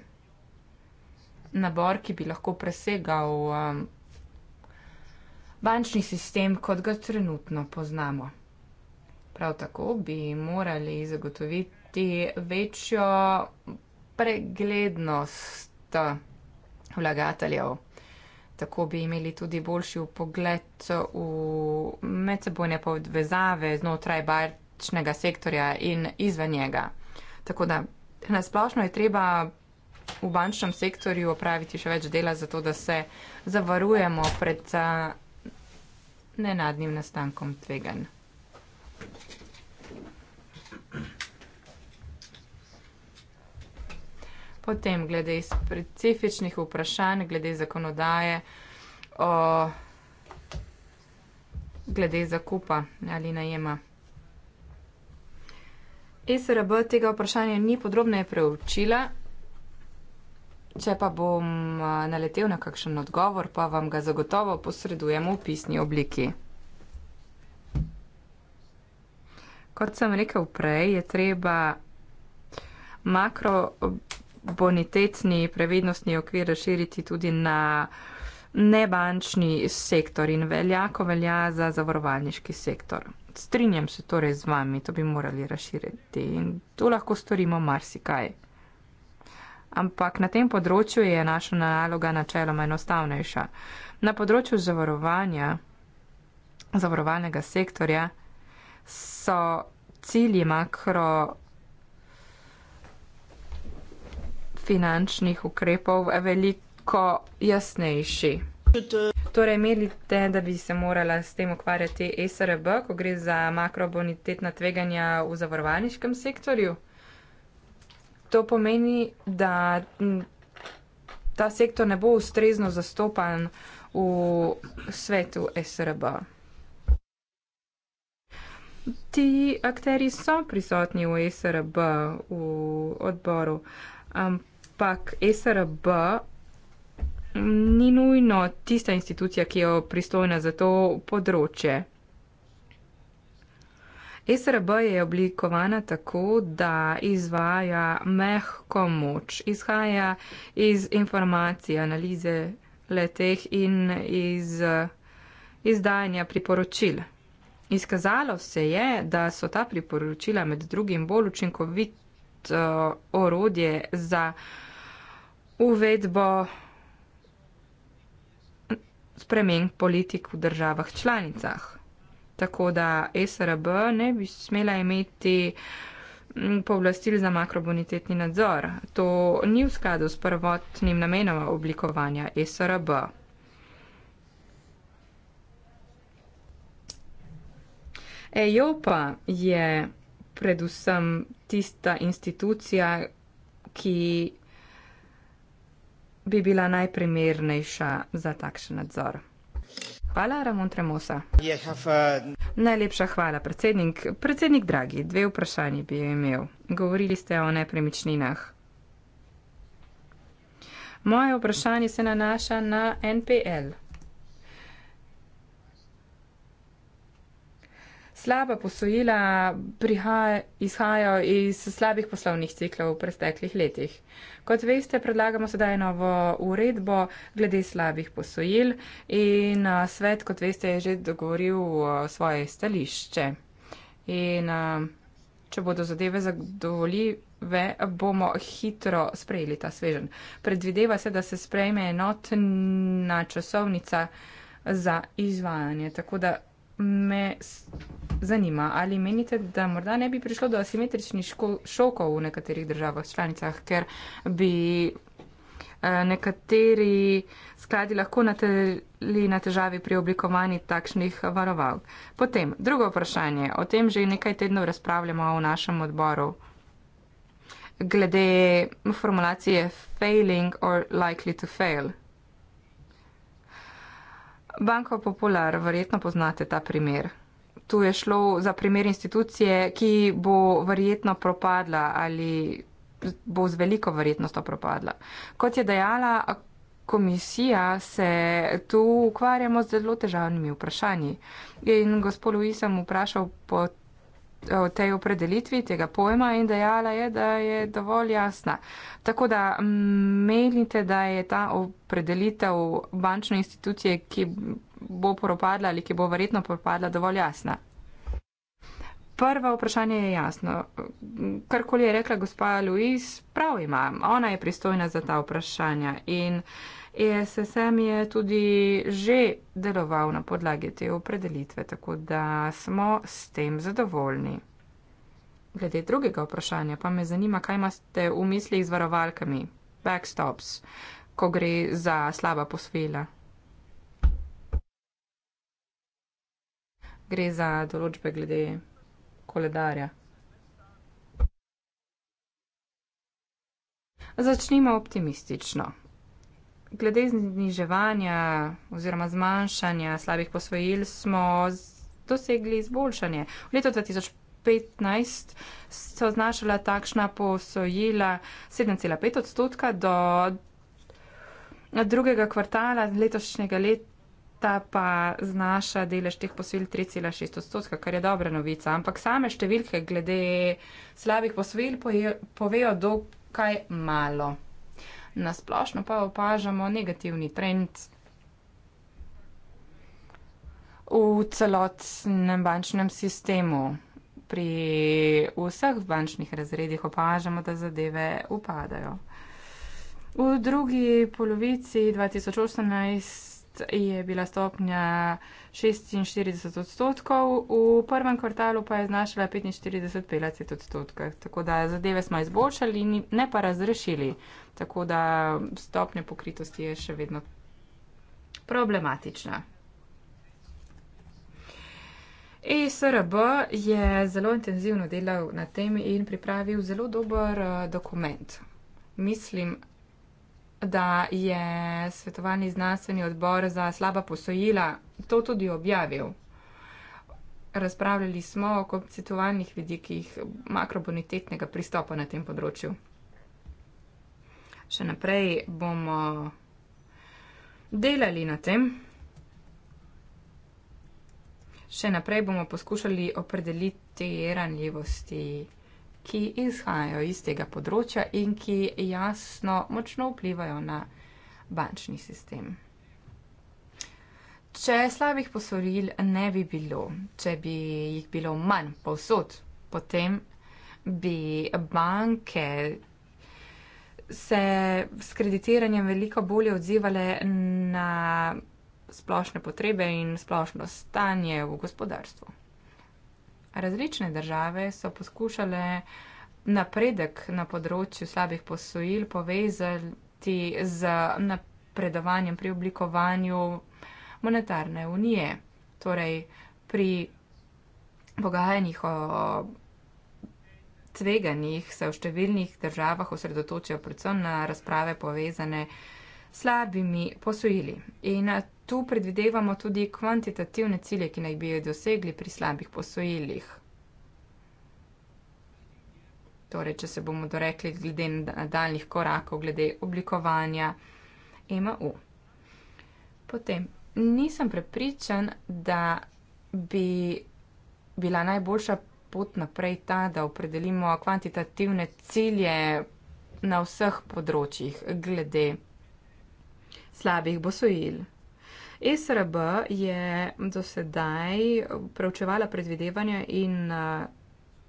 Nabor, ki bi lahko presegal um, bančni sistem, kot ga trenutno poznamo. Prav tako bi morali zagotoviti večjo preglednost vlagateljev. Tako bi imeli tudi boljši pogled v medsebojne povezave znotraj finančnega sektorja in izven njega. Tako da nasplošno je treba v bančnem sektorju opraviti še več dela, zato da se zavarujemo pred nenadnim nastankom tvegan. Potem glede specifičnih vprašanj, glede zakonodaje, o, glede zakupa ali najema. E SRB tega vprašanja ni podrobneje preučila. Če pa bom naletel na kakšen odgovor, pa vam ga zagotovo posredujem v pisni obliki. Kot sem rekel prej, je treba makrobonitetni previdnostni okvir razširiti tudi na nebančni sektor in veljako velja za zavarovalniški sektor strinjam se torej z vami, to bi morali razširiti in tu lahko storimo marsikaj. Ampak na tem področju je naša naloga načeloma enostavnejša. Na področju zavarovanja, zavarovalnega sektorja, so cilji makro finančnih ukrepov veliko jasnejši. Torej, menite, da bi se morala s tem ukvarjati e SRB, ko gre za makrobonitetna tveganja v zavarovalniškem sektorju? To pomeni, da ta sektor ne bo ustrezno zastopan v svetu e SRB. Ti akteri so prisotni v e SRB, v odboru, ampak SRB ni nujno tista institucija, ki je pristojna za to področje. SRB je oblikovana tako, da izvaja mehko moč, izhaja iz informacije, analize leteh in iz izdajanja priporočil. Izkazalo se je, da so ta priporočila med drugim bolj učinkovit uh, orodje za uvedbo sprememb politik v državah članicah. Tako da SRB ne bi smela imeti mm, povlastil za makrobonitetni nadzor. To ni v skladu s prvotnim namenom oblikovanja SRB. EIOPA je predvsem tista institucija, ki bi bila najprimernejša za takšen nadzor. Hvala, Ramon Tremosa. A... Najlepša hvala, predsednik. Predsednik, dragi, dve vprašanje bi imel. Govorili ste o nepremičninah. Moje vprašanje se nanaša na NPL. slaba posojila izhajajo iz slabih poslovnih ciklov v preteklih letih. Kot veste, predlagamo sedaj novo uredbo glede slabih posojil in svet, kot veste, je že dogovoril svoje stališče. In če bodo zadeve zadovolji, bomo hitro sprejeli ta svežen. Predvideva se, da se sprejme enotna časovnica za izvajanje. Tako da me zanima, ali menite, da morda ne bi prišlo do asimetričnih šokov v nekaterih državah članicah, ker bi eh, nekateri skladi lahko nateli na težavi pri oblikovanju takšnih varoval. Potem, drugo vprašanje, o tem že nekaj tednov razpravljamo v našem odboru. Glede formulacije failing or likely to fail. Banko Popular, verjetno poznate ta primer. Tu je šlo za primer institucije, ki bo verjetno propadla ali bo z veliko verjetnostjo propadla. Kot je dejala komisija, se tu ukvarjamo z zelo težavnimi vprašanji. In gospod Luis sem vprašal po o tej opredelitvi tega pojma in dejala je, da je dovolj jasna. Tako da menite, da je ta opredelitev bančne institucije, ki bo propadla ali ki bo verjetno propadla, dovolj jasna. Prvo vprašanje je jasno. Karkoli je rekla gospa Luiz, prav ima. Ona je pristojna za ta vprašanja. In uh, ESSM je tudi že deloval na podlagi te opredelitve, tako da smo s tem zadovoljni. Glede drugega vprašanja pa me zanima, kaj imate v mislih z varovalkami, backstops, ko gre za slaba posvela. Gre za določbe glede koledarja. Začnimo optimistično glede zniževanja oziroma zmanjšanja slabih posvojil smo dosegli izboljšanje. V letu 2015 so znašala takšna posojila 7,5 odstotka do drugega kvartala letošnjega leta pa znaša delež teh posojil 3,6 odstotka, kar je dobra novica. Ampak same številke glede slabih posojil pojejo dokaj malo nasplošno pa opažamo negativni trend v celotnem bančnem sistemu. Pri vseh bančnih razredih opažamo, da zadeve upadajo. V drugi polovici 2018 je bila stopnja 46 odstotkov, v prvem kvartalu pa je znašala 45,5 odstotka. Tako da zadeve smo izboljšali, ne pa razrešili. Tako da stopnja pokritosti je še vedno problematična. ESRB je zelo intenzivno delal na tem in pripravil zelo dober eh, dokument. Mislim, da je svetovalni znanstveni odbor za slaba posojila to tudi objavil. Razpravljali smo o konceptualnih vidikih makrobonitetnega pristopa na tem področju. Še naprej bomo delali na tem. Še naprej bomo poskušali opredeliti ranljivosti ki izhajajo iz tega področja in ki jasno močno vplivajo na bančni sistem. Če slabih posoril ne bi bilo, če bi jih bilo manj povsod, potem bi banke se s kreditiranjem veliko bolje odzivale na splošne potrebe in splošno stanje v gospodarstvu. Različne države so poskušale napredek na področju slabih posojil povezati z napredovanjem pri oblikovanju monetarne unije, torej pri pogajanjih o tveganjih se v številnih državah osredotočajo predvsem na razprave povezane s slabimi posojili. In tu predvidevamo tudi kvantitativne cilje, ki naj bi jih dosegli pri slabih posojilih. Torej, če se bomo dorekli glede nadaljnih korakov, glede oblikovanja MAU. Potem, nisem prepričan, da bi bila najboljša pot naprej ta, da opredelimo kvantitativne cilje na vseh področjih glede slabih posojil. SRB je do sedaj preučevala predvidevanja in eh,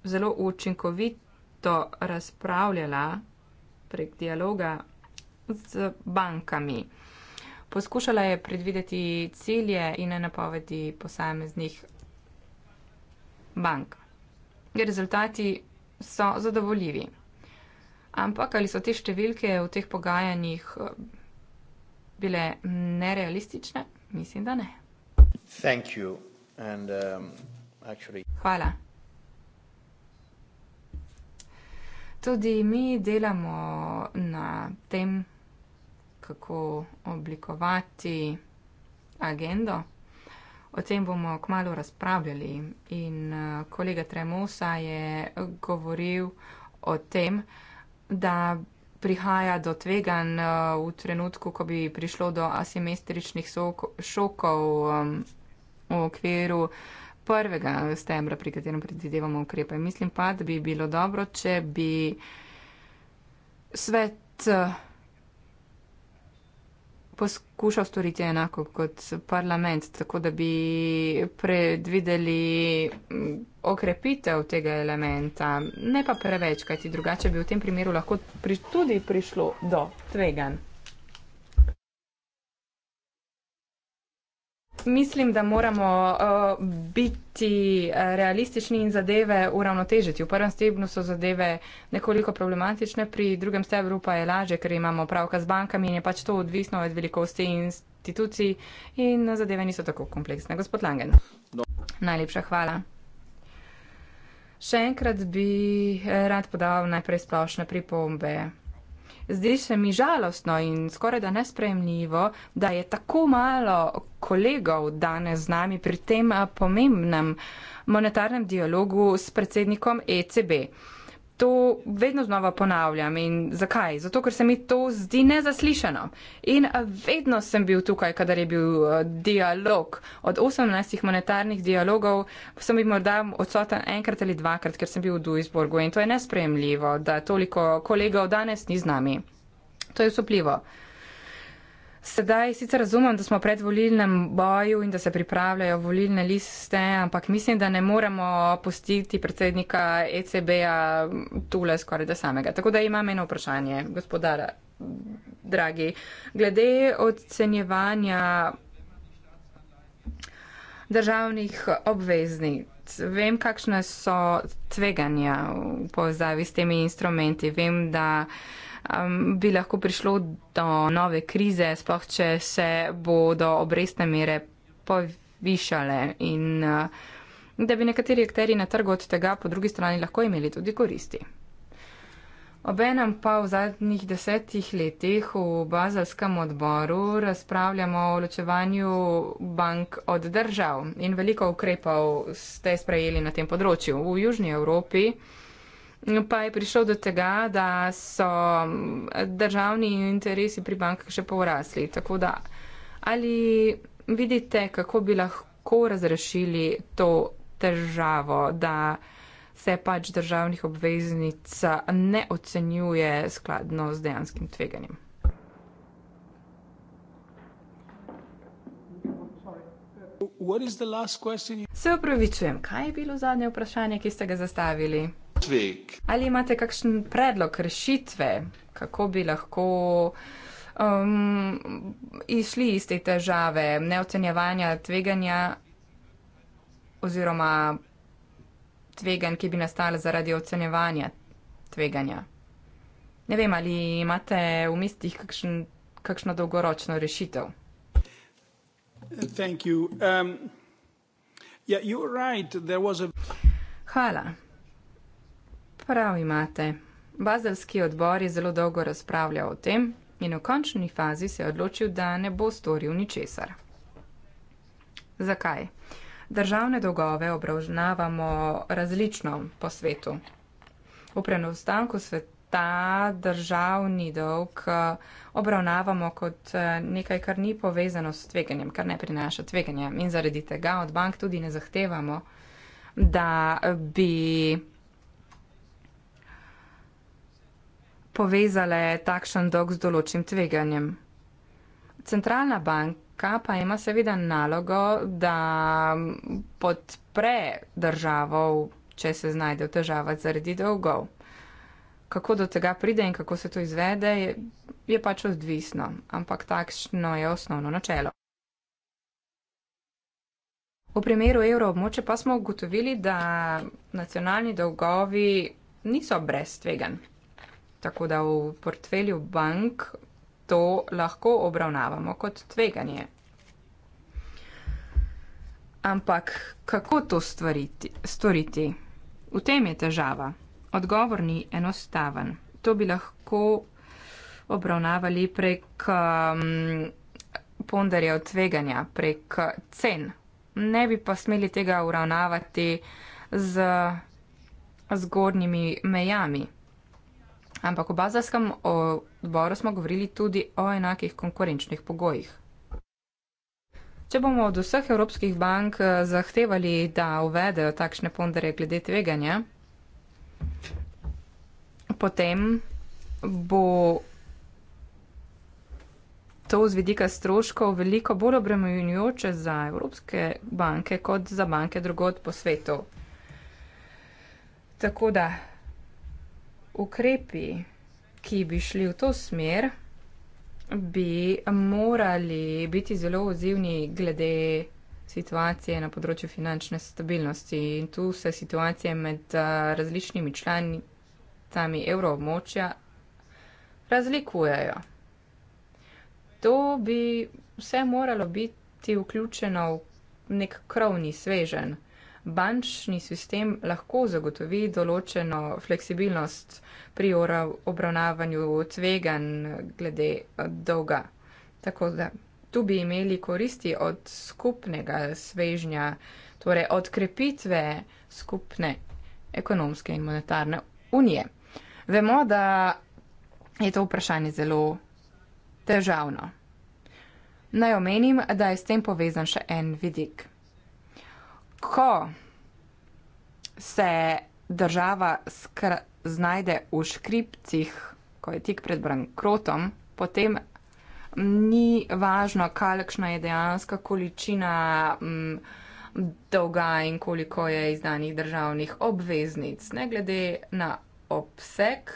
zelo učinkovito razpravljala prek dialoga z bankami. Poskušala je predvideti cilje in napovedi posameznih bank. Rezultati so zadovoljivi. Ampak ali so te številke v teh pogajanjih eh, bile nerealistične? Mislim, da ne. Thank you. And, um, actually... Hvala. Tudi mi delamo na tem, kako oblikovati agendo. O tem bomo kmalo razpravljali in uh, kolega Tremosa je govoril o tem, da prihaja do tveganj eh, v trenutku, ko bi prišlo do asimetričnih šokov v okviru prvega stebra, pri katerem predvidevamo ukrepe. Mislim pa, da bi bilo dobro, če bi svet eh, poskušal storiti enako kot parlament, tako da bi predvideli mm, okrepitev tega elementa, ne pa preveč, kajti drugače bi v tem primeru lahko tudi prišlo do tveganj. mislim, da moramo uh, biti eh, realistični in zadeve uravnotežiti. V prvem stebnu so zadeve nekoliko problematične, pri drugem stebru pa je lažje, ker imamo pravka z bankami in je pač to odvisno od velikosti institucij in zadeve niso tako kompleksne. Gospod Langen. No. Najlepša hvala. Še enkrat bi eh, rad podal najprej splošne pripombe. Zdi se mi žalostno in skoraj da nesprejemljivo, da je tako malo kolegov danes z nami pri tem eh, pomembnem monetarnem dialogu s predsednikom ECB to vedno znova ponavljam. In zakaj? Zato, ker se mi to zdi nezaslišano. In eh, vedno sem bil tukaj, kadar je bil eh, dialog. Od 18 monetarnih dialogov sem bil morda odsoten enkrat ali dvakrat, ker sem bil v Duisburgu. In to je nespremljivo, da toliko kolegov danes ni z nami. To je osupljivo. Sedaj sicer razumem, da smo pred volilnem boju in da se pripravljajo volilne liste, ampak mislim, da ne moremo pustiti predsednika ECB-a tule skoraj da samega. Tako da imam eno vprašanje, gospodara, dragi. Glede ocenjevanja državnih obveznic, vem, kakšne so tveganja v povezavi s temi instrumenti. Vem, da um, bi lahko prišlo do nove krize, sploh če se bodo obrestne mere povišale in uh, da bi nekateri akteri na trgu od tega po drugi strani lahko imeli tudi koristi. Obenem pa v zadnjih desetih letih v bazalskem odboru razpravljamo o ločevanju bank od držav in veliko ukrepov ste sprejeli na tem področju. V Južni Evropi pa je prišel do tega, da so mm, državni interesi pri bankah še porasli. Tako da ali vidite, kako bi lahko razrešili to težavo, da se pač državnih obveznic ne ocenjuje skladno z dejanskim tveganjem? Se upravičujem, kaj je bilo zadnje vprašanje, ki ste ga zastavili? Ali imate kakšen predlog rešitve, kako bi lahko um, išli iz te težave neocenjevanja tveganja oziroma tveganj, ki bi nastale zaradi ocenjevanja tveganja? Ne vem, ali imate v mislih kakšen, kakšno dolgoročno rešitev. Um, yeah, right. a... Hvala. Prav imate. Bazelski odbor je zelo dolgo razpravljal o tem in v končni fazi se je odločil, da ne bo storil ničesar. Zakaj? Državne dolgove obravnavamo različno po svetu. V prenostanku sveta državni dolg eh, obravnavamo kot eh, nekaj, kar ni povezano s tveganjem, kar ne prinaša tveganja in zaradi tega od bank tudi ne zahtevamo, da bi povezale takšen dolg z določim tveganjem. Centralna banka pa ima seveda nalogo, da podpre državo, če se znajde v težavah zaradi dolgov. Kako do tega pride in kako se to izvede, je, je pač odvisno, ampak takšno je osnovno načelo. V primeru evroobmoče pa smo ugotovili, da nacionalni dolgovi niso brez tveganj. Tako da v portfelju bank to lahko obravnavamo kot tveganje. Ampak kako to stvariti, storiti? V tem je težava. Odgovor ni enostaven. To bi lahko obravnavali prek um, ponderja tveganja, prek cen. Ne bi pa smeli tega uravnavati z zgornjimi mejami. Ampak v bazarskem odboru smo govorili tudi o enakih konkurenčnih pogojih. Če bomo od vseh evropskih bank eh, zahtevali, da uvedejo takšne pondere glede tveganja, potem bo to z vidika stroškov veliko bolj obremenjujoče za evropske banke kot za banke drugod po svetu. Tako da ukrepi, ki bi šli v to smer, bi morali biti zelo odzivni glede situacije na področju finančne stabilnosti. In tu se situacije med eh, različnimi članicami evroobmočja razlikujejo. To bi vse moralo biti vključeno v nek krovni svežen bančni sistem lahko zagotovi določeno fleksibilnost pri obravnavanju tveganj glede eh, dolga. Tako da tu bi imeli koristi od skupnega svežnja, torej od krepitve skupne ekonomske in monetarne unije. Vemo, da je to vprašanje zelo težavno. Naj omenim, da je s tem povezan še en vidik ko se država znajde v škripcih, ko je tik pred bankrotom, potem ni važno, kakšna je dejanska količina m, mm, dolga in koliko je izdanih državnih obveznic. Ne glede na obseg,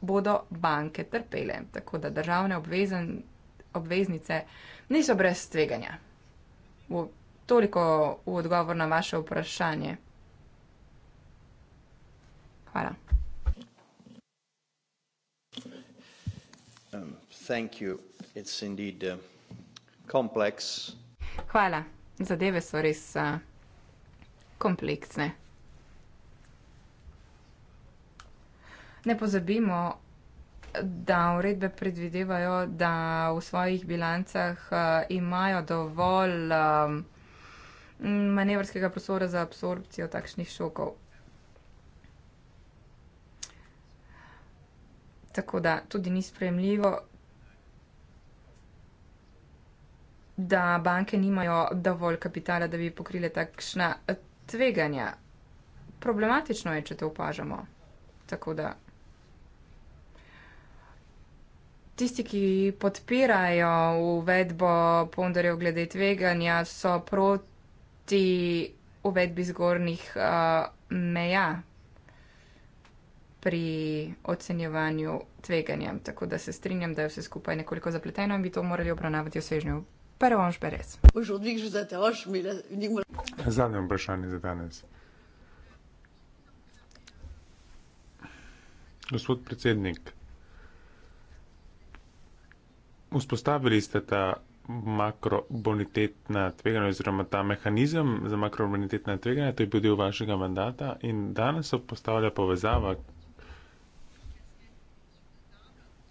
bodo banke trpele. Tako da državne obvezen, obveznice niso brez tveganja. Toliko v odgovor na vaše vprašanje. Hvala. Um, thank you. It's indeed, uh, complex. Hvala. Zadeve so res uh, kompleksne. Ne pozabimo, da uredbe predvidevajo, da v svojih bilancah uh, imajo dovolj. Uh, manevrskega prostora za absorpcijo takšnih šokov. Tako da tudi ni sprejemljivo, da banke nimajo dovolj kapitala, da bi pokrile takšna tveganja. Problematično je, če to opažamo. Tako da tisti, ki podpirajo uvedbo ponderjev glede tveganja, so proti proti uvedbi zgornjih uh, meja pri ocenjevanju tveganja. Tako da se strinjam, da je vse skupaj nekoliko zapleteno in bi to morali obravnavati v svežnju. Prvo vam šperec. Zadnje vprašanje za danes. Gospod predsednik, vzpostavili ste ta makrobonitetna tveganja oziroma ta mehanizem za makrobonitetna tveganja, to je bil del vašega mandata in danes se postavlja povezava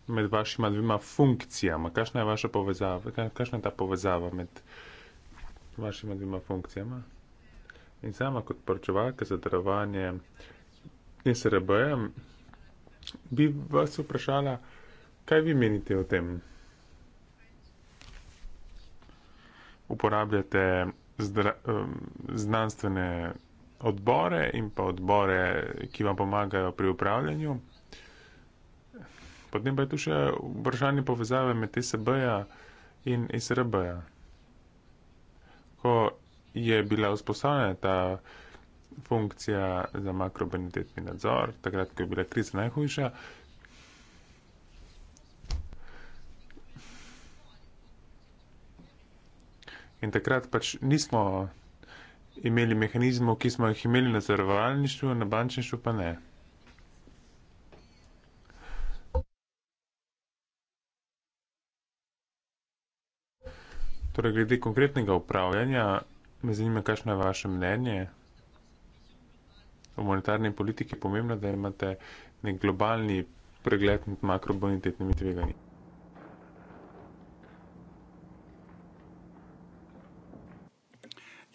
med vašima dvima funkcijama. Kakšna je vaša povezava, kakšna je ta povezava med vašima dvima funkcijama? In sama kot poročevalka za darovanje SRB-ja bi vas vprašala, kaj vi menite o tem? uporabljate zdra, znanstvene odbore in pa odbore, ki vam pomagajo pri upravljanju. Potem pa je tu še vprašanje povezave med TSB-ja in SRB-ja. Ko je bila vzpostavljena ta funkcija za makrobenitetni nadzor, takrat, ko je bila kriza najhujša, In takrat pač nismo imeli mehanizmov, ki smo jih imeli na zarovalništvu, na bančništvu pa ne. Torej, glede konkretnega upravljanja, me zanima, kakšno je vaše mnenje o monetarni politiki. Pomembno, da imate nek globalni pregled nad makrobonitetnimi tveganji.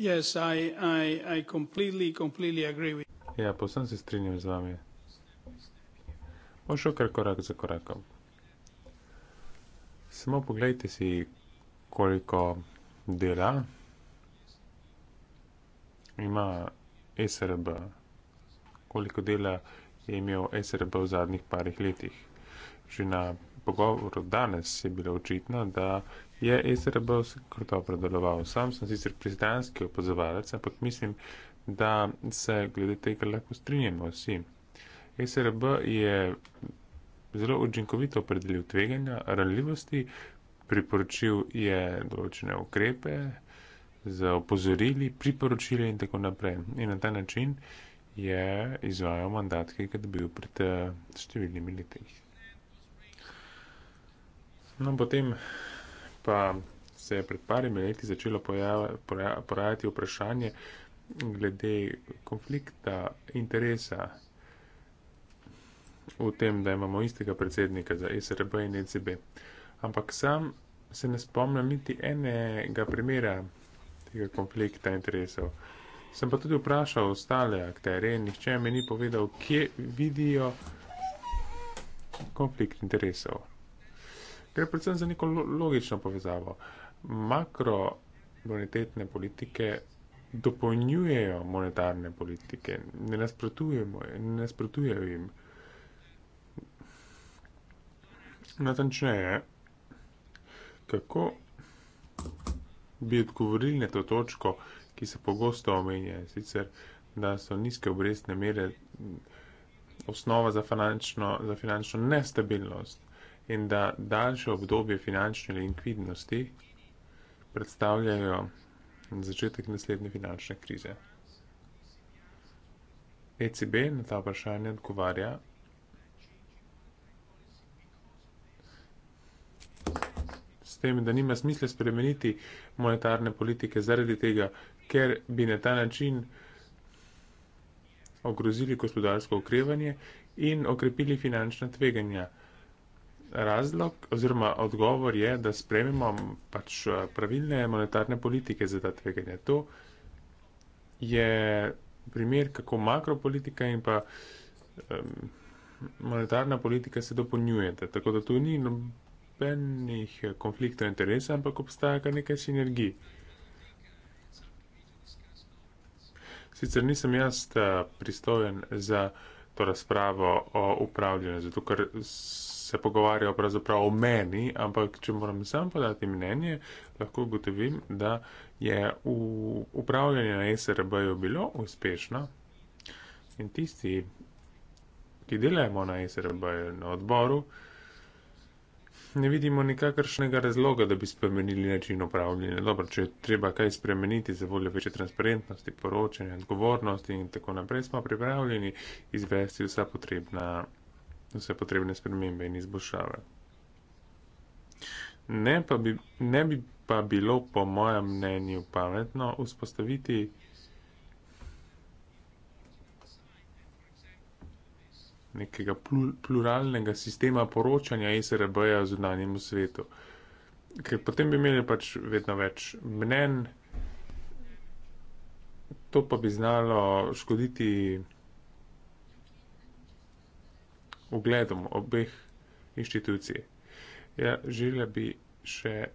Yes, I, I, I completely, completely agree with ja, povsem se strinjam z vami. Bo šel kar korak za korakom. Samo pogledajte si, koliko dela ima SRB. Koliko dela je imel SRB v zadnjih parih letih. Že na pogovoru danes je bilo očitno, da je SRB vse krto predeloval. Sam sem sicer pristranski opozovalec, ampak mislim, da se glede tega lahko strinjamo vsi. SRB je zelo učinkovito opredelil tveganja, ranljivosti, priporočil je določene ukrepe, za opozorili, priporočili in tako naprej. In na ta način je izvajal mandat, ki ga je dobil pred eh, številnimi leti. No, potem pa se je pred parimi leti začelo pojavljati vprašanje glede konflikta interesa v tem, da imamo istega predsednika za SRB in ECB. Ampak sam se ne spomnim niti enega primera tega konflikta interesov. Sem pa tudi vprašal ostale akterje in nihče mi ni povedal, kje vidijo konflikt interesov gre predvsem za neko logično povezavo. Makro bonitetne politike dopolnjujejo monetarne politike, ne nasprotujemo in nasprotujejo jim. Natančneje, kako bi odgovorili na to točko, ki se pogosto omenja, sicer da so nizke obrestne mere osnova za finančno, za finančno nestabilnost, in da daljše obdobje finančne likvidnosti predstavljajo začetek naslednje finančne krize. ECB na ta vprašanje odgovarja, s tem, da nima smisla spremeniti monetarne politike zaradi tega, ker bi na ta način ogrozili gospodarsko okrevanje in okrepili finančna tveganja razlog oziroma odgovor je, da sprememo pač eh, pravilne monetarne politike za ta tveganja. To je primer, kako makropolitika in pa um, monetarna politika se dopolnjujete. Tako da tu ni nobenih eh, konfliktov interesa, ampak obstaja kar nekaj sinergij. Sicer nisem jaz eh, pristojen za to razpravo o upravljanju, zato ker se pogovarjajo pravzaprav o meni, ampak če moram sam podati mnenje, lahko gotovim, da je upravljanje na SRB-ju bilo uspešno in tisti, ki delajo na SRB-ju na odboru, ne vidimo nikakršnega razloga, da bi spremenili način upravljanja. Dobro, če je treba kaj spremeniti za voljo večje transparentnosti, poročanja, odgovornosti in tako naprej, smo pripravljeni izvesti vsa potrebna vse potrebne spremembe in izboljšave. Ne, bi, ne bi pa bilo, po mojem mnenju, pametno vzpostaviti nekega pluralnega sistema poročanja SRB-ja z unanjem v svetu. Ker potem bi imeli pač vedno več mnen, to pa bi znalo škoditi ugledom obeh inštitucij. Ja, želja bi še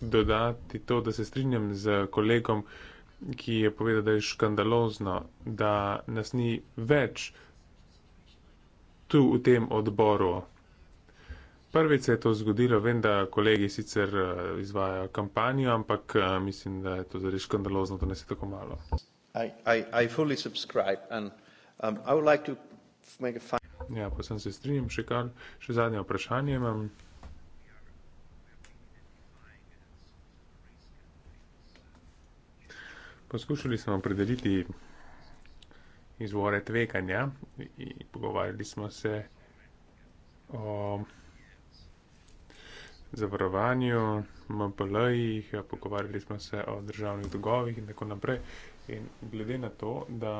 dodati to, da se strinjam z kolegom, ki je povedal, da je škandalozno, da nas ni več tu v tem odboru. Prvič se je to zgodilo, vem, da kolegi sicer eh, izvajajo kampanjo, ampak eh, mislim, da je to zares škandalozno, da nas je tako malo. I, I, I Ja, pa sem se strinjam, še kar, še zadnje vprašanje imam. Poskušali smo predeliti izvore tvekanja in pogovarjali smo se o zavarovanju, MPL-jih, ja, pogovarjali smo se o državnih dolgovih in tako naprej. In glede na to, da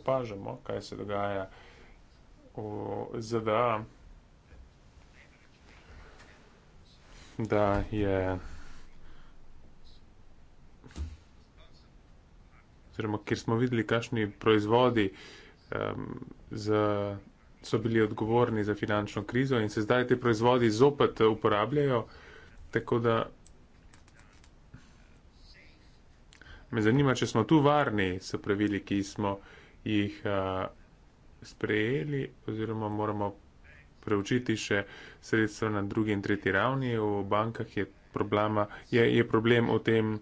opažamo, kaj se dogaja v ZDA, da je. Oziroma, kjer smo videli, kakšni proizvodi um, z, so bili odgovorni za finančno krizo in se zdaj ti proizvodi zopet uporabljajo. Tako da me zanima, če smo tu varni s pravili, ki smo jih eh, sprejeli oziroma moramo preučiti še sredstva na drugi in tretji ravni. V bankah je, problema, je, je problem v, tem,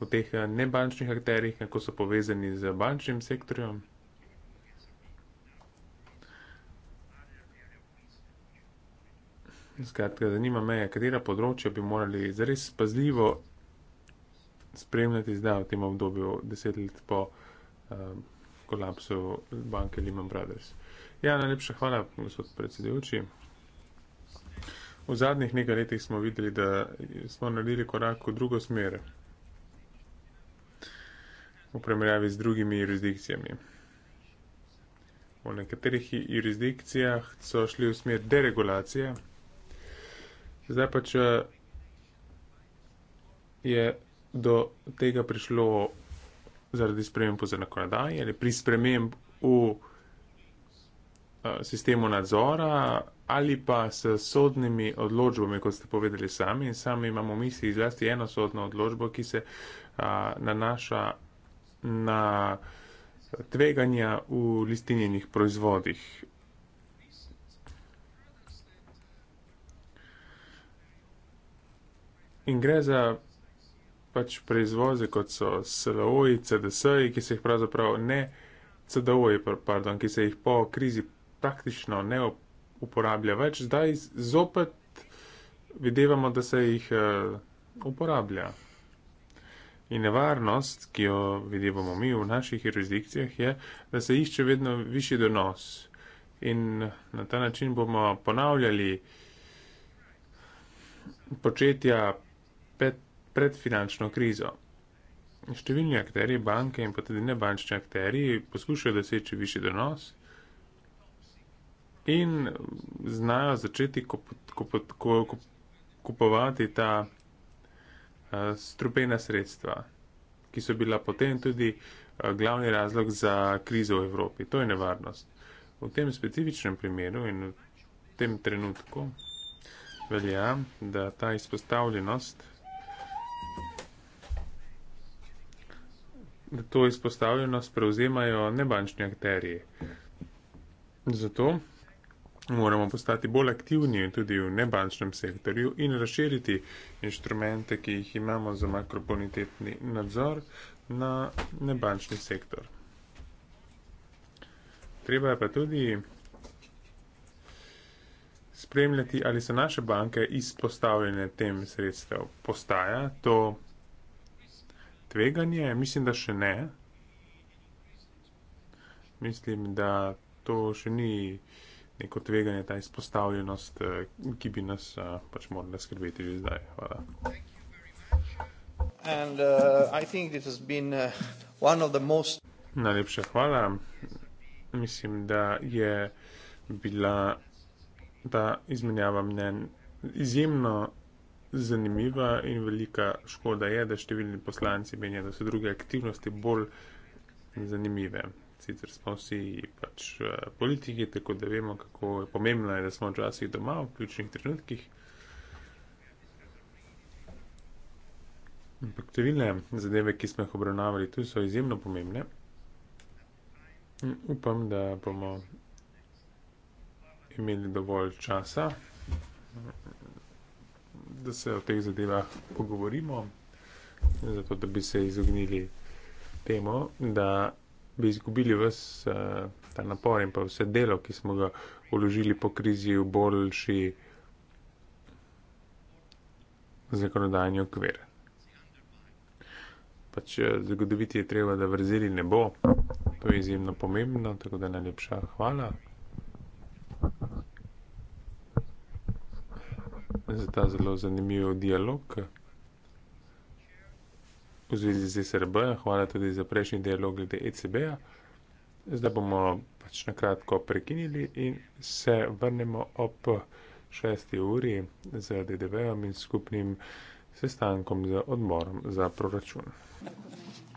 v teh eh, nebančnih akterjih, kako so povezani z bančnim sektorjem. Skratka, zanima me, katera področja bi morali zares pazljivo spremljati zdaj v tem obdobju, deset let po. Uh, kolapsu banke Lehman Brothers. Ja, najlepša hvala, gospod predsedujoči. V zadnjih nekaj letih smo videli, da smo naredili korak v drugo smer v primerjavi z drugimi jurisdikcijami. V nekaterih jurisdikcijah so šli v smer deregulacije. Zdaj pa, če je do tega prišlo zaradi sprememb v zakonodaji ali pri sprememb v eh, sistemu nadzora ali pa s sodnimi odločbami, kot ste povedali sami. In sami imamo v misli izvesti eno sodno odločbo, ki se a, eh, nanaša na tveganja v listinjenih proizvodih. In gre za pač proizvoze, kot so SLO-ji, CDS-ji, ki se jih pravzaprav ne, CDO-ji, pardon, ki se jih po krizi praktično ne uporablja več, zdaj zopet videvamo, da se jih uh, uporablja. In nevarnost, ki jo videvamo mi v naših jurisdikcijah, je, da se išče vedno višji donos. In eh, na ta način bomo ponavljali početja 5 pred finančno krizo. Številni akteri, banke in pa tudi nebančni akteri poskušajo doseči višji donos in znajo začeti kup, kup, kup, kup, kupovati ta uh, strupena sredstva, ki so bila potem tudi uh, glavni razlog za krizo v Evropi. To je nevarnost. V tem specifičnem primeru in v tem trenutku velja, da ta izpostavljenost to izpostavljenost prevzemajo nebančni akteri. Zato moramo postati bolj aktivni tudi v nebančnem sektorju in razširiti inštrumente, ki jih imamo za makrobonitetni nadzor na nebančni sektor. Treba je pa tudi spremljati, ali so naše banke izpostavljene tem sredstev. Postaja to tveganje? Mislim, da še ne. Mislim, da to še ni neko tveganje, ta izpostavljenost, eh, ki bi nas eh, pač morala skrbeti že zdaj. Hvala. And, uh, been, uh, most... Najlepša hvala. Mislim, da je bila ta izmenjava mnen izjemno zanimiva in velika škoda je, da številni poslanci menijo, da so druge aktivnosti bolj zanimive. Sicer smo vsi pač eh, politiki, tako da vemo, kako je pomembno, da smo včasih doma v ključnih trenutkih. Ampak številne zadeve, ki smo jih obravnavali tu, so izjemno pomembne. In upam, da bomo imeli dovolj časa da se o teh zadevah pogovorimo, zato da bi se izognili temu, da bi izgubili vse eh, ta napor in pa vse delo, ki smo ga uložili po krizi v boljši zakonodajni okvir. Pač eh, zagotoviti je treba, da vrzeli ne bo. To je izjemno pomembno, tako da najlepša hvala. za ta zelo zanimiv dialog v zvezi z SRB. Hvala tudi za prejšnji dialog glede ECB-ja. Zdaj bomo pač nakratko prekinili in se vrnemo ob 6. uri z DDV-om in skupnim sestankom z odmorom za proračun. Thank you.